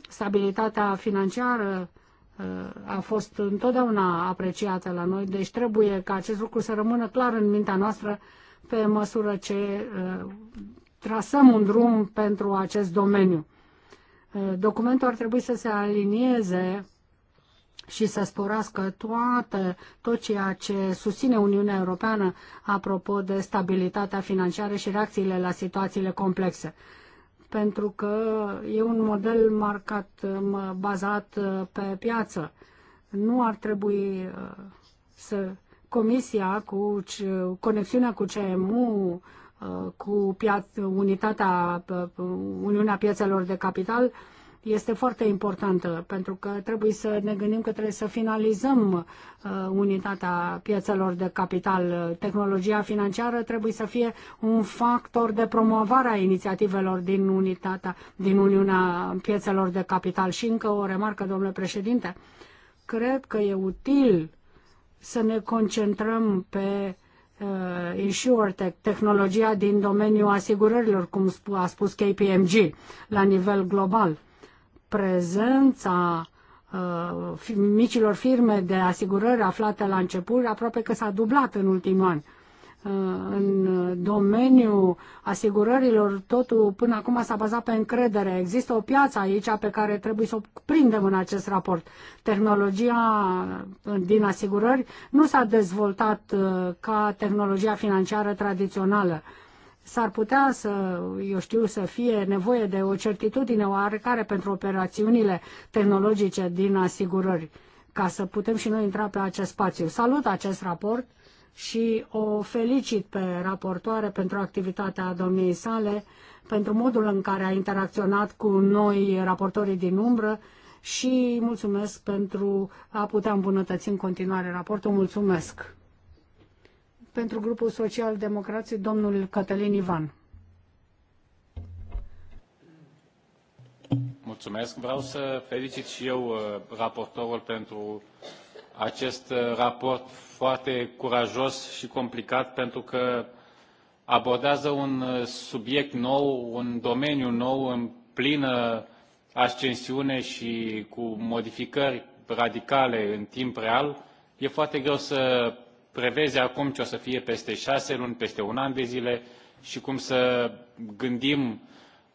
Stabilitatea financiară uh, a fost întotdeauna apreciată la noi, deci trebuie ca acest lucru să rămână clar în mintea noastră pe măsură ce trasăm un drum pentru acest domeniu. Documentul ar trebui să se alinieze și să sporească toate, tot ceea ce susține Uniunea Europeană apropo de stabilitatea financiară și reacțiile la situațiile complexe. Pentru că e un model marcat, bazat uh, pe piață. Nu ar trebui uh, să comisia cu conexiunea cu CMU, uh, cu unitatea, Uniunea Piețelor de Capital, este foarte importantă pentru că trebuie să ne gândim că trebuie să finalizăm uh, unitatea piețelor de capital. Tehnologia financiară trebuie să fie un factor de promovare a inițiativelor din unitatea, din Uniunea Piețelor de Capital. Și încă o remarcă, domnule președinte, cred că e util să ne concentrăm pe uh, InsurTech, tehnologia din domeniul asigurărilor, cum a spus KPMG, la nivel global prezența uh, micilor firme de asigurări aflate la început aproape că s-a dublat în ultimul an. Uh, în domeniul asigurărilor, totul până acum s-a bazat pe încredere. Există o piață aici pe care trebuie să o prindem în acest raport. Tehnologia uh, din asigurări nu s-a dezvoltat uh, ca tehnologia financiară tradițională s-ar putea să, eu știu, să fie nevoie de o certitudine oarecare pentru operațiunile tehnologice din asigurări, ca să putem și noi intra pe acest spațiu. Salut acest raport și o felicit pe raportoare pentru activitatea domniei sale, pentru modul în care a interacționat cu noi, raportorii din umbră, și mulțumesc pentru a putea îmbunătăți în continuare raportul. Mulțumesc! pentru grupul social-democrații, domnul Cătălin Ivan. Mulțumesc. Vreau să felicit și eu uh, raportorul pentru acest uh, raport foarte curajos și complicat, pentru că abordează un uh, subiect nou, un domeniu nou, în plină ascensiune și cu modificări radicale în timp real. E foarte greu să preveze acum ce o să fie peste șase luni, peste un an de zile și cum să gândim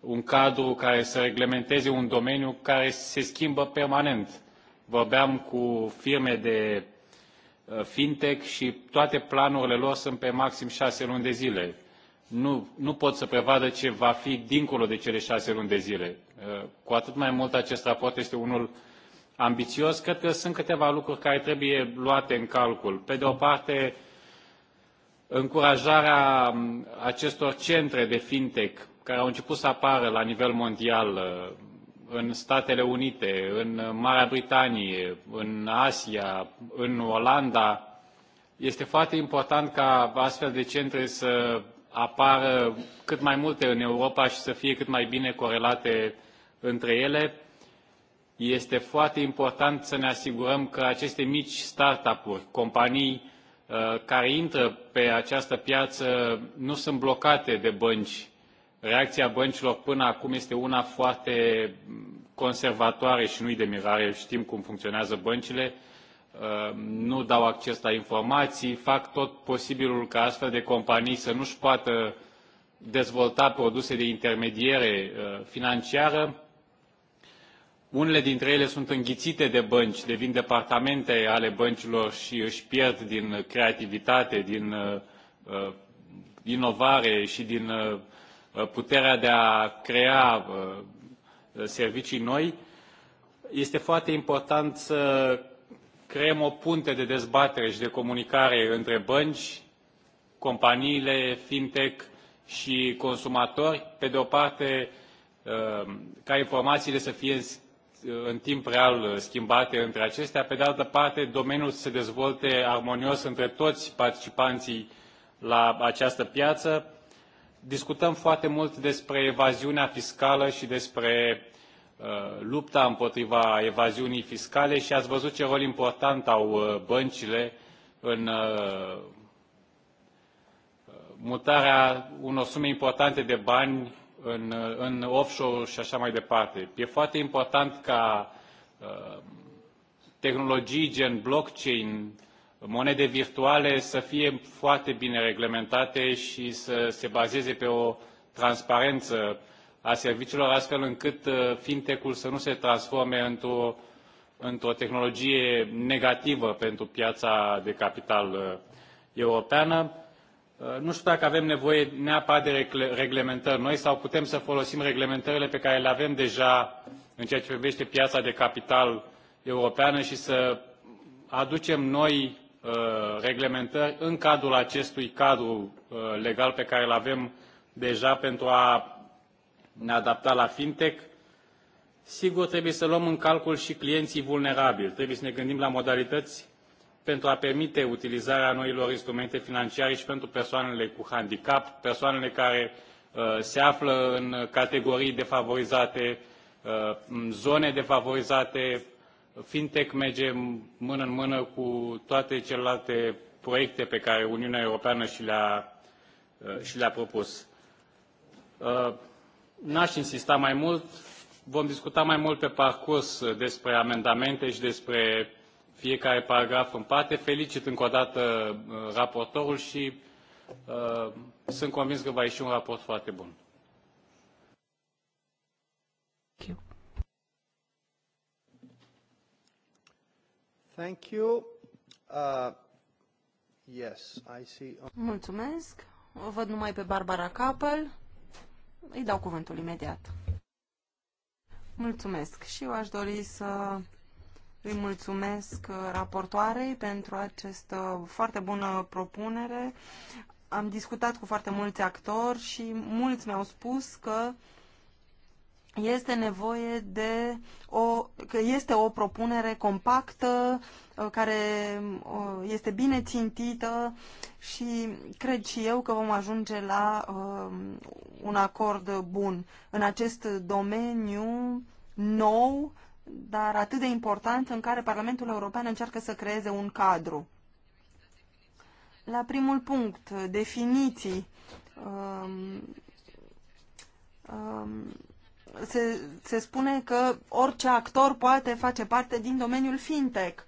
un cadru care să reglementeze un domeniu care se schimbă permanent. Vorbeam cu firme de uh, fintech și toate planurile lor sunt pe maxim șase luni de zile. Nu, nu pot să prevadă ce va fi dincolo de cele șase luni de zile. Uh, cu atât mai mult acest raport este unul ambițios, cred că sunt câteva lucruri care trebuie luate în calcul. Pe de o parte, încurajarea acestor centre de fintech care au început să apară la nivel mondial uh, în Statele Unite, în Marea Britanie, în Asia, în Olanda, este foarte important ca astfel de centre să apară cât mai multe în Europa și să fie cât mai bine corelate între ele este foarte important să ne asigurăm că aceste mici startup-uri, companii uh, care intră pe această piață nu sunt blocate de bănci. Reacția băncilor până acum este una foarte conservatoare și nu-i de mirare, știm cum funcționează băncile, uh, nu dau acces la informații, fac tot posibilul ca astfel de companii să nu-și poată dezvolta produse de intermediere uh, financiară unele dintre ele sunt înghițite de bănci, devin departamente ale băncilor și își pierd din creativitate, din uh, inovare și din uh, puterea de a crea uh, servicii noi, este foarte important să creăm o punte de dezbatere și de comunicare între bănci, companiile, fintech și consumatori, pe de o parte, ca informațiile să fie în timp real uh, schimbate între acestea. Pe de altă parte, domeniul să se dezvolte armonios între toți participanții la această piață. Discutăm foarte mult despre evaziunea fiscală și despre uh, lupta împotriva evaziunii fiscale și ați văzut ce rol important au uh, băncile în uh, mutarea unor sume importante de bani în, în offshore și așa mai departe. E foarte important ca uh, tehnologii gen blockchain, monede virtuale să fie foarte bine reglementate și să se bazeze pe o transparență a serviciilor, astfel încât uh, fintech-ul să nu se transforme într-o într-o tehnologie negativă pentru piața de capital uh, europeană Uh, nu știu dacă avem nevoie neapărat de reglementări noi sau putem să folosim reglementările pe care le avem deja în ceea ce privește piața de capital europeană și să aducem noi uh, reglementări în cadrul acestui cadru uh, legal pe care îl avem deja pentru a ne adapta la fintech. Sigur, trebuie să luăm în calcul și clienții vulnerabili. Trebuie să ne gândim la modalități pentru a permite utilizarea noilor instrumente financiare și pentru persoanele cu handicap, persoanele care uh, se află în categorii defavorizate, uh, zone defavorizate. Fintech merge mână în mână cu toate celelalte proiecte pe care Uniunea Europeană și le-a uh, și le-a propus. N-aș insista mai mult. Vom discuta mai mult pe parcurs despre amendamente și despre fiecare paragraf în parte. Felicit încă o dată uh, raportorul și uh, sunt convins că va ieși un raport foarte bun. Thank you. Uh, yes, I see. Mulțumesc. O văd numai pe Barbara Capel. Îi dau cuvântul imediat. Mulțumesc și eu aș dori să îi mulțumesc uh, raportoarei pentru această foarte bună propunere. Am discutat cu foarte mulți actori și mulți mi-au spus că este nevoie de o, că este o propunere compactă, uh, care uh, este bine țintită și cred și eu că vom ajunge la un acord bun. În acest domeniu nou, dar atât de important în care Parlamentul European încearcă să creeze un cadru. La primul punct, definiții. Um, um, se, se spune că orice actor poate face parte din domeniul fintech.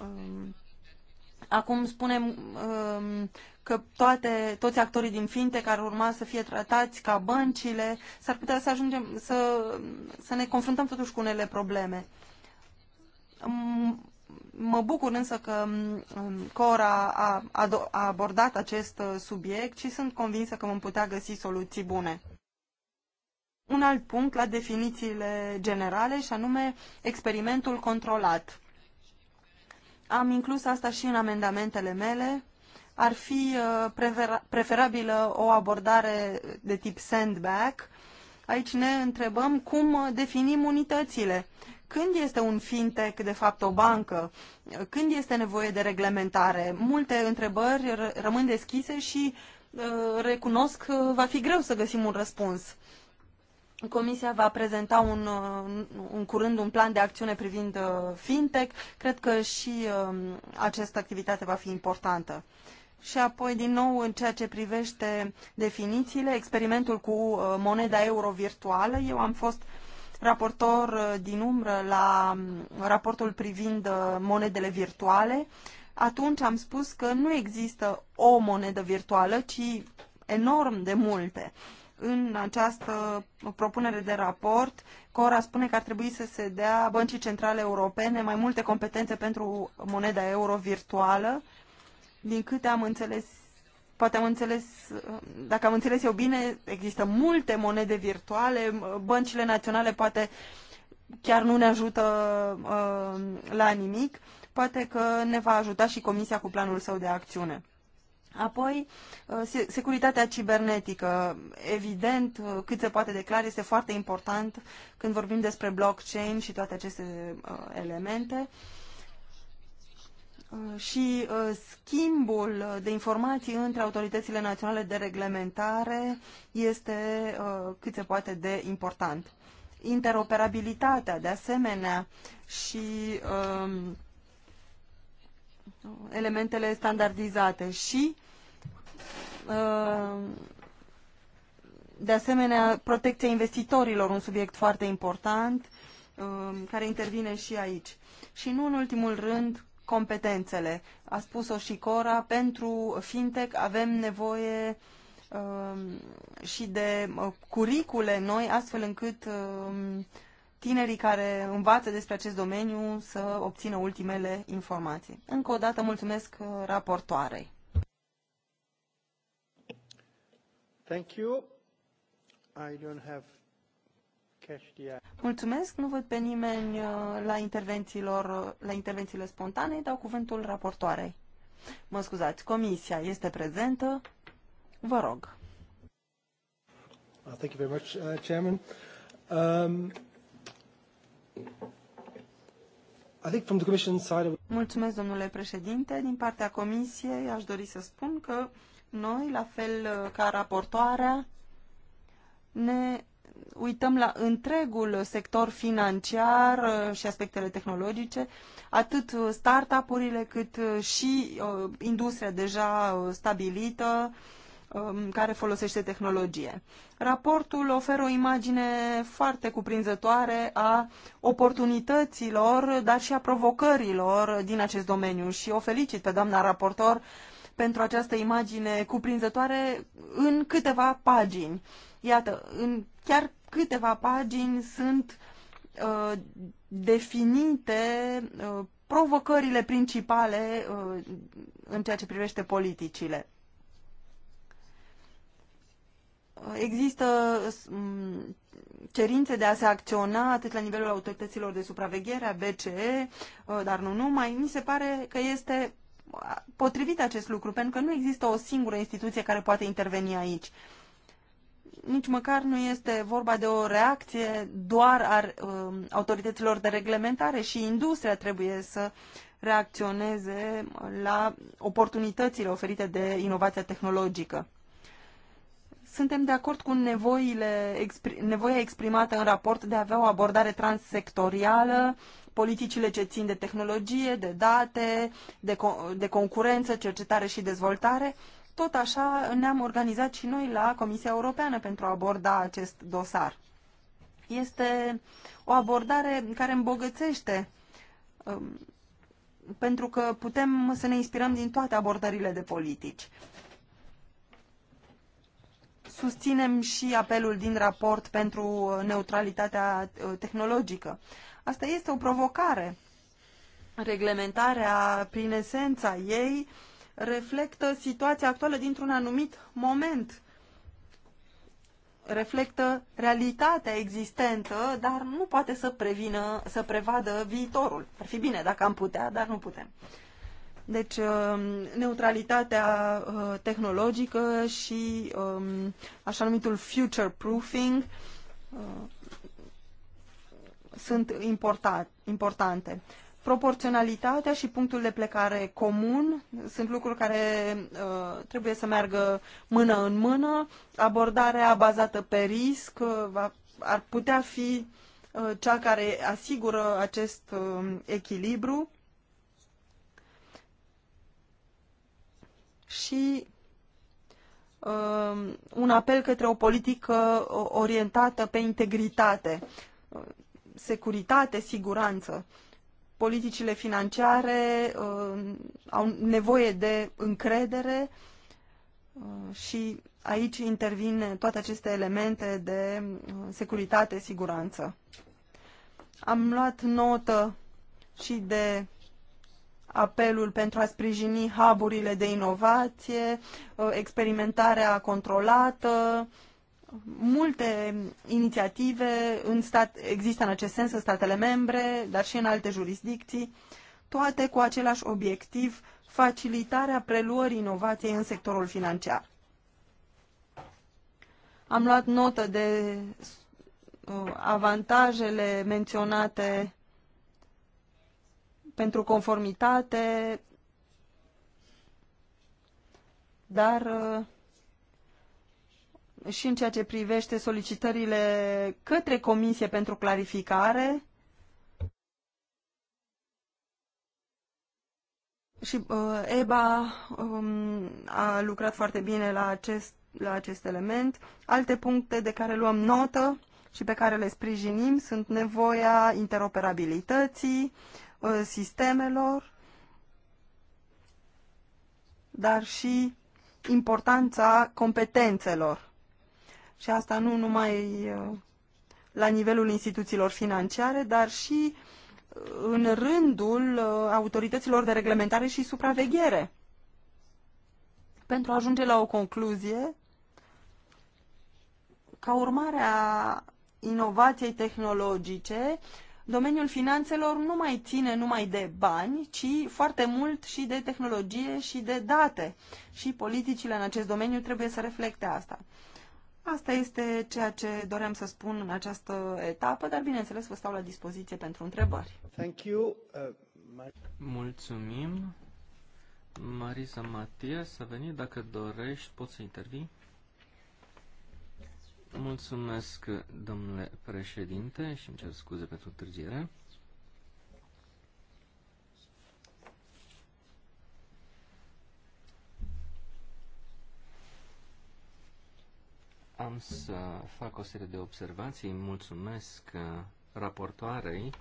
Um, Acum spunem um, că toate, toți actorii din finte care urma să fie tratați ca băncile, s-ar putea să ajungem să, să ne confruntăm totuși cu unele probleme. mă bucur însă că um, Cora a, a, a abordat acest uh, subiect și sunt convinsă că vom putea găsi soluții bune. Un alt punct la definițiile generale și anume experimentul controlat am inclus asta și în amendamentele mele, ar fi uh, preferabilă o abordare de tip back. Aici ne întrebăm cum uh, definim unitățile. Când este un fintech, de fapt, o bancă? Uh, când este nevoie de reglementare? Multe întrebări rămân deschise și recunosc că va fi greu să găsim un răspuns. Comisia va prezenta un, în uh, curând un plan de acțiune privind uh, fintech. Cred că și um, această activitate va fi importantă. Și apoi, din nou, în ceea ce privește definițiile, experimentul cu uh, moneda euro virtuală, eu am fost raportor din umbră la um, raportul privind monedele virtuale. Atunci am spus că nu există o monedă virtuală, ci enorm de multe. Uh, în această propunere de raport, Cora spune că ar trebui să se dea Băncii Centrale Europene mai multe competențe pentru moneda euro virtuală. Din câte am înțeles, poate am înțeles, dacă am înțeles eu bine, există multe monede virtuale, băncile naționale poate chiar nu ne ajută uh, la nimic. Poate că ne va ajuta și Comisia cu planul său de acțiune. Apoi, uh, securitatea cibernetică. Evident, uh, cât se poate declara, este foarte important când vorbim despre blockchain și toate aceste uh, elemente. Și schimbul de informații între autoritățile naționale de reglementare este cât se poate de important. Interoperabilitatea, de asemenea, și um, elementele standardizate și uh, de asemenea protecția investitorilor, un subiect foarte important uh, care intervine și aici. Și nu în ultimul rând, competențele. A spus-o și Cora, pentru fintech avem nevoie uh, și de curicule noi, astfel încât tinerii care învață despre acest domeniu să obțină ultimele informații. Încă o dată mulțumesc uh, raportoarei. Thank you. I don't have cash the... Mulțumesc, nu văd pe nimeni uh, la, intervențiilor, uh, la intervențiile spontane, dau cuvântul raportoarei. Mă scuzați, comisia este prezentă, vă rog. Thank you very much, uh, Chairman. Um, Mulțumesc, domnule președinte. Din partea comisiei aș dori să spun că noi, la fel uh, ca raportoarea, ne uităm la întregul sector financiar uh, și aspectele tehnologice, atât uh, up urile cât și industria deja stabilită, Um, care folosește tehnologie. Raportul oferă o imagine foarte cuprinzătoare a oportunităților, dar și a provocărilor din acest domeniu și o felicit pe doamna raportor pentru această imagine cuprinzătoare în câteva pagini. Iată, în chiar câteva pagini sunt uh, definite uh, provocările principale uh, în ceea ce privește politicile există mm, cerințe de a se acționa atât la nivelul autorităților de supraveghere, a BCE, uh, dar nu numai. Mi se pare că este potrivit acest lucru, pentru că nu există o singură instituție care poate interveni aici. Nici măcar nu este vorba de o reacție doar a uh, autorităților de reglementare și industria trebuie să reacționeze la oportunitățile oferite de inovația tehnologică. Suntem de acord cu nevoile, expri, nevoia exprimată în raport de a avea o abordare transsectorială, politicile ce țin de tehnologie, de date, de, de concurență, cercetare și dezvoltare. Tot așa ne-am organizat și noi la Comisia Europeană pentru a aborda acest dosar. Este o abordare care îmbogățește um, pentru că putem să ne inspirăm din toate abordările de politici. Susținem și apelul din raport pentru neutralitatea uh, tehnologică. Asta este o provocare. Reglementarea, prin esența ei, reflectă situația actuală dintr-un anumit moment. Reflectă realitatea existentă, dar nu poate să, prevină, să prevadă viitorul. Ar fi bine dacă am putea, dar nu putem. Deci, um, neutralitatea uh, tehnologică și um, așa numitul future proofing uh, sunt importante. Proporționalitatea și punctul de plecare comun sunt lucruri care uh, trebuie să meargă mână în mână. Abordarea bazată pe risc ar putea fi cea care asigură acest um, echilibru și um, un apel către o politică orientată pe integritate, securitate, siguranță. Politicile financiare um, au nevoie de încredere uh, și aici intervin toate aceste elemente de uh, securitate, siguranță. Am luat notă și de apelul pentru a sprijini haburile de inovație, uh, experimentarea controlată, multe inițiative în stat, există în acest sens în statele membre, dar și în alte jurisdicții, toate cu același obiectiv, facilitarea preluării inovației în sectorul financiar. Am luat notă de uh, avantajele menționate pentru conformitate, dar uh, și în ceea ce privește solicitările către Comisie pentru clarificare și uh, EBA um, a lucrat foarte bine la acest, la acest element. Alte puncte de care luăm notă și pe care le sprijinim sunt nevoia interoperabilității, Uh, sistemelor, dar și importanța competențelor. Și asta nu numai uh, la nivelul instituțiilor financiare, dar și uh, în rândul autorităților de reglementare și supraveghere. Pentru a ajunge la o concluzie, ca urmare a inovației tehnologice, domeniul finanțelor nu mai ține numai de bani, ci foarte mult și de tehnologie și de date. Și politicile în acest domeniu trebuie să reflecte asta. Asta este ceea ce doream să spun în această etapă, dar bineînțeles vă stau la dispoziție pentru întrebări. Thank you. Uh, my... Mulțumim. Marisa Matias a venit. Dacă dorești, poți să intervii. Mulțumesc, domnule președinte, și îmi cer scuze pentru întârziere. Am să fac o serie de observații. Mulțumesc uh, raportoarei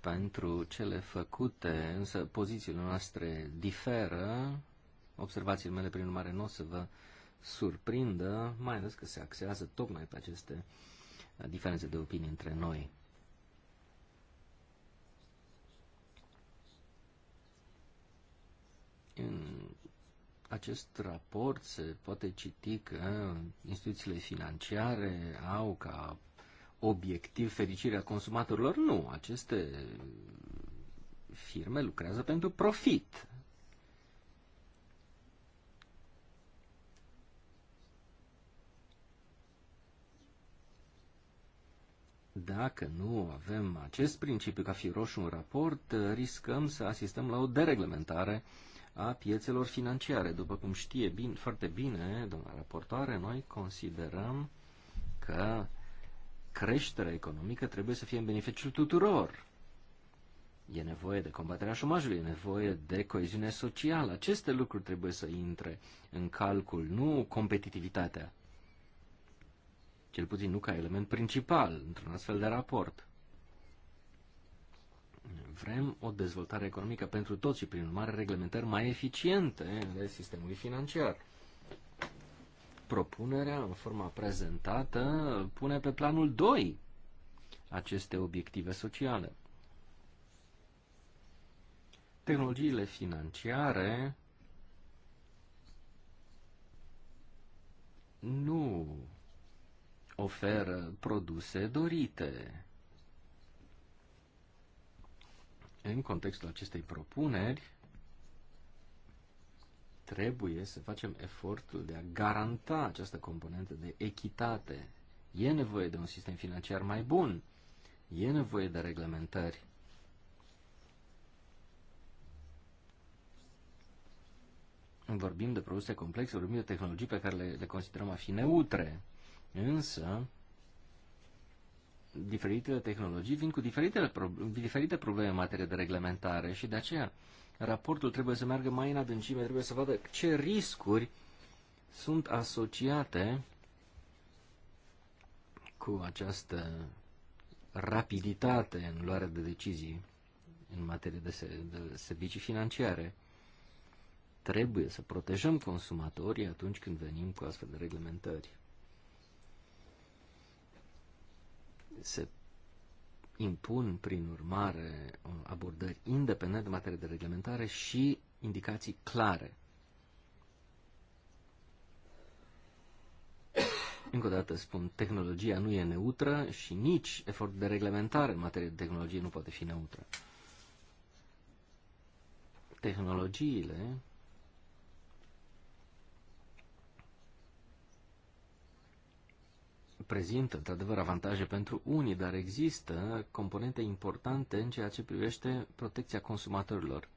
pentru cele făcute, însă pozițiile noastre diferă. Observațiile mele, prin urmare, nu o să vă uh, surprindă, mai ales că se axează tocmai pe aceste uh, diferențe de opinie între noi. În acest raport se poate citi că instituțiile financiare au ca obiectiv fericirea consumatorilor. Nu, aceste firme lucrează pentru profit. Dacă nu avem acest principiu ca fi roșu în raport, eh, riscăm să asistăm la o dereglementare a piețelor financiare. După cum știe bine, foarte bine, domnule raportoare, noi considerăm că creșterea economică trebuie să fie în beneficiul tuturor. E nevoie de combaterea șomajului, e nevoie de coeziune socială. Aceste lucruri trebuie să intre în calcul, nu competitivitatea cel puțin nu ca element principal într-un astfel de raport. Vrem o dezvoltare economică pentru toți și, prin urmare, reglementări mai eficiente ale sistemului financiar. Propunerea, în forma prezentată, pune pe planul 2 aceste obiective sociale. Tehnologiile financiare nu oferă produse dorite. În contextul acestei propuneri, trebuie să facem efortul de a garanta această componentă de echitate. E nevoie de un sistem financiar mai bun, e nevoie de reglementări. Vorbim de produse complexe, vorbim de tehnologii pe care le, le considerăm a fi neutre. Însă, diferitele tehnologii vin cu diferitele pro- diferite probleme în materie de reglementare și de aceea raportul trebuie să meargă mai în adâncime, trebuie să vadă ce riscuri sunt asociate cu această rapiditate în luarea de decizii în materie de, se- de servicii financiare. Trebuie să protejăm consumatorii atunci când venim cu astfel de reglementări. Se impun, prin urmare, abordări independente în materie de reglementare și indicații clare. Încă o dată spun, tehnologia nu e neutră și nici efortul de reglementare în materie de tehnologie nu poate fi neutră. Tehnologiile prezintă, într-adevăr, avantaje pentru unii, dar există componente importante în ceea ce privește protecția consumatorilor.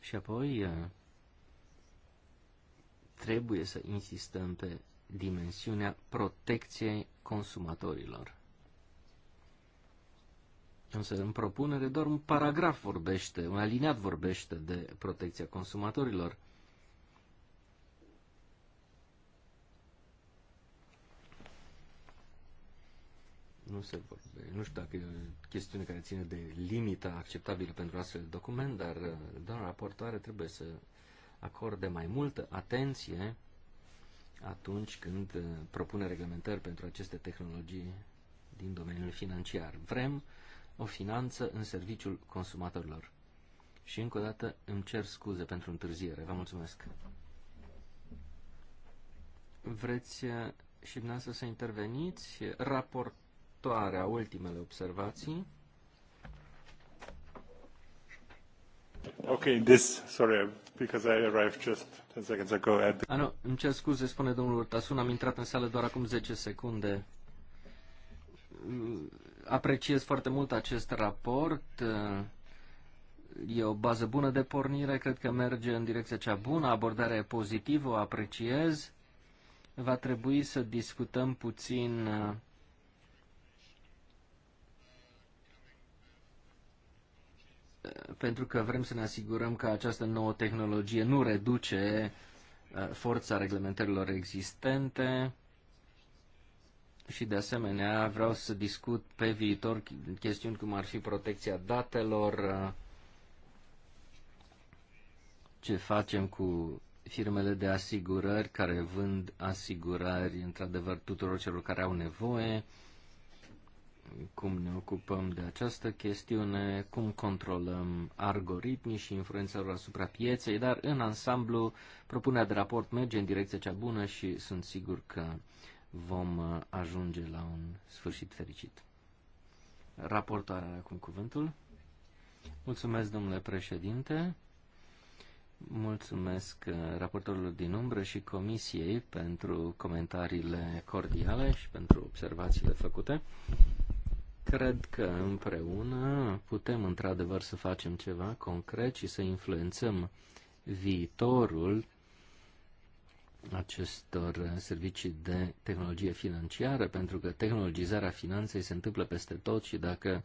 Și apoi eh, trebuie să insistăm pe dimensiunea protecției consumatorilor. Însă în propunere doar un paragraf vorbește, un aliniat vorbește de protecția consumatorilor. nu se vorbe, nu știu dacă e o chestiune care ține de limita acceptabilă pentru astfel de document, dar uh, doamna raportoare trebuie să acorde mai multă atenție atunci când uh, propune reglementări pentru aceste tehnologii din domeniul financiar. Vrem o finanță în serviciul consumatorilor. Și încă o dată îmi cer scuze pentru întârziere. Vă mulțumesc. Vreți uh, și dumneavoastră să interveniți? Raport a ultimele observații. Ok, this, sorry, because I arrived just 10 seconds ago at the... Ah, nu, îmi cer scuze, spune domnul Urtasun, am intrat în sală doar acum 10 secunde. Apreciez foarte mult acest raport. E o bază bună de pornire, cred că merge în direcția cea bună, abordarea e pozitivă, o apreciez. Va trebui să discutăm puțin pentru că vrem să ne asigurăm că această nouă tehnologie nu reduce uh, forța reglementărilor existente și de asemenea vreau să discut pe viitor chestiuni cum ar fi protecția datelor, uh, ce facem cu firmele de asigurări care vând asigurări într-adevăr tuturor celor care au nevoie, cum ne ocupăm de această chestiune, cum controlăm algoritmii și influența lor asupra pieței, dar în ansamblu propunerea de raport merge în direcția cea bună și sunt sigur că vom uh, ajunge la un sfârșit fericit. Raportoarea are acum cuvântul. Mulțumesc, domnule președinte. Mulțumesc uh, raportorilor din umbră și comisiei pentru comentariile cordiale și pentru observațiile făcute. Cred că împreună putem într-adevăr să facem ceva concret și să influențăm viitorul acestor servicii de tehnologie financiară, pentru că tehnologizarea finanței se întâmplă peste tot și dacă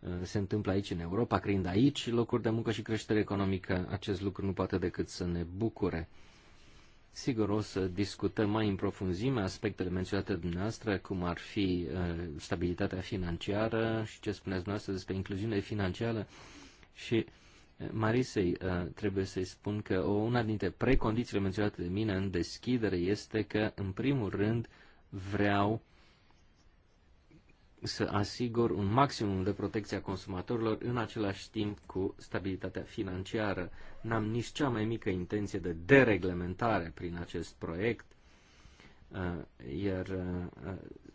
uh, se întâmplă aici în Europa, creând aici locuri de muncă și creștere economică, acest lucru nu poate decât să ne bucure. Sigur, o să discutăm mai în profunzime aspectele menționate dumneavoastră, cum ar fi uh, stabilitatea financiară și ce spuneți dumneavoastră despre incluziune financiară. Și uh, Marisei uh, trebuie să-i spun că o, una dintre precondițiile menționate de mine în deschidere este că, în primul rând, vreau să asigur un maximum de protecție a consumatorilor în același timp cu stabilitatea financiară. N-am nici cea mai mică intenție de dereglementare prin acest proiect, uh, iar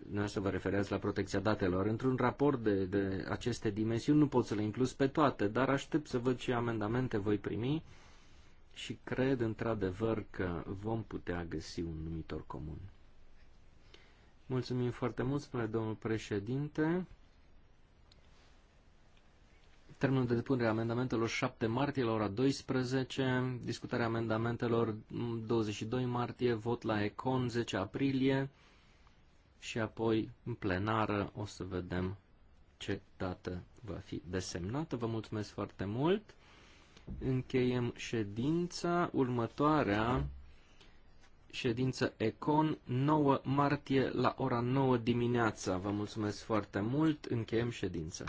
uh, să vă refereați la protecția datelor. Într-un raport de, de aceste dimensiuni nu pot să le inclus pe toate, dar aștept să văd ce amendamente voi primi și cred într-adevăr că vom putea găsi un numitor comun. Mulțumim foarte mult, spune domnul președinte. Termenul de depunere a amendamentelor 7 martie la ora 12, discutarea amendamentelor 22 martie, vot la ECON 10 aprilie și apoi în plenară o să vedem ce dată va fi desemnată. Vă mulțumesc foarte mult. Încheiem ședința. Următoarea ședință Econ 9 martie la ora 9 dimineața. Vă mulțumesc foarte mult, încheiem ședința.